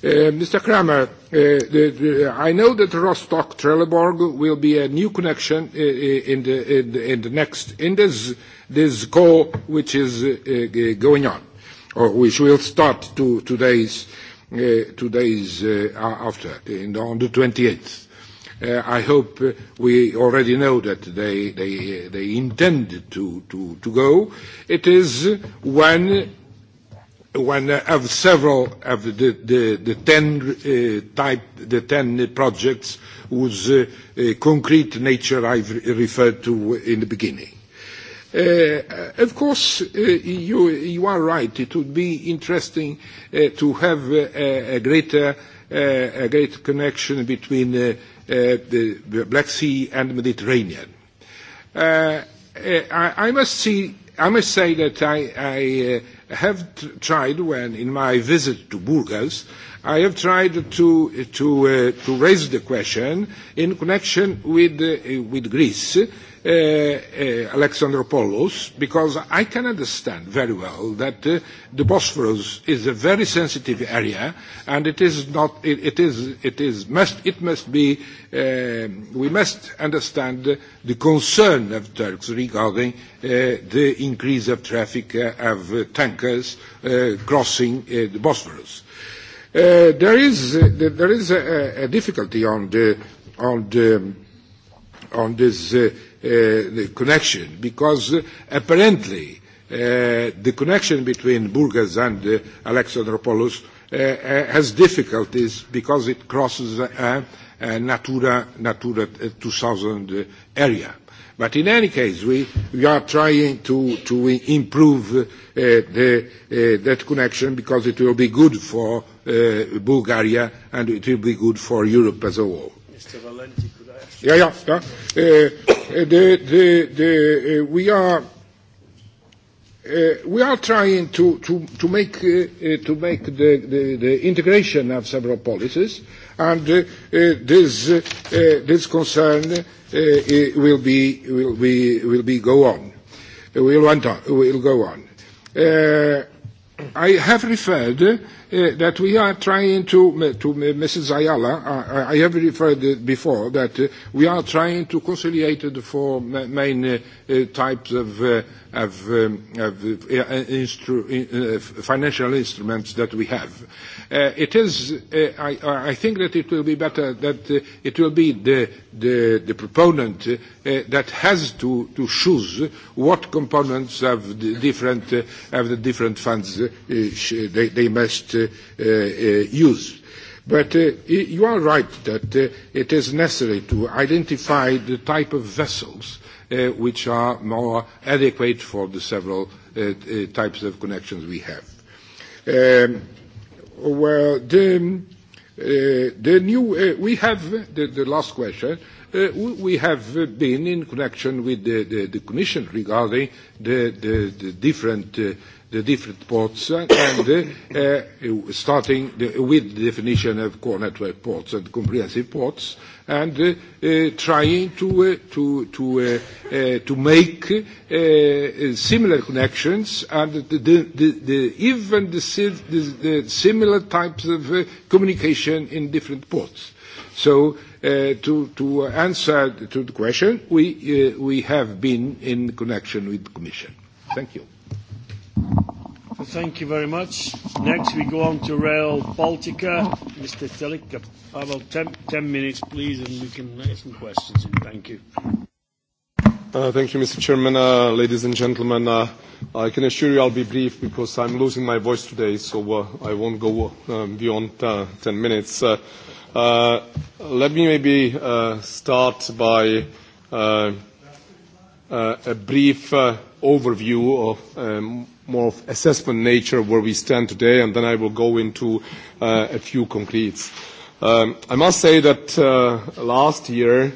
Uh, Mr. Kramer, uh, the, the, I know that Rostock-Trelleborg will be a new connection uh, uh, in, the, in, the, in the next, in this, this call which is uh, going on, or which will start to, today's, uh, today's uh, after, in, on the 28th. Uh, I hope uh, we already know that they, they, uh, they intend to, to, to go. It is one, one of several of the, the, the 10 uh, type, the 10 projects whose uh, uh, concrete nature I've referred to in the beginning. Uh, of course, uh, you, you are right. It would be interesting uh, to have a, a, greater, a greater connection between Uh, the Black Sea and the Mediterranean. Uh, uh, I, I, must see, I must say that I, I uh, have t- tried, when in my visit to Burgas, I have tried to, to, uh, to raise the question in connection with, uh, with Greece. Uh, uh, uh, Alexandropoulos, because I can understand very well that uh, the Bosphorus is a very sensitive area, and it is not. It, it is. It is. Must. It must be. Uh, we must understand uh, the concern of Turks regarding uh, the increase of traffic uh, of uh, tankers uh, crossing uh, the Bosphorus. Uh, there is uh, there is a, a difficulty on the on the on this. Uh, Uh, the connection, because uh, apparently uh, the connection between Burgas and Alexandropoulos has difficulties because it crosses a Natura, Natura 2000 area. But in any case, we, we are trying to, to improve uh, the, uh, that connection because it will be good for uh, Bulgaria and it will be good for Europe as a whole. Mr. Valenti Yeah, yeah. yeah. Uh, the, the, the, uh, we are Uh, we are trying to, to, to make, uh, uh, to make the, the, the integration of several policies, and uh, uh, this, uh, this concern uh, will, be, will, be, will be go on. Will, want on, will go on. Uh, I have referred uh, uh, that we are trying to, to Mrs. Ayala, I, I have referred it before, that uh, we are trying to conciliate the four main uh, uh, types of, uh, of, um, of uh, uh instru- uh, uh, financial instruments that we have. Uh, it is, uh, I, I think that it will be better that uh, it will be the, the, the proponent uh, that has to, to choose what components of the different, uh, of the different funds uh, sh- they, they must uh, uh, uh, used. But uh, you are right that uh, it is necessary to identify the type of vessels uh, which are more adequate for the several uh, uh, types of connections we have. Um, well, the, uh, the new, uh, we have, the, the last question, uh, we have been in connection with the, the, the Commission regarding the, the, the different uh, the different ports and, and uh, uh, starting the, with the definition of core network ports and comprehensive ports and uh, uh, trying to, uh, to, to, uh, uh, to make uh, uh, similar connections and the, the, the, the, even the, the, the similar types of uh, communication in different ports. So Uh, to, to answer to the question, we, uh, we have been in connection with the Commission. Thank you. Thank you very much. Next, we go on to Rail Baltica. Mr. Telica, Pavel, 10, 10 minutes, please, and we can get some questions in. Thank you. Uh, thank you, Mr. Chairman. Uh, ladies and gentlemen, uh, I can assure you I'll be brief because I'm losing my voice today, so uh, I won't go uh, beyond uh, 10 minutes. Uh, uh, let me maybe uh, start by uh, uh, a brief uh, overview of um, more of assessment nature of where we stand today, and then I will go into uh, a few concretes. Um, I must say that uh, last year,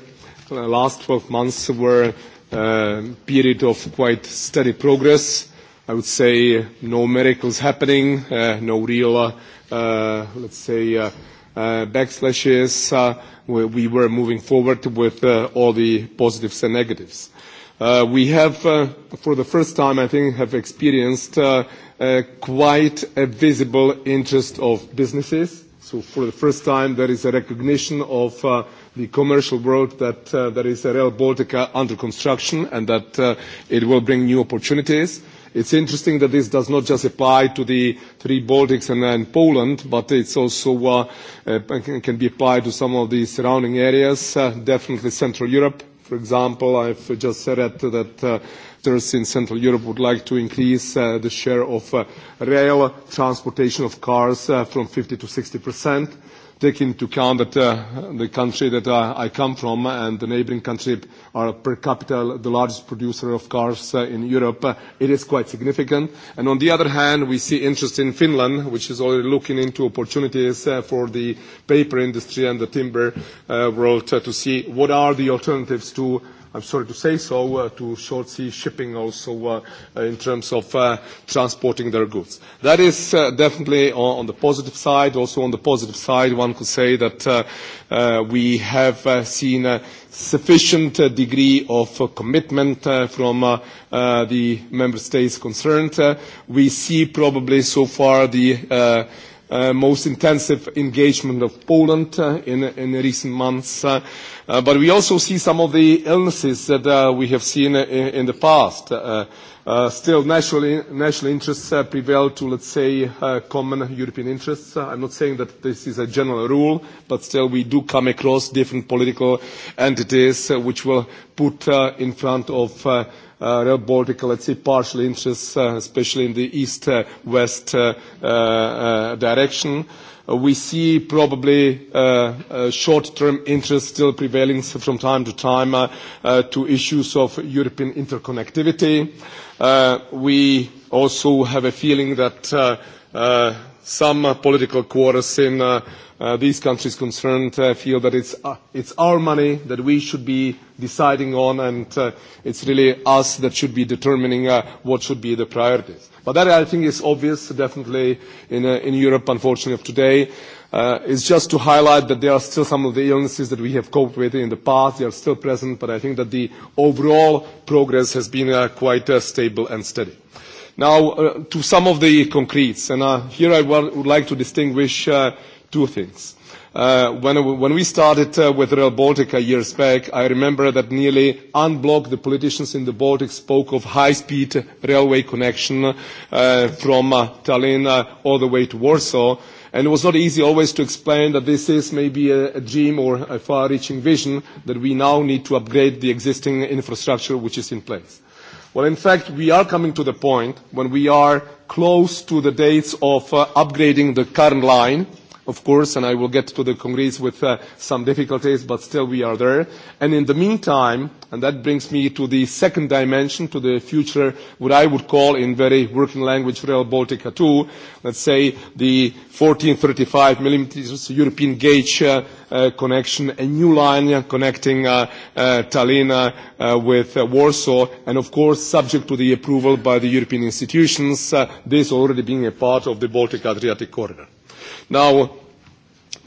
uh, last 12 months were a uh, period of quite steady progress. I would say no miracles happening, uh, no real, uh, uh, let's say, uh, uh, backslashes. Uh, we, we were moving forward with uh, all the positives and negatives. Uh, we have, uh, for the first time, I think, have experienced uh, uh, quite a visible interest of businesses. So for the first time, there is a recognition of uh, the commercial world that uh, there is a Rail Baltica under construction and that uh, it will bring new opportunities. It's interesting that this does not just apply to the three Baltics and, and Poland, but it's also uh, uh, can, can be applied to some of the surrounding areas, uh, definitely Central Europe, For example, I've just read that uh, sectors in Central Europe would like to increase uh, the share of uh, rail transportation of cars uh, from 50 to 60 percent take into account that uh, the country that uh, I come from and the neighboring country are per capita the largest producer of cars uh, in Europe, uh, it is quite significant. And on the other hand, we see interest in Finland, which is already looking into opportunities uh, for the paper industry and the timber uh, world uh, to see what are the alternatives to I'm sorry to say so, uh, to short sea shipping also uh, uh, in terms of uh, transporting their goods. That is uh, definitely on, on the positive side. Also on the positive side, one could say that uh, uh, we have uh, seen a sufficient uh, degree of uh, commitment uh, from uh, uh, the member states concerned. Uh, we see probably so far the uh, uh, most intensive engagement of Poland uh, in, in recent months. Uh, uh, but we also see some of the illnesses that uh, we have seen in, in the past. Uh, uh, still, national, national interests uh, prevail to, let's say, uh, common European interests. Uh, I'm not saying that this is a general rule, but still we do come across different political entities uh, which will put uh, in front of uh, uh, Baltic, let's say, partial interests, uh, especially in the east-west uh, uh, uh, direction. Uh, we see probably uh, uh, short-term interest still prevailing from time to time uh, uh, to issues of European interconnectivity. Uh, we also have a feeling that uh, uh, some uh, political quarters in uh, uh, these countries concerned feel that it's, it's our money that we should be deciding on, and it's really us that should be determining what should be the priorities. But that, I think, is obvious, definitely, in, in Europe, unfortunately, of today. Uh, is just to highlight that there are still some of the illnesses that we have coped with in the past. They are still present, but I think that the overall progress has been uh, quite uh, stable and steady. Uh, Now, uh, to some of the concretes, and uh, here I would like to distinguish uh, two things. Uh, when, when we started uh, with Rail Baltica years back, I remember that nearly unblocked the politicians in the Baltic spoke of high-speed railway connection uh, from uh, Tallinn uh, all the way to Warsaw. And it was not easy always to explain that this is maybe a, a dream or a far-reaching vision that we now need to upgrade the existing infrastructure which is in place. Well, in fact, we are coming to the point when we are close to the dates of uh, upgrading the current line of course, and I will get to the Congress with uh, some difficulties, but still we are there. And in the meantime, and that brings me to the second dimension, to the future, what I would call in very working language, Rail Baltica 2, let's say the 1435 millimeters European gauge uh, uh, connection, a new line connecting uh, uh, Tallinn uh, uh, with uh, Warsaw, and of course subject to the approval by the European institutions, uh, this already being a part of the Baltic-Adriatic corridor. Now,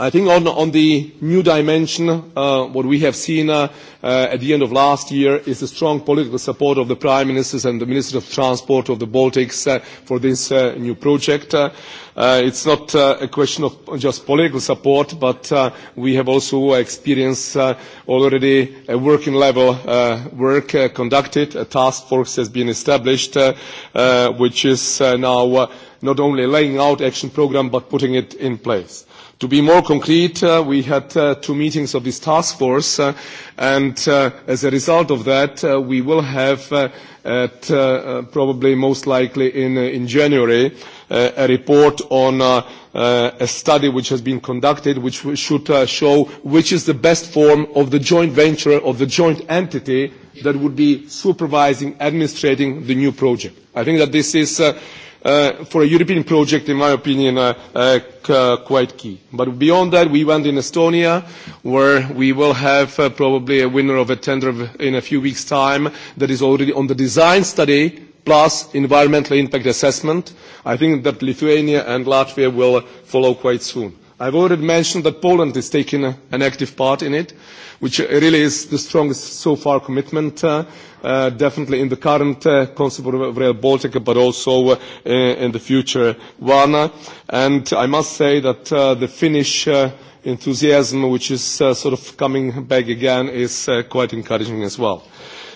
I think on, on the new dimension, uh, what we have seen uh, uh, at the end of last year is the strong political support of the Prime Ministers and the Minister of Transport of the Baltics uh, for this uh, new project. Uh, uh, it's not uh, a question of just political support, but uh, we have also experienced uh, already a working level uh, work uh, conducted. A task force has been established, uh, uh, which is uh, now uh, not only laying out action program but putting it in place. To be more concrete, uh, we had uh, two meetings of this task force, uh, and uh, as a result of that, uh, we will have, uh, at, uh, uh probably most likely in, uh, in January, uh, a report on uh, uh, a study which has been conducted, which should uh, show which is the best form of the joint venture, of the joint entity that would be supervising, administrating the new project. I think that this is uh, uh, for a European project, in my opinion, uh, uh, uh, quite key. But beyond that, we went in Estonia, where we will have uh, probably a winner of a tender in a few weeks' time that is already on the design study plus environmental impact assessment. I think that Lithuania and Latvia will follow quite soon. I've already mentioned that Poland is taking an active part in it, which really is the strongest so far commitment, uh, uh, definitely in the current uh, concept of Rail Baltica, but also uh, in the future one. And I must say that uh, the Finnish uh, enthusiasm, which is uh, sort of coming back again, is uh, quite encouraging as well.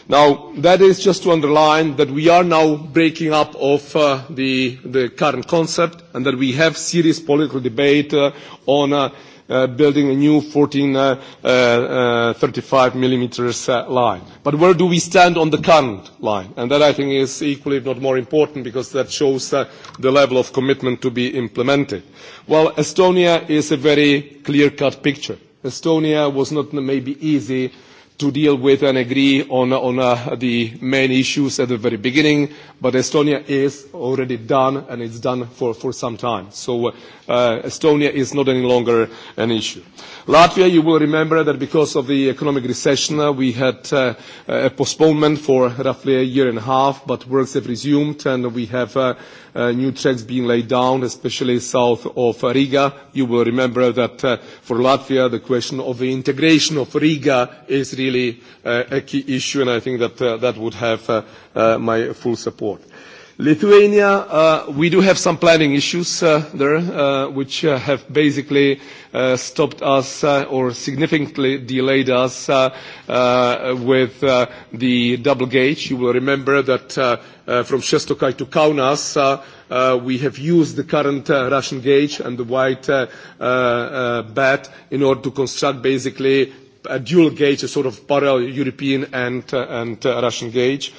Now, that is just to underline that we are now breaking up of uh, the, the current concept and that we have serious political debate uh, on uh, uh, building a new 14 uh, uh, uh, 35 millimeters uh, line. But where do we stand on the current line? And that I think is equally, if not more important, because that shows uh, the level of commitment to be implemented. Well, Estonia is a very clear-cut picture. Estonia was not maybe easy to deal with and agree on, on uh, the main issues at the very beginning, but Estonia is already done and it's done for, for some time. So uh, uh, Estonia is not any longer an issue. Latvia, you will remember that because of the economic recession, uh, we had uh, a postponement for roughly a year and a half, but works have resumed and we have uh, uh, new tracks being laid down, especially south of Riga. You will remember that uh, for Latvia, the question of the integration of Riga is really uh, a key issue, and I think that uh, that would have uh, uh, my full support. Lithuania, uh, we do have some planning issues uh, there, uh, which uh, have basically uh, stopped us uh, or significantly delayed us uh, uh, with uh, the double gauge. You will remember that uh, uh, from Shestokai to Kaunas, uh, Uh, we have used the current uh, Russian gauge and the white uh, uh, uh bat in order to construct basically a dual gauge, a sort of parallel European and, uh, and uh, Russian gauge.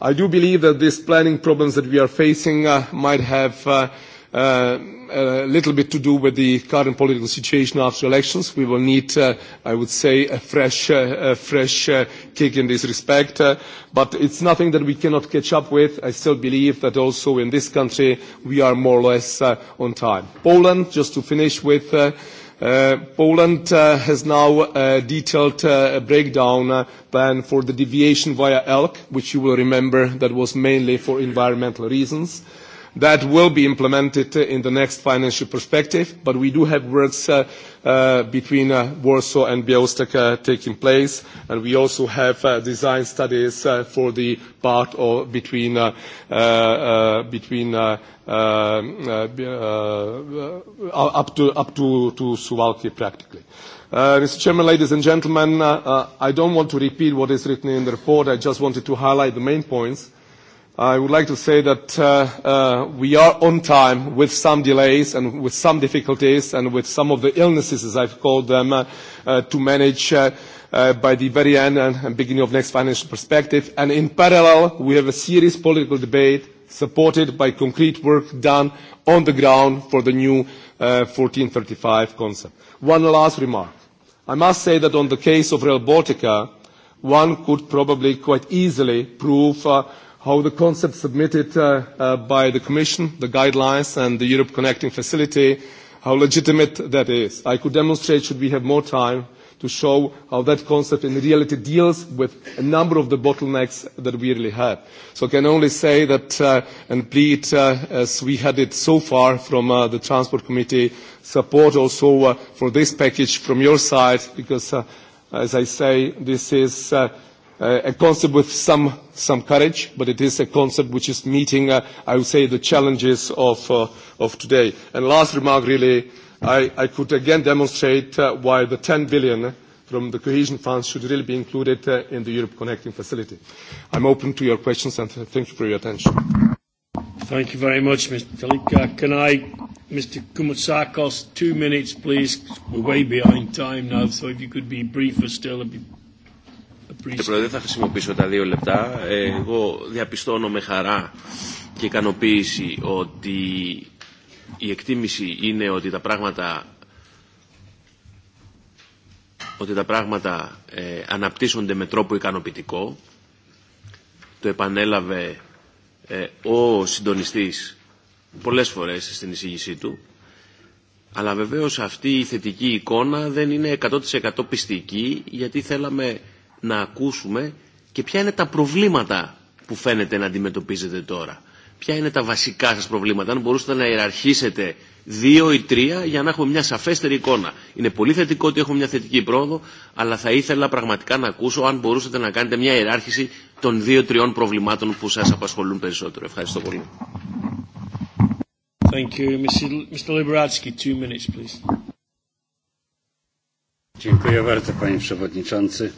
I do believe that these planning problems that we are facing uh, might have uh, uh, a little bit to do with the current political situation after elections. We will need, uh, I would say, a fresh, uh, a fresh uh, kick in this respect. Uh, but it's nothing that we cannot catch up with. I still believe that also in this country we are more or less uh, on time. Poland, just to finish with. Uh, Uh, Poland uh, has now a detailed uh, breakdown uh, plan for the deviation via ELK, which you will remember that was mainly for environmental reasons. Uh, That will be implemented in the next financial perspective, but we do have works uh, uh, between uh, Warsaw and Białystok uh, taking place, and we also have uh, design studies uh, for the part of between uh, uh, uh, between uh, um, uh, uh, uh, up to up to to Suwałki practically. Uh, Mr. Chairman, ladies and gentlemen, uh, uh, I don't want to repeat what is written in the report. I just wanted to highlight the main points. Uh, I would like to say that uh, uh, we are on time with some delays and with some difficulties and with some of the illnesses, as I've called them, uh, uh, to manage uh, uh, by the very end and, and beginning of next financial perspective. And in parallel, we have a serious political debate supported by concrete work done on the ground for the new uh, 1435 concept. One last remark. I must say that on the case of Rail Baltica, one could probably quite easily prove uh, how the concept submitted uh, uh, by the Commission, the guidelines and the Europe Connecting Facility, how legitimate that is. I could demonstrate, should we have more time, to show how that concept in reality deals with a number of the bottlenecks that we really have. So I can only say that uh, and plead, uh, as we had it so far from uh, the Transport Committee, support also uh, for this package from your side, because, uh, as I say, this is uh, uh, a concept with some, some courage, but it is a concept which is meeting, uh, I would say, the challenges of, uh, of today. And last remark, really, I, I could again demonstrate uh, why the 10 billion from the cohesion funds should really be included uh, in the Europe Connecting Facility. I'm open to your questions and thank you for your attention. Thank you very much, Mr. Talika. Can I, Mr. Koumoutsakos, two minutes, please? We're way behind time now, so if you could be briefer still, it'd be Κύριε Πρόεδρε, δεν θα χρησιμοποιήσω τα δύο λεπτά. Εγώ διαπιστώνω με χαρά και ικανοποίηση ότι η εκτίμηση είναι ότι τα πράγματα ότι τα πράγματα ε, αναπτύσσονται με τρόπο ικανοποιητικό. Το επανέλαβε ε, ο συντονιστής πολλές φορές στην εισήγησή του. Αλλά βεβαίως αυτή η θετική εικόνα δεν είναι 100% πιστική γιατί θέλαμε να ακούσουμε και ποια είναι τα προβλήματα που φαίνεται να αντιμετωπίζετε τώρα. Ποια είναι τα βασικά σας προβλήματα, αν μπορούσατε να ιεραρχήσετε δύο ή τρία για να έχουμε μια σαφέστερη εικόνα. Είναι πολύ θετικό ότι έχουμε μια θετική πρόοδο, αλλά θα ήθελα πραγματικά να ακούσω αν μπορούσατε να κάνετε μια ιεράρχηση των δύο-τριών προβλημάτων που σας απασχολούν περισσότερο. Ευχαριστώ πολύ. Thank you. Mr. Liberatsky, two minutes, please. Dziękuję bardzo, panie przewodniczący.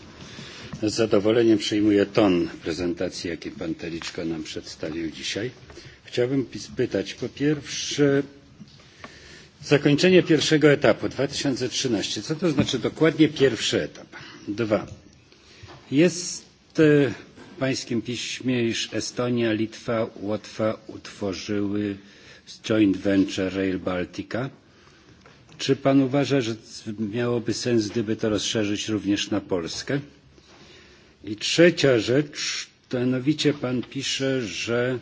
Z zadowoleniem przyjmuję ton prezentacji, jaki pan Teliczko nam przedstawił dzisiaj. Chciałbym spytać po pierwsze zakończenie pierwszego etapu 2013. Co to znaczy dokładnie pierwszy etap? Dwa. Jest e, w pańskim piśmie, iż Estonia, Litwa, Łotwa utworzyły joint venture Rail Baltica. Czy pan uważa, że miałoby sens, gdyby to rozszerzyć również na Polskę? I trzecia rzecz, to mianowicie Pan pisze, że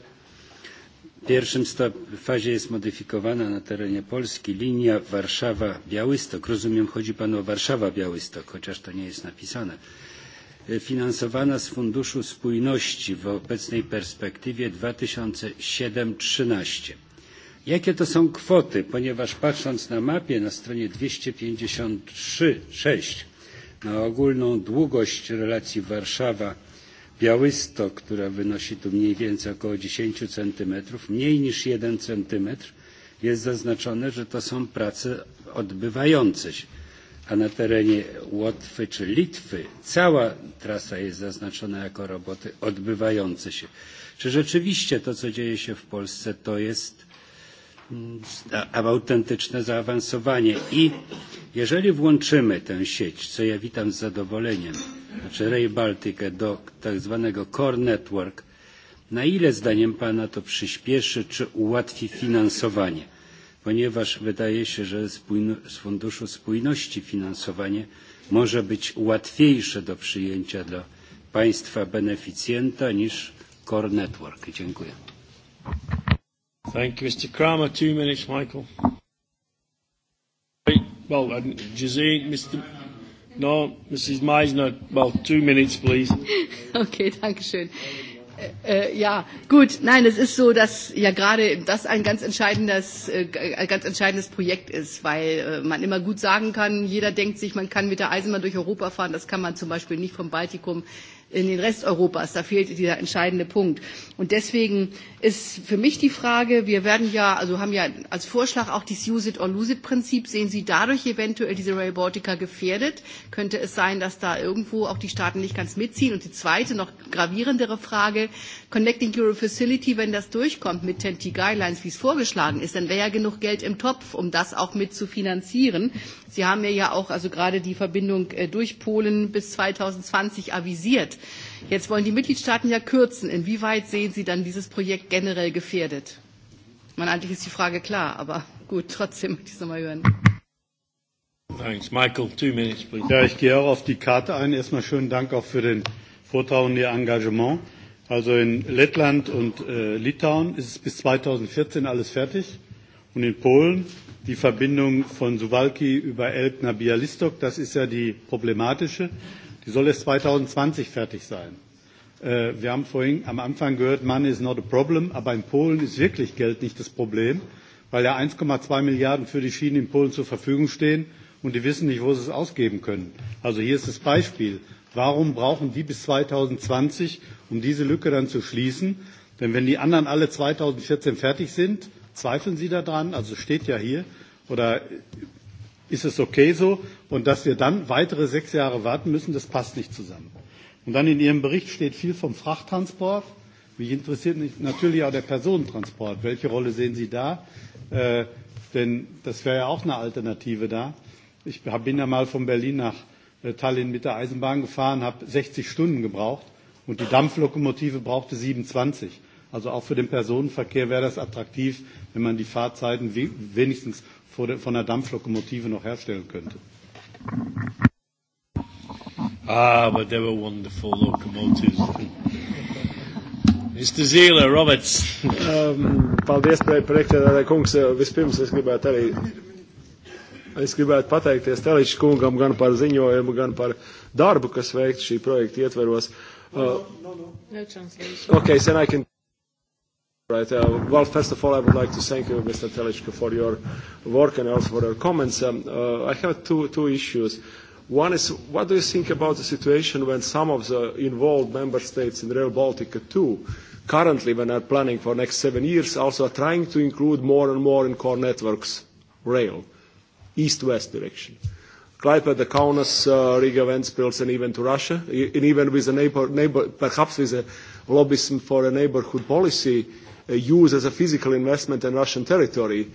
w pierwszym fazie jest modyfikowana na terenie Polski linia Warszawa-Białystok. Rozumiem, chodzi Panu o Warszawa-Białystok, chociaż to nie jest napisane. Finansowana z Funduszu Spójności w obecnej perspektywie 2007-2013. Jakie to są kwoty? Ponieważ patrząc na mapie na stronie 256 na ogólną długość relacji Warszawa Białystok, która wynosi tu mniej więcej około 10 centymetrów, mniej niż 1 centymetr, jest zaznaczone, że to są prace odbywające się. A na terenie Łotwy czy Litwy cała trasa jest zaznaczona jako roboty odbywające się. Czy rzeczywiście to, co dzieje się w Polsce, to jest autentyczne zaawansowanie. I jeżeli włączymy tę sieć, co ja witam z zadowoleniem, znaczy Rail Baltica do tak zwanego Core Network, na ile zdaniem Pana to przyspieszy czy ułatwi finansowanie? Ponieważ wydaje się, że z Funduszu Spójności finansowanie może być łatwiejsze do przyjęcia dla państwa beneficjenta niż Core Network. Dziękuję. Thank you, Mr. Kramer. Two minutes, Michael. Well, uh, Jazeen, Mr. No, Mrs. Meisner, well, two minutes, please. Okay, danke schön. Äh, äh, ja, gut. Nein, es ist so, dass ja gerade das ein ganz entscheidendes, äh, ein ganz entscheidendes Projekt ist, weil äh, man immer gut sagen kann, jeder denkt sich, man kann mit der Eisenbahn durch Europa fahren. Das kann man zum Beispiel nicht vom Baltikum in den Rest Europas. Da fehlt dieser entscheidende Punkt. Und deswegen ist für mich die Frage, wir werden ja, also haben ja als Vorschlag auch dieses Use it or lose it Prinzip. Sehen Sie dadurch eventuell diese Rail Baltica gefährdet? Könnte es sein, dass da irgendwo auch die Staaten nicht ganz mitziehen? Und die zweite, noch gravierendere Frage, Connecting Europe Facility, wenn das durchkommt mit TNT Guidelines, wie es vorgeschlagen ist, dann wäre ja genug Geld im Topf, um das auch mit zu finanzieren. Sie haben ja ja auch also gerade die Verbindung äh, durch Polen bis 2020 avisiert. Jetzt wollen die Mitgliedstaaten ja kürzen. Inwieweit sehen Sie dann dieses Projekt generell gefährdet? Man, eigentlich ist die Frage klar, aber gut, trotzdem möchte ich es nochmal hören. Thanks. Michael, two minutes, please. Ja, ich gehe auch auf die Karte ein. Erstmal schönen Dank auch für den Vortrag und Ihr Engagement. Also in Lettland und äh, Litauen ist es bis 2014 alles fertig. Und in Polen die Verbindung von Suwalki über Elb nach Bialystok, das ist ja die problematische, die soll erst 2020 fertig sein. Äh, wir haben vorhin am Anfang gehört, money is not a problem, aber in Polen ist wirklich Geld nicht das Problem, weil ja 1,2 Milliarden für die Schienen in Polen zur Verfügung stehen und die wissen nicht, wo sie es ausgeben können. Also hier ist das Beispiel. Warum brauchen die bis 2020, um diese Lücke dann zu schließen? Denn wenn die anderen alle 2014 fertig sind, zweifeln Sie daran? Also steht ja hier. Oder ist es okay so? Und dass wir dann weitere sechs Jahre warten müssen, das passt nicht zusammen. Und dann in Ihrem Bericht steht viel vom Frachttransport. Mich interessiert nicht, natürlich auch der Personentransport. Welche Rolle sehen Sie da? Äh, denn das wäre ja auch eine Alternative da. Ich bin ja mal von Berlin nach Äh, Tallinn mit der Eisenbahn gefahren, habe 60 Stunden gebraucht und die Dampflokomotive brauchte 27. Also auch für den Personenverkehr wäre das attraktiv, wenn man die Fahrzeiten wenigstens von der Dampflokomotive noch herstellen könnte. Ah, but they were wonderful locomotives. Mr. Zīle, Roberts. um, paldies par projekta kungs. Vispirms es gribētu arī Es gribētu pateikties Teliča kungam gan par ziņojumu, gan par darbu, kas veikts šī projekta ietveros. Uh, no, no, no. Okay, then I can. Right. Uh, well, first of all, I would like to thank you, Mr. Telichka, for your work and also for your comments. Um, uh, I have two, two issues. One is, what do you think about the situation when some of the involved member states in Rail Baltica 2 currently, when are planning for next seven years, also are trying to include more and more in core networks rail? Uh, east-west direction. Klaipeda, Kaunas, uh, Riga, Ventspils, and even to Russia, and even with a neighbor, neighbor perhaps with a lobbyism for a neighborhood policy uh, used as a physical investment in Russian territory.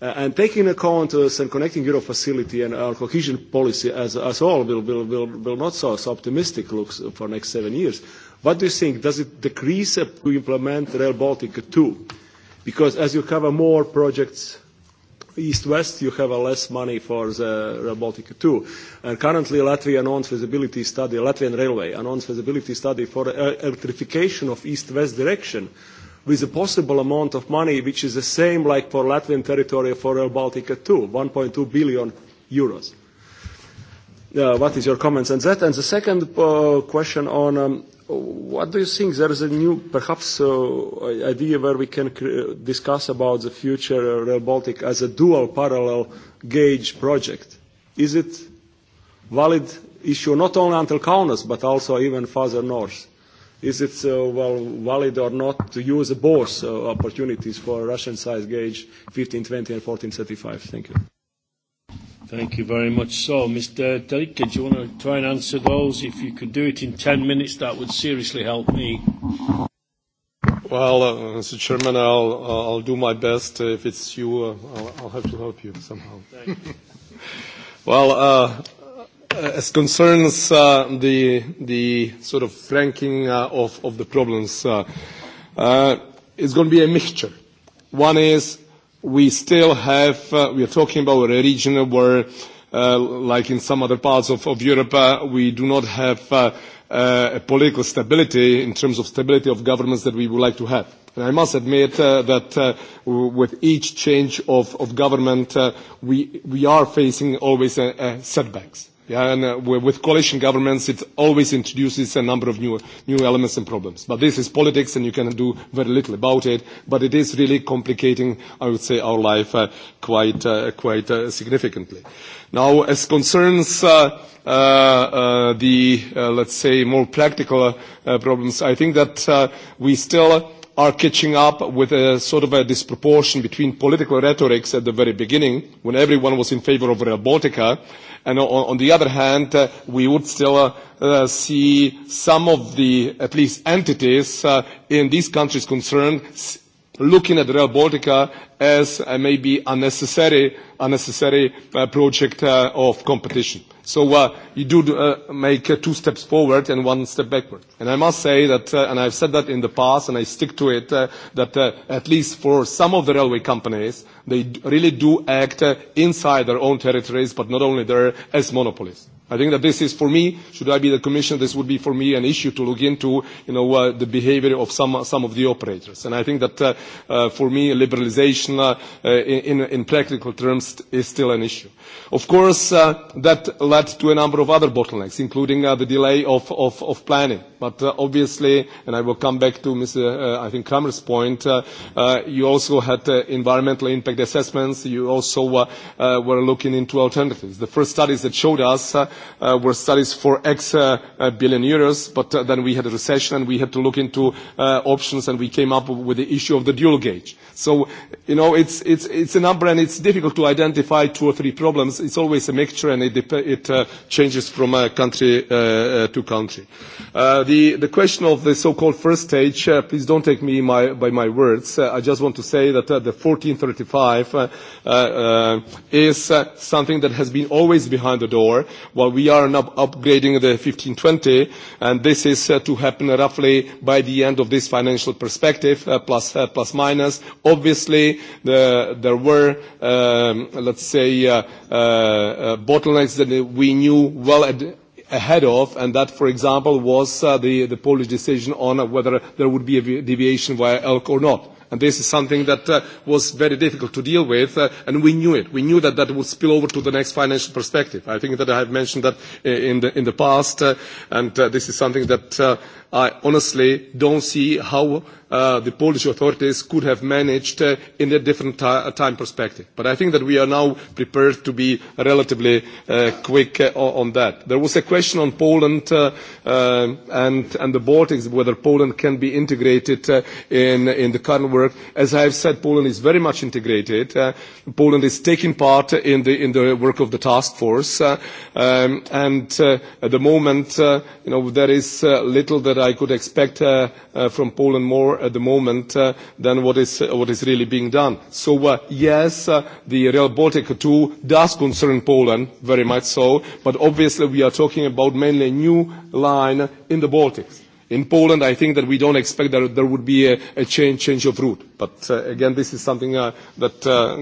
Uh, and taking account uh, and connecting Europe facility and our cohesion policy as, as all will, will, will, will not so, so optimistic looks for next seven years. What do you think? Does it decrease uh, to implement Rail Baltica 2? Because as you cover more projects east-west, you have uh, less money for the uh, Baltica 2. And currently, Latvia announced feasibility study, Latvian Railway announced feasibility study for uh, electrification of east-west direction with a possible amount of money which is the same like for Latvian territory for Rail Baltica 2, 1.2 billion euros. Uh, what is your comments on that? And the second uh, question on um, What do you think? There is a new, perhaps, uh, idea where we can cr- discuss about the future uh, Rail Baltic as a dual parallel gauge project. Is it valid issue not only until Kaunas but also even further north? Is it uh, well valid or not to use both uh, opportunities for Russian size gauge 1520 and 1435? Thank you. Thank you very much. So, Mr. Tarika, do you want to try and answer those? If you could do it in 10 minutes, that would seriously help me. Well, uh, Mr. Chairman, I'll, uh, I'll do my best. Uh, if it's you, uh, I'll, I'll have to help you somehow. Thank you. well, uh, as concerns uh, the, the sort of ranking uh, of, of the problems, uh, uh, it's going to be a mixture. One is we still have, uh, we are talking about a region where, uh, like in some other parts of, of Europe, uh, we do not have uh, uh, a political stability in terms of stability of governments that we would like to have. And I must admit uh, that uh, with each change of, of government, uh, we, we are facing always uh, uh, setbacks. Yeah, and uh, with coalition governments, it always introduces a number of new, new elements and problems. But this is politics, and you can do very little about it. But it is really complicating, I would say, our life uh, quite, uh, quite uh, significantly. Now, as concerns uh, uh, uh, the, uh, let's say, more practical uh, problems, I think that uh, we still are catching up with a sort of a disproportion between political rhetorics at the very beginning, when everyone was in favor of Rail Baltica, And on, on the other hand, uh, we would still uh, uh, see some of the, at least entities uh, in these countries concerned, looking at Rail Baltica as uh, maybe unnecessary, unnecessary uh, project uh, of competition. So uh, you do uh, make uh, two steps forward and one step backward. And I must say that, uh, and I've said that in the past, and I stick to it, uh, that uh, at least for some of the railway companies, they really do act uh, inside their own territories, but not only there, as monopolies. I think that this is for me, should I be the commissioner, this would be for me an issue to look into, you know, uh, the behavior of some, some of the operators. And I think that uh, uh, for me, liberalization uh, uh, in, in practical terms is still an issue. Of course, uh, that led to a number of other bottlenecks, including uh, the delay of, of, of planning. But uh, obviously, and I will come back to Mr. Uh, I think Kramer's point, uh, uh, you also had uh, environmental impact assessments. You also uh, uh, were looking into alternatives. The first studies that showed us uh, uh, were studies for X uh, uh, billion euros, but uh, then we had a recession and we had to look into uh, options and we came up with the issue of the dual gauge. So, you know, it's, it's, it's a number and it's difficult to identify two or three problems. It's always a mixture and it, it uh, changes from uh, country uh, uh, to country. Uh, the, the question of the so-called first stage, uh, please don't take me my, by my words. Uh, I just want to say that uh, the 1435 uh, uh, uh, is uh, something that has been always behind the door. What or we are now upgrading the 1520, and this is uh, to happen roughly by the end of this financial perspective, uh, plus, uh, plus minus. Obviously, the, there were, um, let's say, uh, uh, uh, bottlenecks that we knew well at, ahead of, and that, for example, was uh, the, the Polish decision on uh, whether there would be a deviation via ELK or not And this is something that uh, was very difficult to deal with, uh, and we knew it. We knew that that would spill over to the next financial perspective. I think that I have mentioned that uh, in the, in the past, uh, and uh, this is something that uh, I honestly don't see how uh, the Polish authorities could have managed uh, in a different t- uh, time perspective. But I think that we are now prepared to be relatively uh, quick uh, on that. There was a question on Poland uh, uh, and, and the Baltics, whether Poland can be integrated uh, in, in the current work. As I have said, Poland is very much integrated. Uh, Poland is taking part in the, in the work of the task force. Uh, um, and uh, at the moment, uh, you know, there is uh, little that I could expect uh, uh, from Poland more at the moment uh, than what is, uh, what is really being done. So uh, yes, uh, the Rail Baltica 2 does concern Poland, very much so, but obviously we are talking about mainly a new line in the Baltics. In Poland, I think that we don't expect that there would be a, a change, change of route. But uh, again, this is something uh, that uh,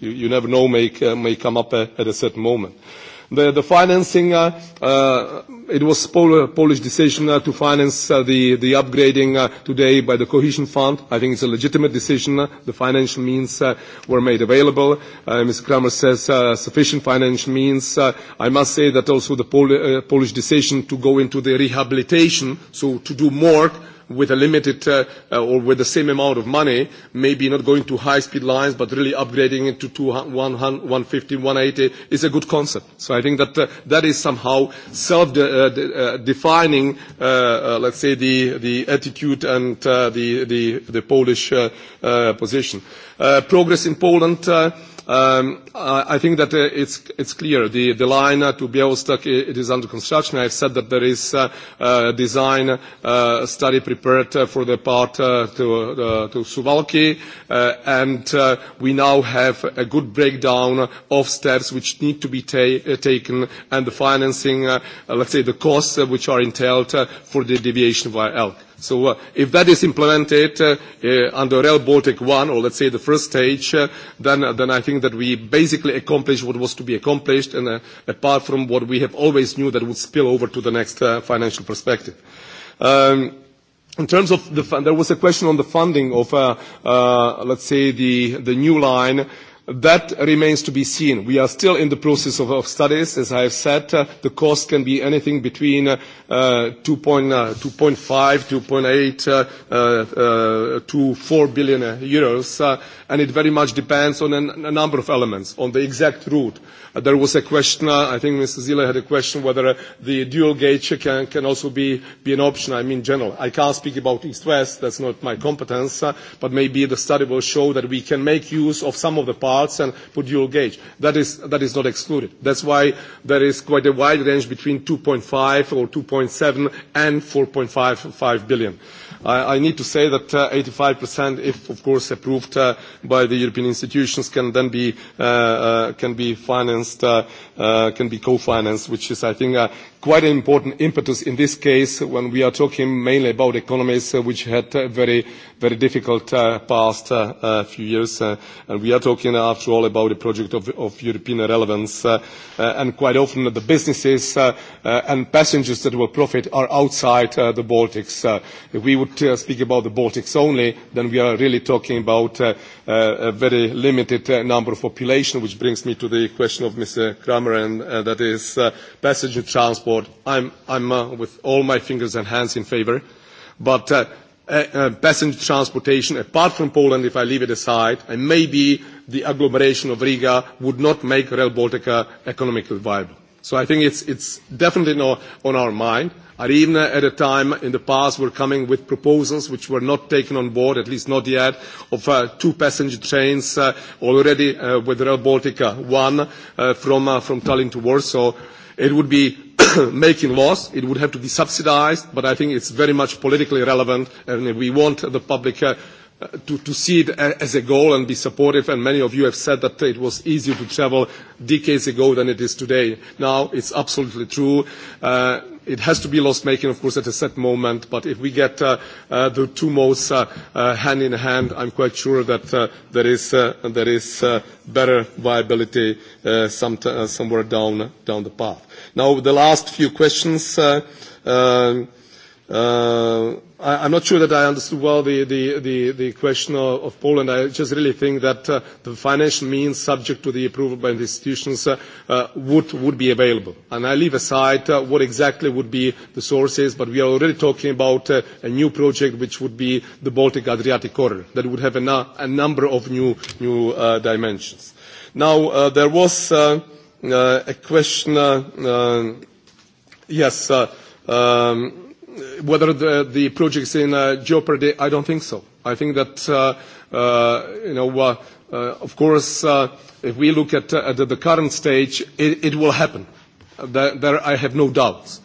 you, you never know may, uh, may come up uh, at a certain moment. Uh, the, the financing, uh, uh, it was Pol- Polish decision uh, to finance uh, the, the upgrading uh, today by the cohesion fund. I think it's a legitimate decision. The financial means uh, were made available. Uh, Mr. Kramer says uh, sufficient financial means. Uh, I must say that also the Pol- uh, Polish decision to go into the rehabilitation, so to do more, with a limited uh, uh, or with the same amount of money, maybe not going to high-speed lines, but really upgrading it to 200, 100, 150, 180 is a good concept. So I think that uh, that is somehow self-defining, uh uh, uh, uh, uh, let's say, the, the attitude and uh, the, the, the Polish uh, uh, position. Uh, progress in Poland. Uh, Um, I, I think that uh, it's, it's clear. The, the line uh, to Białystok, it, it is under construction. I've said that there is a uh, uh, design uh, study prepared uh, for the part uh, to, uh, to Suwalki, uh, and uh, we now have a good breakdown of steps which need to be ta- uh, taken and the financing, uh, let's say the costs uh, which are entailed uh, for the deviation via ELK. So uh, if that is implemented uh, uh, under Rail Baltic 1, or let's say the first stage, uh, then, uh, then I think that we basically accomplished what was to be accomplished, and uh, apart from what we have always knew that would spill over to the next uh, financial perspective. Um, In terms of the fund, there was a question on the funding of, uh, uh, let's say, the, the new line. That remains to be seen. We are still in the process of, of studies. As I have said, uh, the cost can be anything between uh, 2.5, 2.8 uh, uh, uh, uh, to 4 billion euros, and it very much depends on an, a number of elements, on the exact route. There was a question, I think Mr. Ziller had a question whether the dual gauge can, can also be, be an option, I mean general. I can't speak about East-West, that's not my competence, but maybe the study will show that we can make use of some of the parts parts and put dual gauge. That is, that is not excluded. That's why there is quite a wide range between 2.5 or 2.7 and 4.5 billion. I, I need to say that uh, 85%, if of course approved uh, by the European institutions, can then be, uh, uh, can be financed, uh, uh, can be co-financed, which is, I think, uh, quite an important impetus in this case when we are talking mainly about economies uh, which had a very, very difficult uh, past uh, uh, few years. Uh, and we are talking, after all, about a project of, of European relevance. Uh, uh, and quite often the businesses uh, uh, and passengers that will profit are outside uh, the Baltics. Uh, if we would uh, speak about the Baltics only, then we are really talking about uh, uh, a very limited uh, number of population, which brings me to the question of Mr. Uh, Kramer, and uh, that is uh, passenger transport. I'm, I'm uh, with all my fingers and hands in favor, but uh, uh, passenger transportation, apart from Poland, if I leave it aside, and maybe the agglomeration of Riga would not make Rail Baltica economically viable. So I think it's, it's definitely no, on our mind. Uh, Arivna at a time in the past were coming with proposals which were not taken on board, at least not yet, of uh, two passenger trains uh, already uh, with Rail Baltica, one uh, from, uh, from Tallinn to Warsaw. It would be making laws. It would have to be subsidized, but I think it's very much politically relevant, and we want the public uh, to, to see it as a goal and be supportive. And many of you have said that it was easier to travel decades ago than it is today. Now, it's absolutely true. Uh, It has to be loss-making, of course, at a set moment, but if we get uh, uh, the two modes uh, uh, hand in hand, I'm quite sure that uh, there is, uh, there is uh, better viability uh, some t- uh, somewhere down, down the path. Now, the last few questions. Uh, um, uh, uh, I, I'm not sure that I understood well the, the, the, the question of, of Poland. I just really think that uh, the financial means subject to the approval by the institutions uh, uh, would, would be available. And I leave aside uh, what exactly would be the sources, but we are already talking about uh, a new project which would be the Baltic-Adriatic corridor that would have a, na- nu-, a number of new, new uh, dimensions. Now, uh, there was uh, uh, a question, uh, uh, yes, uh, um, whether the, the project is in uh, jeopardy, I don't think so. I think that, uh, uh, you know, uh, uh, of course, uh, if we look at, uh, at the current stage, it, it will happen. There, there I have no doubts.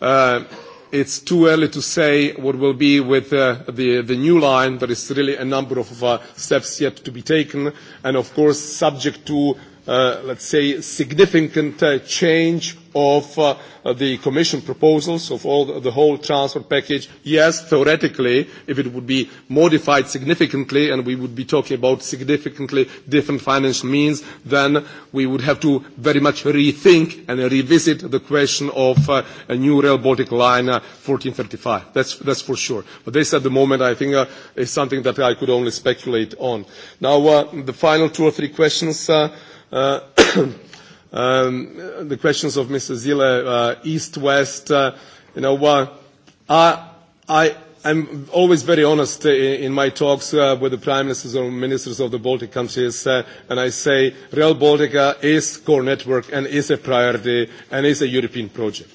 Uh, it's too early to say what will be with uh, the, the new line. There is really a number of uh, steps yet to be taken, and of course, subject to, uh, let's say, significant uh, change of uh, the Commission proposals of all the whole transfer package. Yes, theoretically, if it would be modified significantly, and we would be talking about significantly different financial means, then we would have to very much rethink and revisit the question of uh, a new Rail Baltic Line uh, 1435. That's, that's for sure. But this at the moment, I think, uh, is something that I could only speculate on. Now, uh, the final two or three questions. Uh, uh um, the questions of Mr. Zille, uh, East-West, uh, you know, uh, I, I, I'm always very honest in, in my talks uh, with the prime ministers or ministers of the Baltic countries, uh, and I say Rail Baltica is core network and is a priority and is a European project.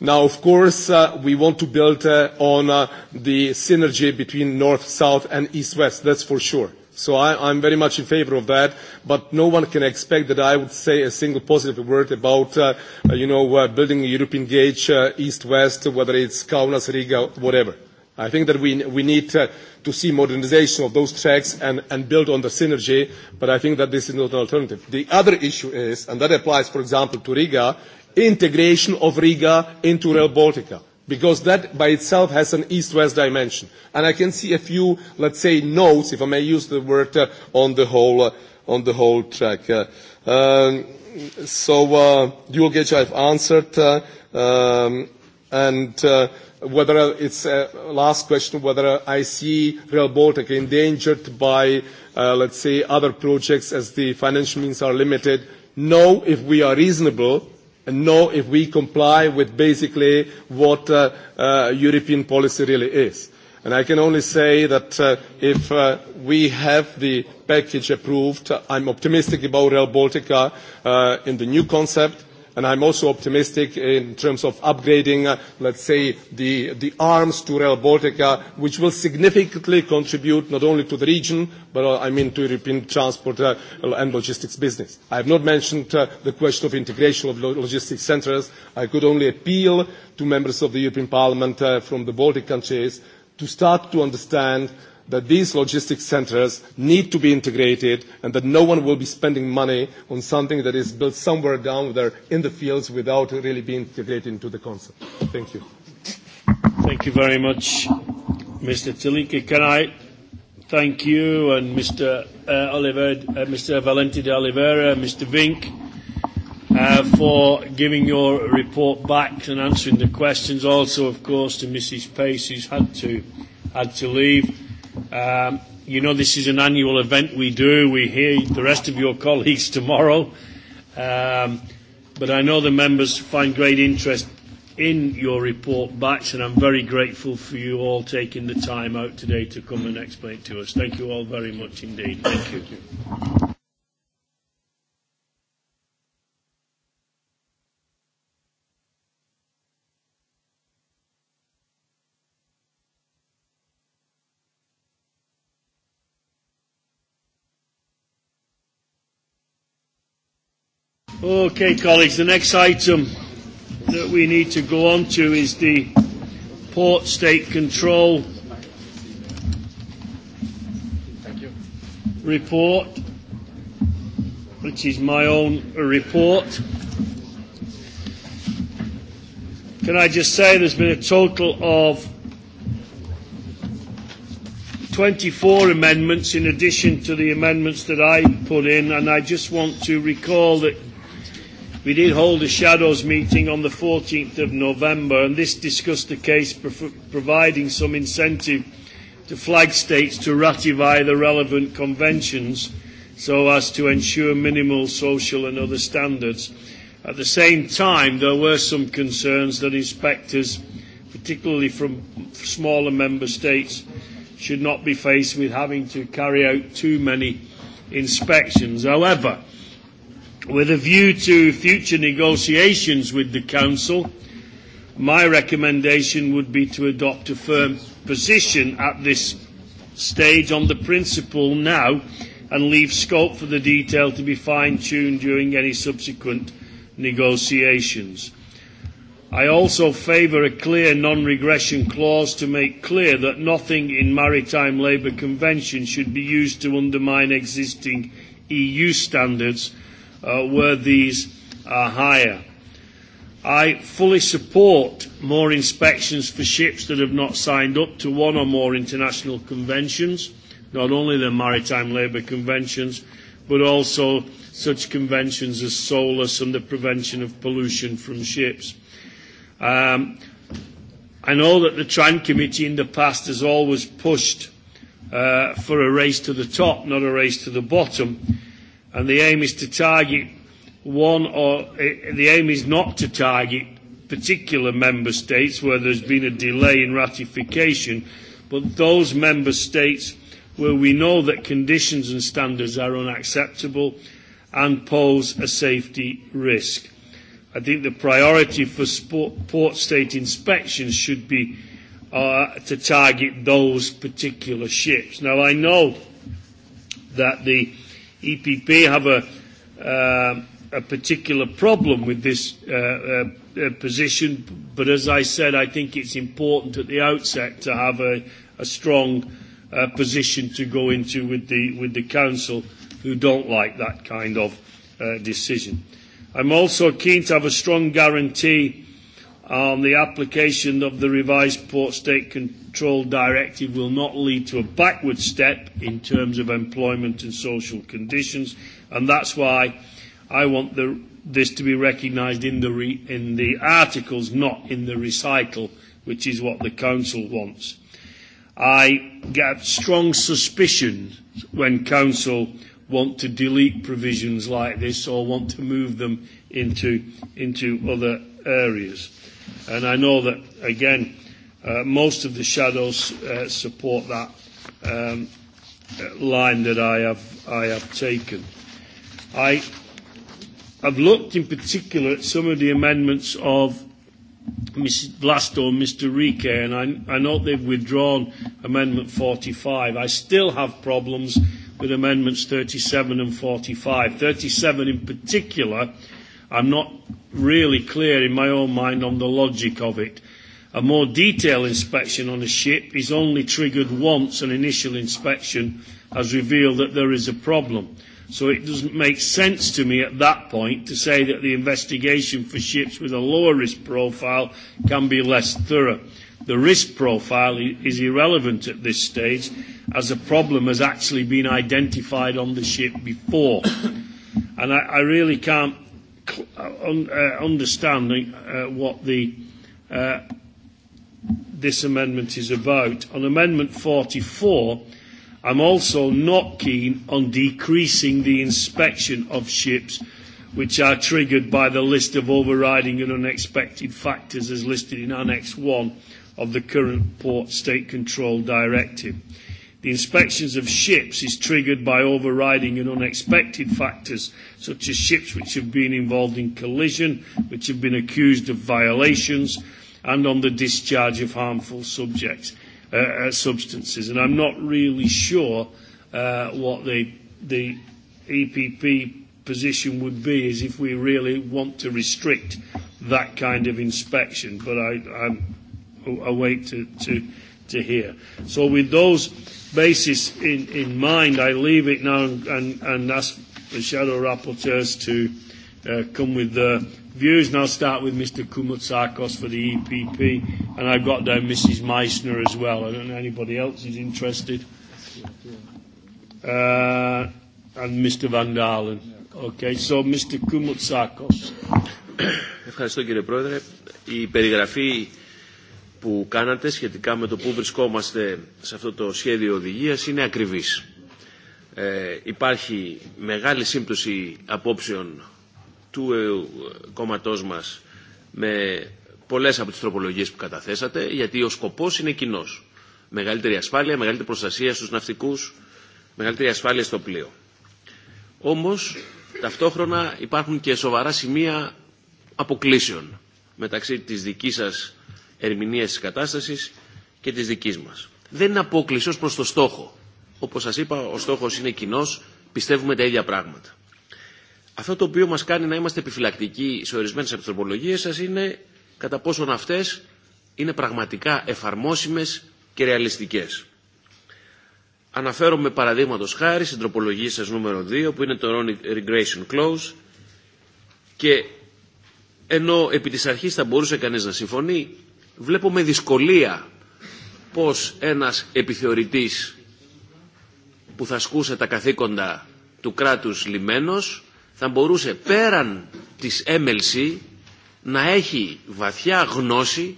Now, of course, uh, we want to build uh, on uh, the synergy between north, south, and east-west. That's for sure. So I, I'm very much in favor of that, but no one can expect that I would say a single positive word about, uh, uh you know, uh, building a European gauge uh, east-west, whether it's Kaunas, Riga, whatever. I think that we, we need uh, to see modernization of those tracks and, and build on the synergy, but I think that this is not an alternative. The other issue is, and that applies, for example, to Riga, integration of Riga into Rail Baltica because that by itself has an east-west dimension. And I can see a few, let's say, notes, if I may use the word, uh, on the whole uh, on the whole track. Uh, um, so uh, dual gauge I've answered, uh, um, and uh, whether it's a uh, last question, whether I see Rail Baltic endangered by, uh, let's say, other projects as the financial means are limited. No, if we are reasonable, know if we comply with basically what uh, uh, European policy really is. And I can only say that uh, if uh, we have the package approved, I'm optimistic about Rail Baltica uh, in the new concept And I'm also optimistic in terms of upgrading, uh, let's say, the, the arms to Rail Baltica, which will significantly contribute not only to the region, but uh, I mean to European transport uh, and logistics business. I have not mentioned uh, the question of integration of lo logistics centres. I could only appeal to members of the European Parliament uh, from the Baltic countries to start to understand that these logistics centers need to be integrated and that no one will be spending money on something that is built somewhere down there in the fields without really being integrated into the concept. Thank you. Thank you very much, Mr. Tilike. Can I thank you and Mr. Uh, Oliver, uh, Mr. Valente de Oliveira, Mr. Vink, uh, for giving your report back and answering the questions. Also, of course, to Mrs. Pace, who's had to had to leave. Um, you know, this is an annual event we do. We hear the rest of your colleagues tomorrow. Um, but I know the members find great interest in your report backs, and I'm very grateful for you all taking the time out today to come and explain it to us. Thank you all very much indeed. Thank you. Thank you. Okay, colleagues, the next item that we need to go on to is the port state control report, which is my own report. Can I just say there's been a total of 24 amendments in addition to the amendments that I put in, and I just want to recall that We did hold a shadows meeting on the 14th of November, and this discussed the case pro- providing some incentive to flag states to ratify the relevant conventions so as to ensure minimal social and other standards. At the same time, there were some concerns that inspectors, particularly from smaller member states, should not be faced with having to carry out too many inspections. However, With a view to future negotiations with the Council, my recommendation would be to adopt a firm position at this stage on the principle now and leave scope for the detail to be fine-tuned during any subsequent negotiations. I also favour a clear non-regression clause to make clear that nothing in Maritime Labour Convention should be used to undermine existing EU standards uh, where these are uh, higher. I fully support more inspections for ships that have not signed up to one or more international conventions, not only the Maritime Labour Conventions, but also such conventions as SOLAS and the prevention of pollution from ships. Um, I know that the Tran Committee in the past has always pushed uh, for a race to the top, not a race to the bottom and the aim is to target one or uh, the aim is not to target particular member states where there's been a delay in ratification, but those member states where we know that conditions and standards are unacceptable and pose a safety risk. I think the priority for sport, port state inspections should be uh, to target those particular ships. Now, I know that the EPP have a, uh, a particular problem with this uh, uh, uh, position, but as I said, I think it's important at the outset to have a, a strong uh, position to go into with the, with the Council, who don't like that kind of uh, decision. I'm also keen to have a strong guarantee on um, the application of the revised Port State Control Directive will not lead to a backward step in terms of employment and social conditions, and that's why I want the, this to be recognised in, the re, in the articles, not in the recital, which is what the Council wants. I get strong suspicion when Council want to delete provisions like this or want to move them into, into other areas. And I know that, again, uh, most of the shadows uh, support that um, line that I have, I have taken. I have looked in particular at some of the amendments of Ms. Blasto and Mr. Rike, and I, I note they've withdrawn Amendment 45. I still have problems with Amendments 37 and 45. 37 in particular I'm not really clear in my own mind on the logic of it. A more detailed inspection on a ship is only triggered once an initial inspection has revealed that there is a problem. So it doesn't make sense to me at that point to say that the investigation for ships with a lower risk profile can be less thorough. The risk profile is irrelevant at this stage as a problem has actually been identified on the ship before. and I, I really can't un, uh, understanding uh, what the, uh, this amendment is about. On Amendment 44, I'm also not keen on decreasing the inspection of ships which are triggered by the list of overriding and unexpected factors as listed in Annex 1 of the current Port State Control Directive. Uh, The inspections of ships is triggered by overriding and unexpected factors, such as ships which have been involved in collision, which have been accused of violations, and on the discharge of harmful subjects, uh, uh, substances. And I'm not really sure uh, what the, the EPP position would be is if we really want to restrict that kind of inspection. But I, I'm awake to, to, to hear. So with those basis in, in mind, I leave it now and, and, and ask the shadow rapporteurs to uh, come with their views. And I'll start with Mr. Koumoutsakos for the EPP, and I've got down Mrs. Meissner as well. I don't know anybody else who's interested. Uh, and Mr. Van Dalen. Okay, so Mr. Koumoutsakos. Ευχαριστώ κύριε Πρόεδρε. Η περιγραφή που κάνατε σχετικά με το πού βρισκόμαστε σε αυτό το σχέδιο οδηγίας είναι ακριβής. Ε, υπάρχει μεγάλη σύμπτωση απόψεων του ε, κόμματός μας με πολλές από τις τροπολογίες που καταθέσατε, γιατί ο σκοπός είναι κοινό. Μεγαλύτερη ασφάλεια, μεγαλύτερη προστασία στους ναυτικούς, μεγαλύτερη ασφάλεια στο πλοίο. Όμως, ταυτόχρονα υπάρχουν και σοβαρά σημεία αποκλήσεων μεταξύ της δικής σας ερμηνείας της κατάστασης και της δικής μας. Δεν είναι απόκλειστος προς το στόχο. Όπως σας είπα, ο στόχος είναι κοινό, πιστεύουμε τα ίδια πράγματα. Αυτό το οποίο μας κάνει να είμαστε επιφυλακτικοί σε ορισμένες επιτροπολογίες σας είναι κατά πόσον αυτές είναι πραγματικά εφαρμόσιμες και ρεαλιστικές. Αναφέρομαι παραδείγματο χάρη στην τροπολογία σα νούμερο 2 που είναι το Regression Clause και ενώ επί της αρχής θα μπορούσε κανείς να συμφωνεί βλέπω με δυσκολία πως ένας επιθεωρητής που θα σκούσε τα καθήκοντα του κράτους λιμένος θα μπορούσε πέραν της MLC να έχει βαθιά γνώση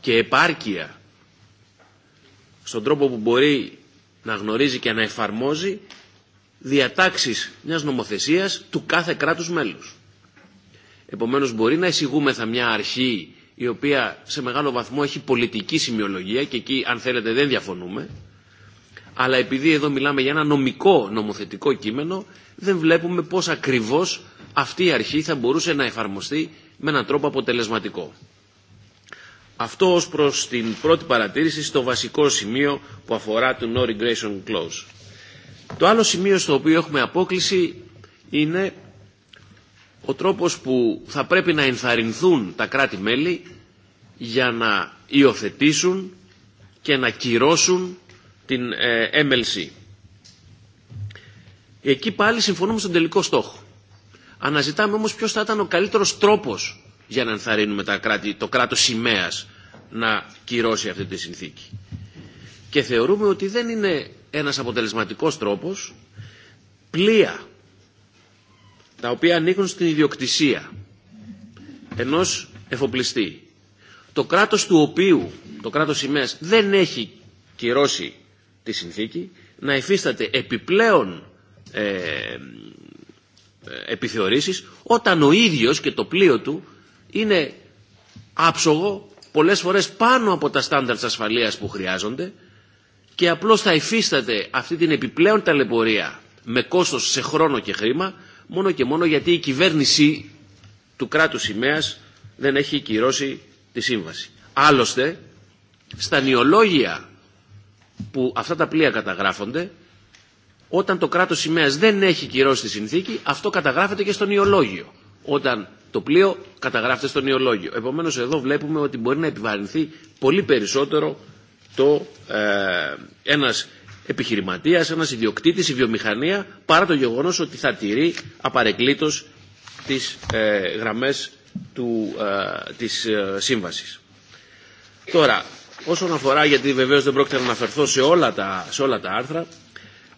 και επάρκεια στον τρόπο που μπορεί να γνωρίζει και να εφαρμόζει διατάξεις μιας νομοθεσίας του κάθε κράτους μέλους. Επομένως μπορεί να εισηγούμεθα μια αρχή η οποία σε μεγάλο βαθμό έχει πολιτική σημειολογία και εκεί αν θέλετε δεν διαφωνούμε αλλά επειδή εδώ μιλάμε για ένα νομικό νομοθετικό κείμενο δεν βλέπουμε πώς ακριβώς αυτή η αρχή θα μπορούσε να εφαρμοστεί με έναν τρόπο αποτελεσματικό. Αυτό ως προς την πρώτη παρατήρηση στο βασικό σημείο που αφορά το No Regression Clause. Το άλλο σημείο στο οποίο έχουμε απόκληση είναι ο τρόπος που θα πρέπει να ενθαρρυνθούν τα κράτη-μέλη για να υιοθετήσουν και να κυρώσουν την ε, MLC. Εκεί πάλι συμφωνούμε στον τελικό στόχο. Αναζητάμε όμως ποιος θα ήταν ο καλύτερος τρόπος για να ενθαρρύνουμε τα κράτη, το κράτος σημαία να κυρώσει αυτή τη συνθήκη. Και θεωρούμε ότι δεν είναι ένας αποτελεσματικός τρόπος πλοία τα οποία ανήκουν στην ιδιοκτησία ενός εφοπλιστή, το κράτος του οποίου, το κράτος σημαίας, δεν έχει κυρώσει τη συνθήκη, να υφίσταται επιπλέον ε, επιθεωρήσεις όταν ο ίδιος και το πλοίο του είναι άψογο πολλές φορές πάνω από τα στάνταρτς ασφαλείας που χρειάζονται και απλώς θα υφίσταται αυτή την επιπλέον ταλαιπωρία με κόστος σε χρόνο και χρήμα μόνο και μόνο γιατί η κυβέρνηση του κράτους σημαίας δεν έχει κυρώσει τη σύμβαση. Άλλωστε, στα νιολόγια που αυτά τα πλοία καταγράφονται, όταν το κράτος σημαίας δεν έχει κυρώσει τη συνθήκη, αυτό καταγράφεται και στο νιολόγιο. Όταν το πλοίο καταγράφεται στο νιολόγιο. Επομένως εδώ βλέπουμε ότι μπορεί να επιβαρυνθεί πολύ περισσότερο το, ε, ένας επιχειρηματίας, ένας ιδιοκτήτης, η βιομηχανία, παρά το γεγονός ότι θα τηρεί απαρεκλήτως τις ε, γραμμές του, ε, της ε, σύμβασης. Τώρα, όσον αφορά, γιατί βεβαίως δεν πρόκειται να αναφερθώ σε όλα τα, σε όλα τα άρθρα,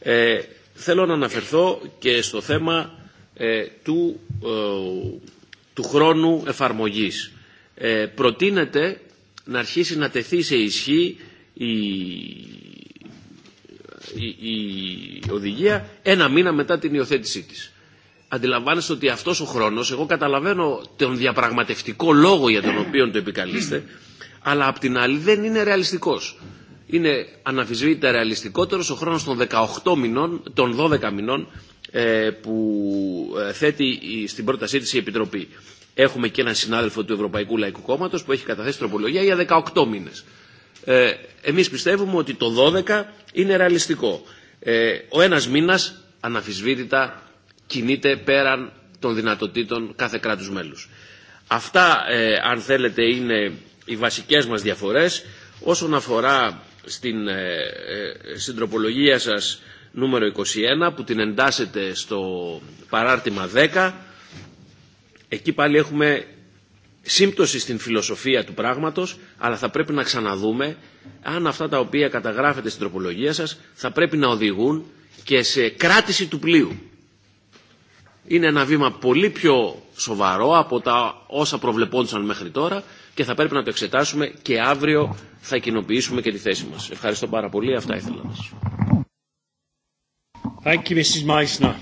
ε, θέλω να αναφερθώ και στο θέμα ε, του, ε, του χρόνου εφαρμογής. Ε, προτείνεται να αρχίσει να τεθεί σε ισχύ η η, η οδηγία ένα μήνα μετά την υιοθέτησή της. Αντιλαμβάνεστε ότι αυτός ο χρόνος, εγώ καταλαβαίνω τον διαπραγματευτικό λόγο για τον οποίο το επικαλείστε, αλλά απ' την άλλη δεν είναι ρεαλιστικός. Είναι αναφυσβήτητα ρεαλιστικότερος ο χρόνος των 18 μηνών, των 12 μηνών ε, που θέτει στην πρότασή της η Επιτροπή. Έχουμε και έναν συνάδελφο του Ευρωπαϊκού Λαϊκού Κόμματος που έχει καταθέσει τροπολογία για 18 μήνες. Ε, εμείς πιστεύουμε ότι το 12 είναι ρεαλιστικό. Ε, ο ένας μήνας αναφυσβήτητα κινείται πέραν των δυνατοτήτων κάθε κράτους μέλους. Αυτά, ε, αν θέλετε, είναι οι βασικές μας διαφορές. Όσον αφορά στην, ε, ε, στην τροπολογία σας νούμερο 21 που την εντάσσετε στο παράρτημα 10, εκεί πάλι έχουμε σύμπτωση στην φιλοσοφία του πράγματος, αλλά θα πρέπει να ξαναδούμε αν αυτά τα οποία καταγράφετε στην τροπολογία σας θα πρέπει να οδηγούν και σε κράτηση του πλοίου. Είναι ένα βήμα πολύ πιο σοβαρό από τα όσα προβλεπόντουσαν μέχρι τώρα και θα πρέπει να το εξετάσουμε και αύριο θα κοινοποιήσουμε και τη θέση μας. Ευχαριστώ πάρα πολύ. Αυτά ήθελα να σας. Thank you, Mrs. Meissner.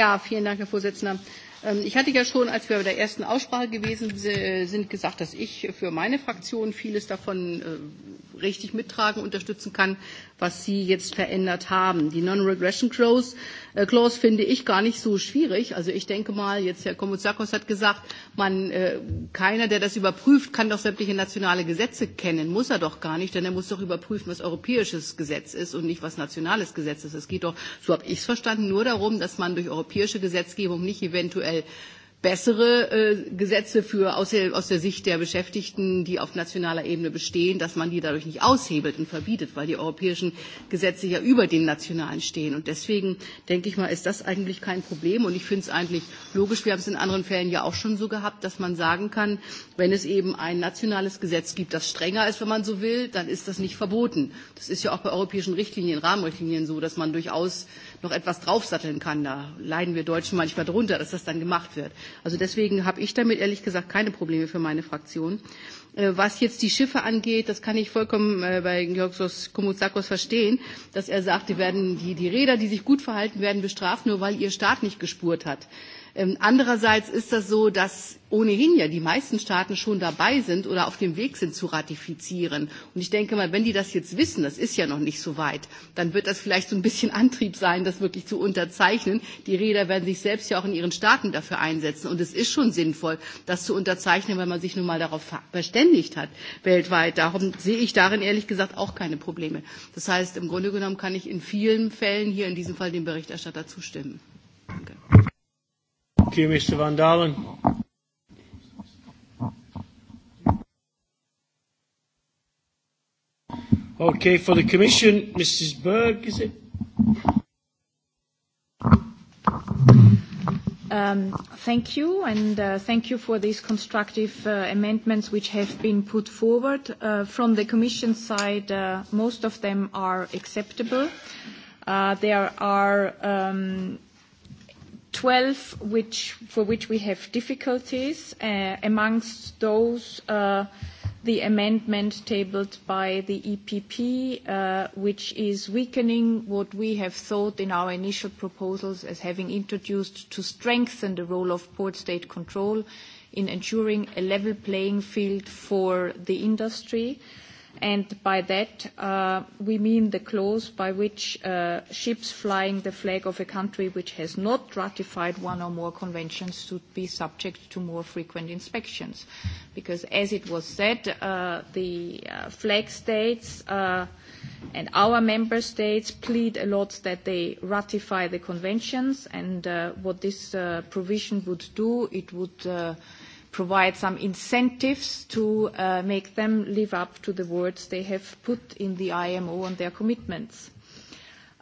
Ja, vielen Dank, Herr Vorsitzender. Ähm, ich hatte ja schon, als wir bei der ersten Aussprache gewesen äh, sind, gesagt, dass ich für meine Fraktion vieles davon äh, richtig mittragen, unterstützen kann, was Sie jetzt verändert haben. Die Non-Regression Growth äh, Clause finde ich gar nicht so schwierig. Also ich denke mal, jetzt Herr Komotsakos hat gesagt, man, äh, keiner, der das überprüft, kann doch sämtliche nationale Gesetze kennen. Muss er doch gar nicht, denn er muss doch überprüfen, was europäisches Gesetz ist und nicht, was nationales Gesetz ist. Es geht doch, so habe ich es verstanden, nur darum, dass man durch europäische Gesetzgebung nicht eventuell äh, bessere äh, Gesetze für aus der, aus der Sicht der Beschäftigten, die auf nationaler Ebene bestehen, dass man die dadurch nicht aushebelt und verbietet, weil die europäischen Gesetze ja über den nationalen stehen. Und deswegen denke ich mal, ist das eigentlich kein Problem. Und ich finde es eigentlich logisch. Wir haben es in anderen Fällen ja auch schon so gehabt, dass man sagen kann, wenn es eben ein nationales Gesetz gibt, das strenger ist, wenn man so will, dann ist das nicht verboten. Das ist ja auch bei europäischen Richtlinien, Rahmenrichtlinien so, dass man durchaus noch etwas draufsatteln kann. Da leiden wir Deutschen manchmal drunter, dass das dann gemacht wird. Also deswegen habe ich damit ehrlich gesagt keine Probleme für meine Fraktion. Äh, was jetzt die Schiffe angeht, das kann ich vollkommen äh, bei Georgios Komouzakos verstehen, dass er sagt, die, werden, die, die Räder, die sich gut verhalten, werden bestraft, nur weil ihr Staat nicht gespurt hat. Ähm, andererseits ist das so, dass ohnehin ja die meisten Staaten schon dabei sind oder auf dem Weg sind zu ratifizieren. Und ich denke mal, wenn die das jetzt wissen, das ist ja noch nicht so weit, dann wird das vielleicht so ein bisschen Antrieb sein, das wirklich zu unterzeichnen. Die Räder werden sich selbst ja auch in ihren Staaten dafür einsetzen. Und es ist schon sinnvoll, das zu unterzeichnen, weil man sich nun mal darauf verständigt hat weltweit. Darum sehe ich darin ehrlich gesagt auch keine Probleme. Das heißt, im Grunde genommen kann ich in vielen Fällen hier in diesem Fall dem Berichterstatter zustimmen. Danke. Thank you, Mr. Van Dalen. Okay, for the Commission, Mrs. Berg, is it? Um, thank you, and uh, thank you for these constructive uh, amendments which have been put forward. Uh, from the Commission side, uh, most of them are acceptable. Uh, there are um, 12, which, for which we have difficulties. Uh, amongst those, uh, the amendment tabled by the EPP, uh, which is weakening what we have thought in our initial proposals as having introduced to strengthen the role of port state control in ensuring a level playing field for the industry. Uh, and by that uh, we mean the clause by which uh, ships flying the flag of a country which has not ratified one or more conventions should be subject to more frequent inspections. Because as it was said, uh, the uh, flag states uh, and our member states plead a lot that they ratify the conventions and uh, what this uh, provision would do, it would uh, provide some incentives to uh, make them live up to the words they have put in the IMO on their commitments.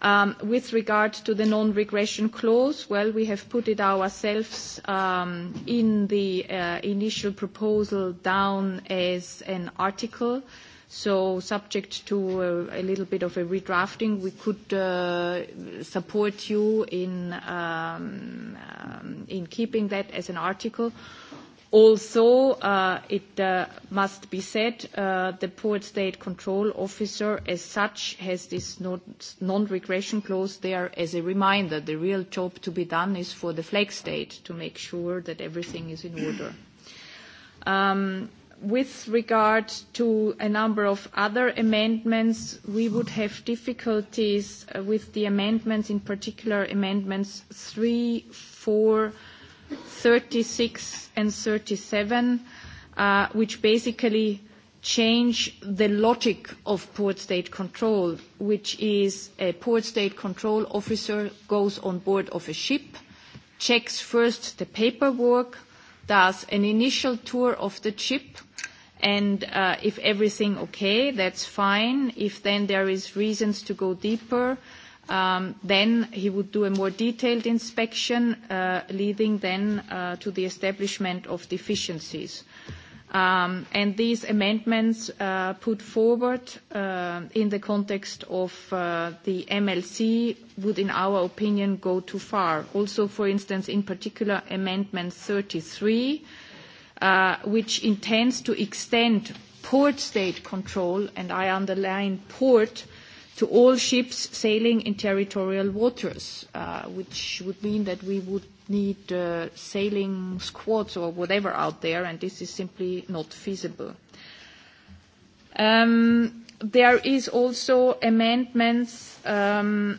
Um, with regard to the non-regression clause, well, we have put it ourselves um, in the uh, initial proposal down as an article. So subject to a, a little bit of a redrafting, we could uh, support you in, um, um in keeping that as an article Also, uh, it uh, must be said, uh, the Port State Control Officer as such has this non-regression clause there as a reminder. The real job to be done is for the flag state to make sure that everything is in order. Um, with regard to a number of other amendments, we would have difficulties uh, with the amendments, in particular Amendments 3, 4, 36 and 37, uh, which basically change the logic of port state control, which is a port state control officer goes on board of a ship, checks first the paperwork, does an initial tour of the ship, and uh, if everything okay, that's fine. If then there is reasons to go deeper, Um, then he would do a more detailed inspection, uh, leading then uh, to the establishment of deficiencies. Um, and these amendments uh, put forward uh, in the context of uh, the MLC would, in our opinion, go too far. Also, for instance, in particular, Amendment 33, uh, which intends to extend port state control, and I underline port, uh, to all ships sailing in territorial waters, uh, which would mean that we would need uh, sailing squads or whatever out there, and this is simply not feasible. Um, there is also amendments um,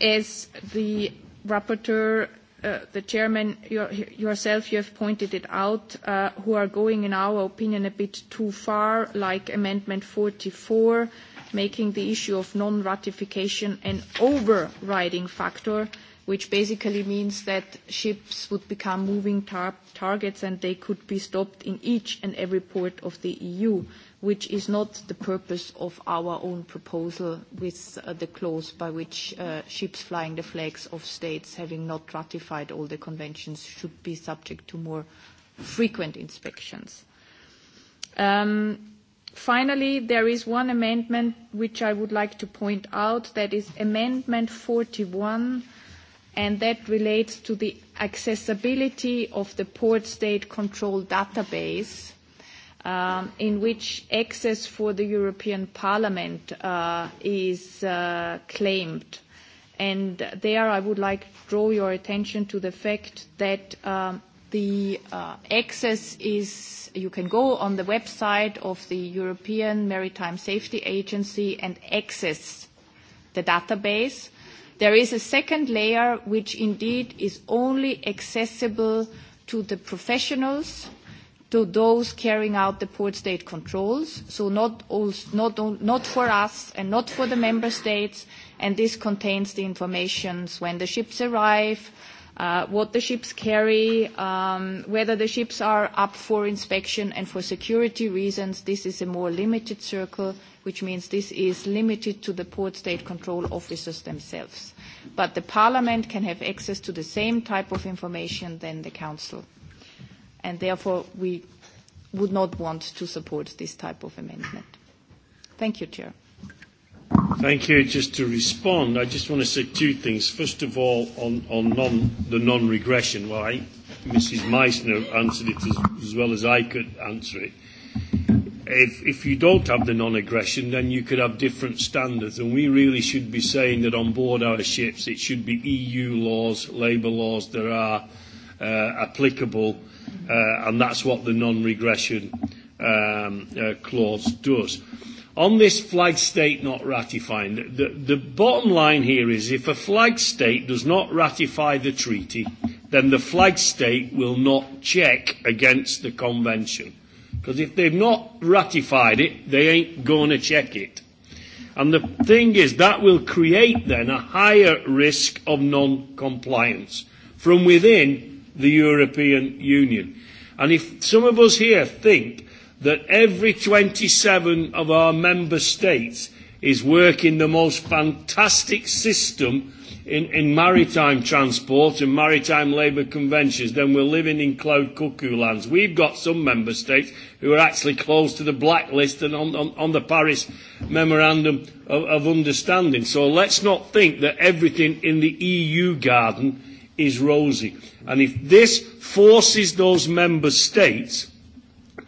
as the rapporteur, uh, the chairman, your, yourself, you have pointed it out, uh, who are going, in our opinion, a bit too far, like Amendment 44, making the issue of non-ratification an overriding factor, which basically means that ships would become moving tar targets and they could be stopped in each and every port of the EU, which is not the purpose of our own proposal with uh, the clause by which uh, ships flying the flags of states having not ratified all the conventions should be subject to more frequent inspections. Um, Finally, there is one amendment which I would like to point out, that is Amendment 41, and that relates to the accessibility of the port state control database, um, in which access for the European Parliament uh, is uh, claimed. And there I would like to draw your attention to the fact that um, The uh, access is, you can go on the website of the European Maritime Safety Agency and access the database. There is a second layer which indeed is only accessible to the professionals, to those carrying out the port state controls, so not, also, not, not for us and not for the member states, and this contains the information when the ships arrive, uh, uh, what the ships carry, um, whether the ships are up for inspection, and for security reasons, this is a more limited circle, which means this is limited to the port state control officers themselves. But the Parliament can have access to the same type of information than the Council. And therefore, we would not want to support this type of amendment. Thank you, Chair. Thank you. Just to respond, I just want to say two things. First of all, on, on non, the non-regression, well, I, Mrs. Meissner answered it as, as well as I could answer it. If, if you don't have the non-aggression, then you could have different standards, and we really should be saying that on board our ships, it should be EU laws, labour laws that are uh, applicable, uh, and that's what the non-regression um, uh, clause does. Uh, on this flag state not ratifying, the, the, the bottom line here is if a flag state does not ratify the treaty, then the flag state will not check against the convention. Because if they've not ratified it, they ain't going to check it. And the thing is, that will create then a higher risk of non compliance from within the European Union. And if some of us here think that every 27 of our member states is working the most fantastic system in, in maritime transport and maritime labour conventions, then we're living in cloud cuckoo lands. We've got some member states who are actually close to the blacklist and on, on, on the Paris Memorandum of, of Understanding. So let's not think that everything in the EU garden is rosy. And if this forces those member states –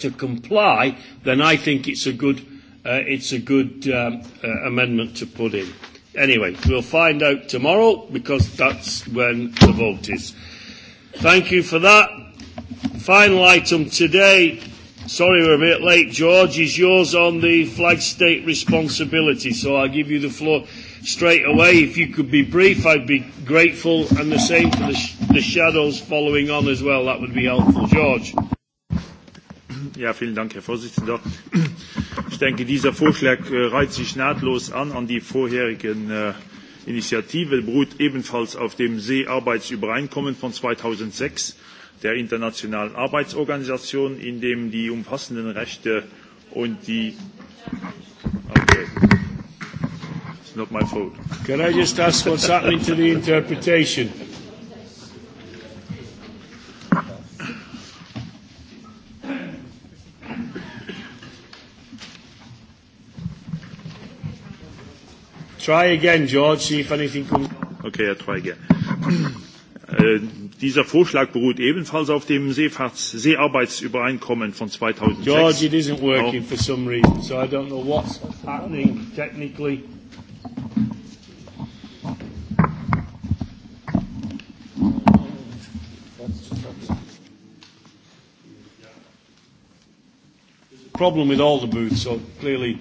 to comply, then I think it's a good, uh, it's a good um, uh, amendment to put in. Anyway, we'll find out tomorrow because that's when the vote is. Thank you for that. Final item today, sorry we're a bit late, George, is yours on the flag state responsibility. So I'll give you the floor straight away. If you could be brief, I'd be grateful. And the same for the, sh- the shadows following on as well. That would be helpful. George. Ja, vielen Dank, Herr Vorsitzender. Ich denke, dieser Vorschlag äh, reiht sich nahtlos an an die vorherigen äh, Initiative, beruht ebenfalls auf dem Seearbeitsübereinkommen von 2006 der Internationalen Arbeitsorganisation, in dem die umfassenden Rechte und die okay. It's not my fault. Can I just ask what's happening to the interpretation? Try again, George, see if anything comes. Okay, I try again. Äh, dieser Vorschlag beruht ebenfalls auf dem Seefahrts Seearbeitsübereinkommen von 2006. George, it isn't working oh. for some reason, so I don't know what's happening technically. Problem with all the booths, so clearly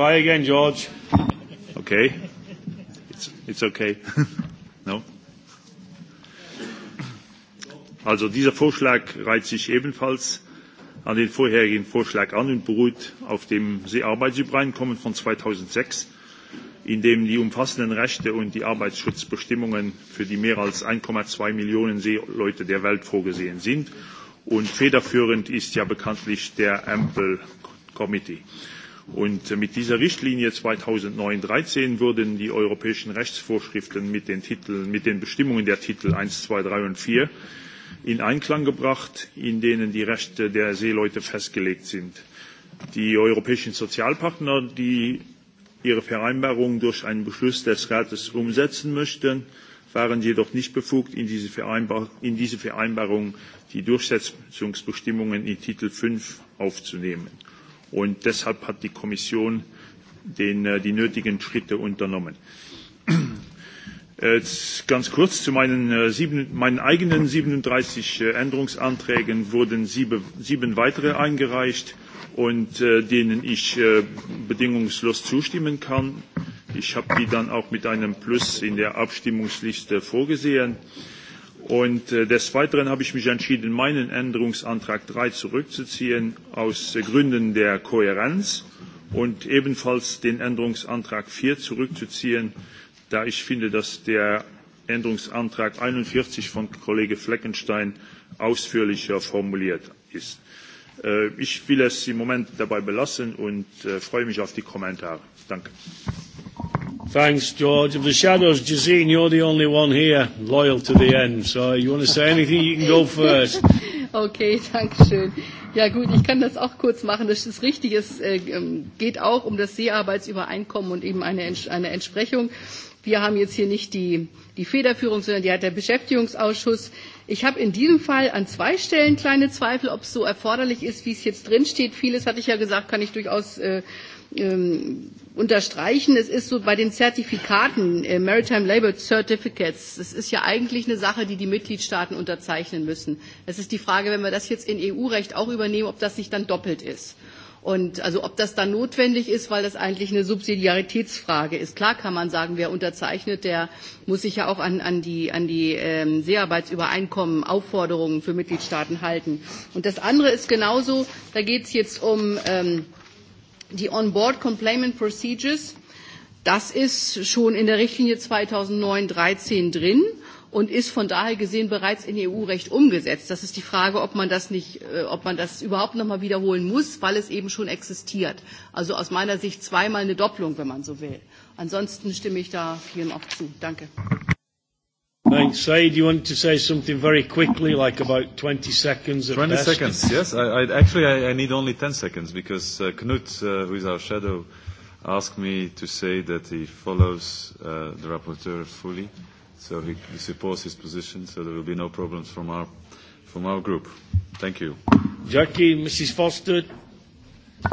Try again, George. Okay. It's, it's okay. no? Also dieser Vorschlag reiht sich ebenfalls an den vorherigen Vorschlag an und beruht auf dem Seearbeitsübereinkommen von 2006, in dem die umfassenden Rechte und die Arbeitsschutzbestimmungen für die mehr als 1,2 Millionen Seeleute der Welt vorgesehen sind. Und federführend ist ja bekanntlich der Ample Committee. Und mit dieser Richtlinie 2009-13 wurden die europäischen Rechtsvorschriften mit den, Titeln, mit den Bestimmungen der Titel 1, 2, 3 und 4 in Einklang gebracht, in denen die Rechte der Seeleute festgelegt sind. Die europäischen Sozialpartner, die ihre Vereinbarung durch einen Beschluss des Rates umsetzen möchten, waren jedoch nicht befugt, in diese, Vereinbar in diese Vereinbarung die Durchsetzungsbestimmungen in Titel 5 aufzunehmen. Und deshalb hat die Kommission den, äh, die nötigen Schritte unternommen. Jetzt äh, ganz kurz zu meinen, äh, sieben, meinen eigenen 37 Änderungsanträgen wurden sieben, sieben weitere eingereicht und äh, denen ich äh, bedingungslos zustimmen kann. Ich habe die dann auch mit einem Plus in der Abstimmungsliste vorgesehen. Äh, Und äh, des Weiteren habe ich mich entschieden, meinen Änderungsantrag 3 zurückzuziehen aus äh, Gründen der Kohärenz und ebenfalls den Änderungsantrag 4 zurückzuziehen, da ich finde, dass der Änderungsantrag 41 von Kollege Fleckenstein ausführlicher formuliert ist. Äh, ich will es im Moment dabei belassen und äh, freue mich auf die Kommentare. Danke. Thanks, George. Of the shadows, Jazeen, you're the only one here loyal to the end. So you want to say anything, you can go first. Okay, danke schön. Ja gut, ich kann das auch kurz machen. Das ist richtig. Es äh, ähm, geht auch um das Seearbeitsübereinkommen und eben eine, eine Entsprechung. Wir haben jetzt hier nicht die, die Federführung, sondern die hat der Beschäftigungsausschuss. Ich habe in diesem Fall an zwei Stellen kleine Zweifel, ob es so erforderlich ist, wie es jetzt drinsteht. Vieles hatte ich ja gesagt, kann ich durchaus äh, ähm, unterstreichen. Es ist so bei den Zertifikaten, äh, Maritime Labour Certificates, das ist ja eigentlich eine Sache, die die Mitgliedstaaten unterzeichnen müssen. Es ist die Frage, wenn wir das jetzt in EU-Recht auch übernehmen, ob das nicht dann doppelt ist. Und also ob das dann notwendig ist, weil das eigentlich eine Subsidiaritätsfrage ist. Klar kann man sagen, wer unterzeichnet, der muss sich ja auch an, an die, an die ähm, Seearbeitsübereinkommen, Aufforderungen für Mitgliedstaaten halten. Und das andere ist genauso, da geht es jetzt um ähm, – die Onboard Complainment Procedures, das ist schon in der Richtlinie 2009-13 drin und ist von daher gesehen bereits in EU-Recht umgesetzt. Das ist die Frage, ob man das nicht, äh, ob man das überhaupt nochmal wiederholen muss, weil es eben schon existiert. Also aus meiner Sicht zweimal eine Doppelung, wenn man so will. Ansonsten stimme ich da vielen auch zu. Danke. Thanks. Said, you wanted to say something very quickly, like about 20 seconds at 20 best. seconds, yes. I, I, actually, I, I need only 10 seconds because uh, Knut, uh, who is our shadow, asked me to say that he follows uh, the rapporteur fully, so he, he supports his position, so there will be no problems from our, from our group. Thank you. Jackie, Mrs. Foster.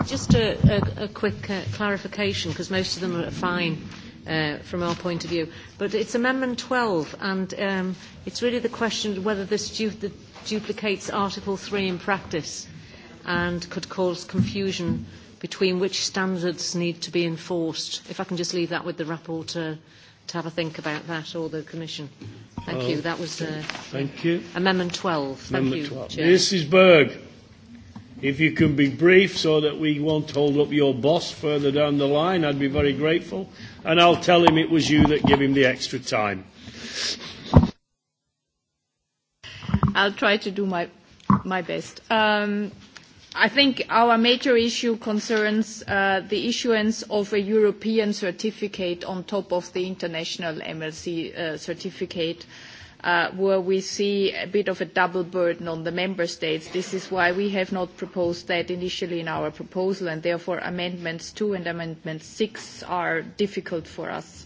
Just a, a, a quick uh, clarification, because most of them are fine. Mm-hmm uh, from our point of view. But it's Amendment 12, and um, it's really the question whether this du- the duplicates Article 3 in practice and could cause confusion between which standards need to be enforced. If I can just leave that with the rapporteur to have a think about that or the Commission. Thank well, you. Uh, that was uh, thank you. Amendment 12. Amendment thank you, 12. Chair. Mrs Berg, if you can be brief so that we won't hold up your boss further down the line, I'd be very grateful and I'll tell him it was you that gave him the extra time. I'll try to do my, my best. Um, I think our major issue concerns uh, the issuance of a European certificate on top of the international MLC uh, certificate uh, uh, where we see a bit of a double burden on the member states. This is why we have not proposed that initially in our proposal, and therefore amendments 2 and amendment 6 are difficult for us.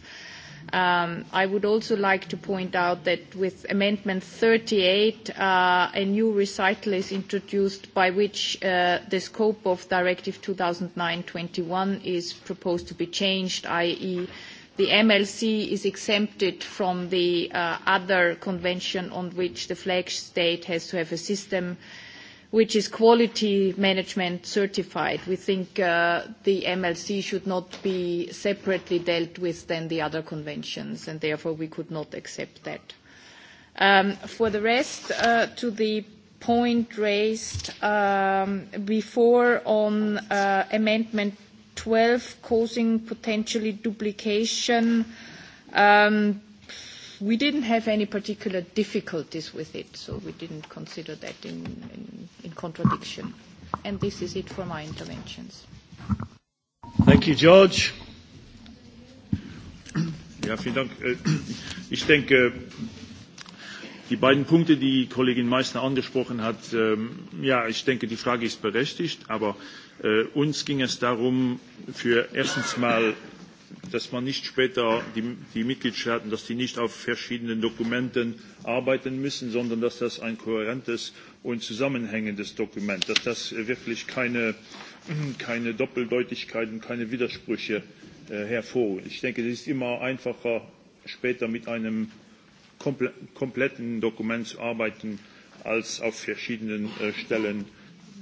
Um, I would also like to point out that with Amendment 38, uh, a new recital is introduced by which uh, the scope of Directive 2009-21 is proposed to be changed, i.e., uh, the MLC is exempted from the uh, other convention on which the flag state has to have a system which is quality management certified. We think uh, the MLC should not be separately dealt with than the other conventions, and therefore we could not accept that. Um, for the rest, uh, to the point raised um, before on uh, amendment 12, causing potentially duplication. Um, we didn't have any particular difficulties with it, so we didn't consider that in, in, in contradiction. And this is it for my interventions. Thank you, George. Ja, vielen Dank. Äh, ich denke, die beiden Punkte, die Kollegin Meissner angesprochen hat, ähm, ja, ich denke, die Frage ist berechtigt, aber Äh, uns ging es darum, für erstens mal, dass man nicht später die, die Mitgliedstaaten, dass die nicht auf verschiedenen Dokumenten arbeiten müssen, sondern dass das ein kohärentes und zusammenhängendes Dokument, dass das wirklich keine, keine Doppeldeutigkeiten, keine Widersprüche äh, hervorholt. Ich denke, es ist immer einfacher, später mit einem komple kompletten Dokument zu arbeiten, als auf verschiedenen äh, Stellen äh,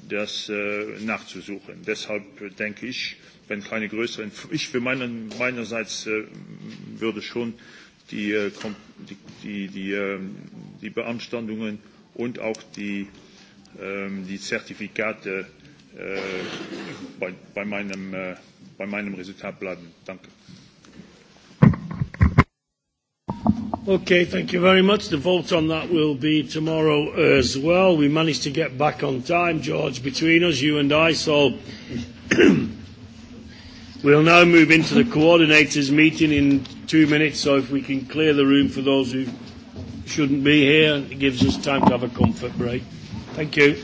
das äh, nachzusuchen. Deshalb äh, denke ich, wenn keine größeren, ich für meine, meinerseits äh, würde schon die, äh, die, die, die, äh, die Beanstandungen und auch die, äh, die Zertifikate äh, bei, bei, meinem, äh, bei meinem Resultat bleiben. Danke. Okay, thank you very much. The vote on that will be tomorrow as well. We managed to get back on time, George, between us, you and I, so we'll now move into the coordinators' meeting in two minutes, so if we can clear the room for those who shouldn't be here, it gives us time to have a comfort break. Thank you.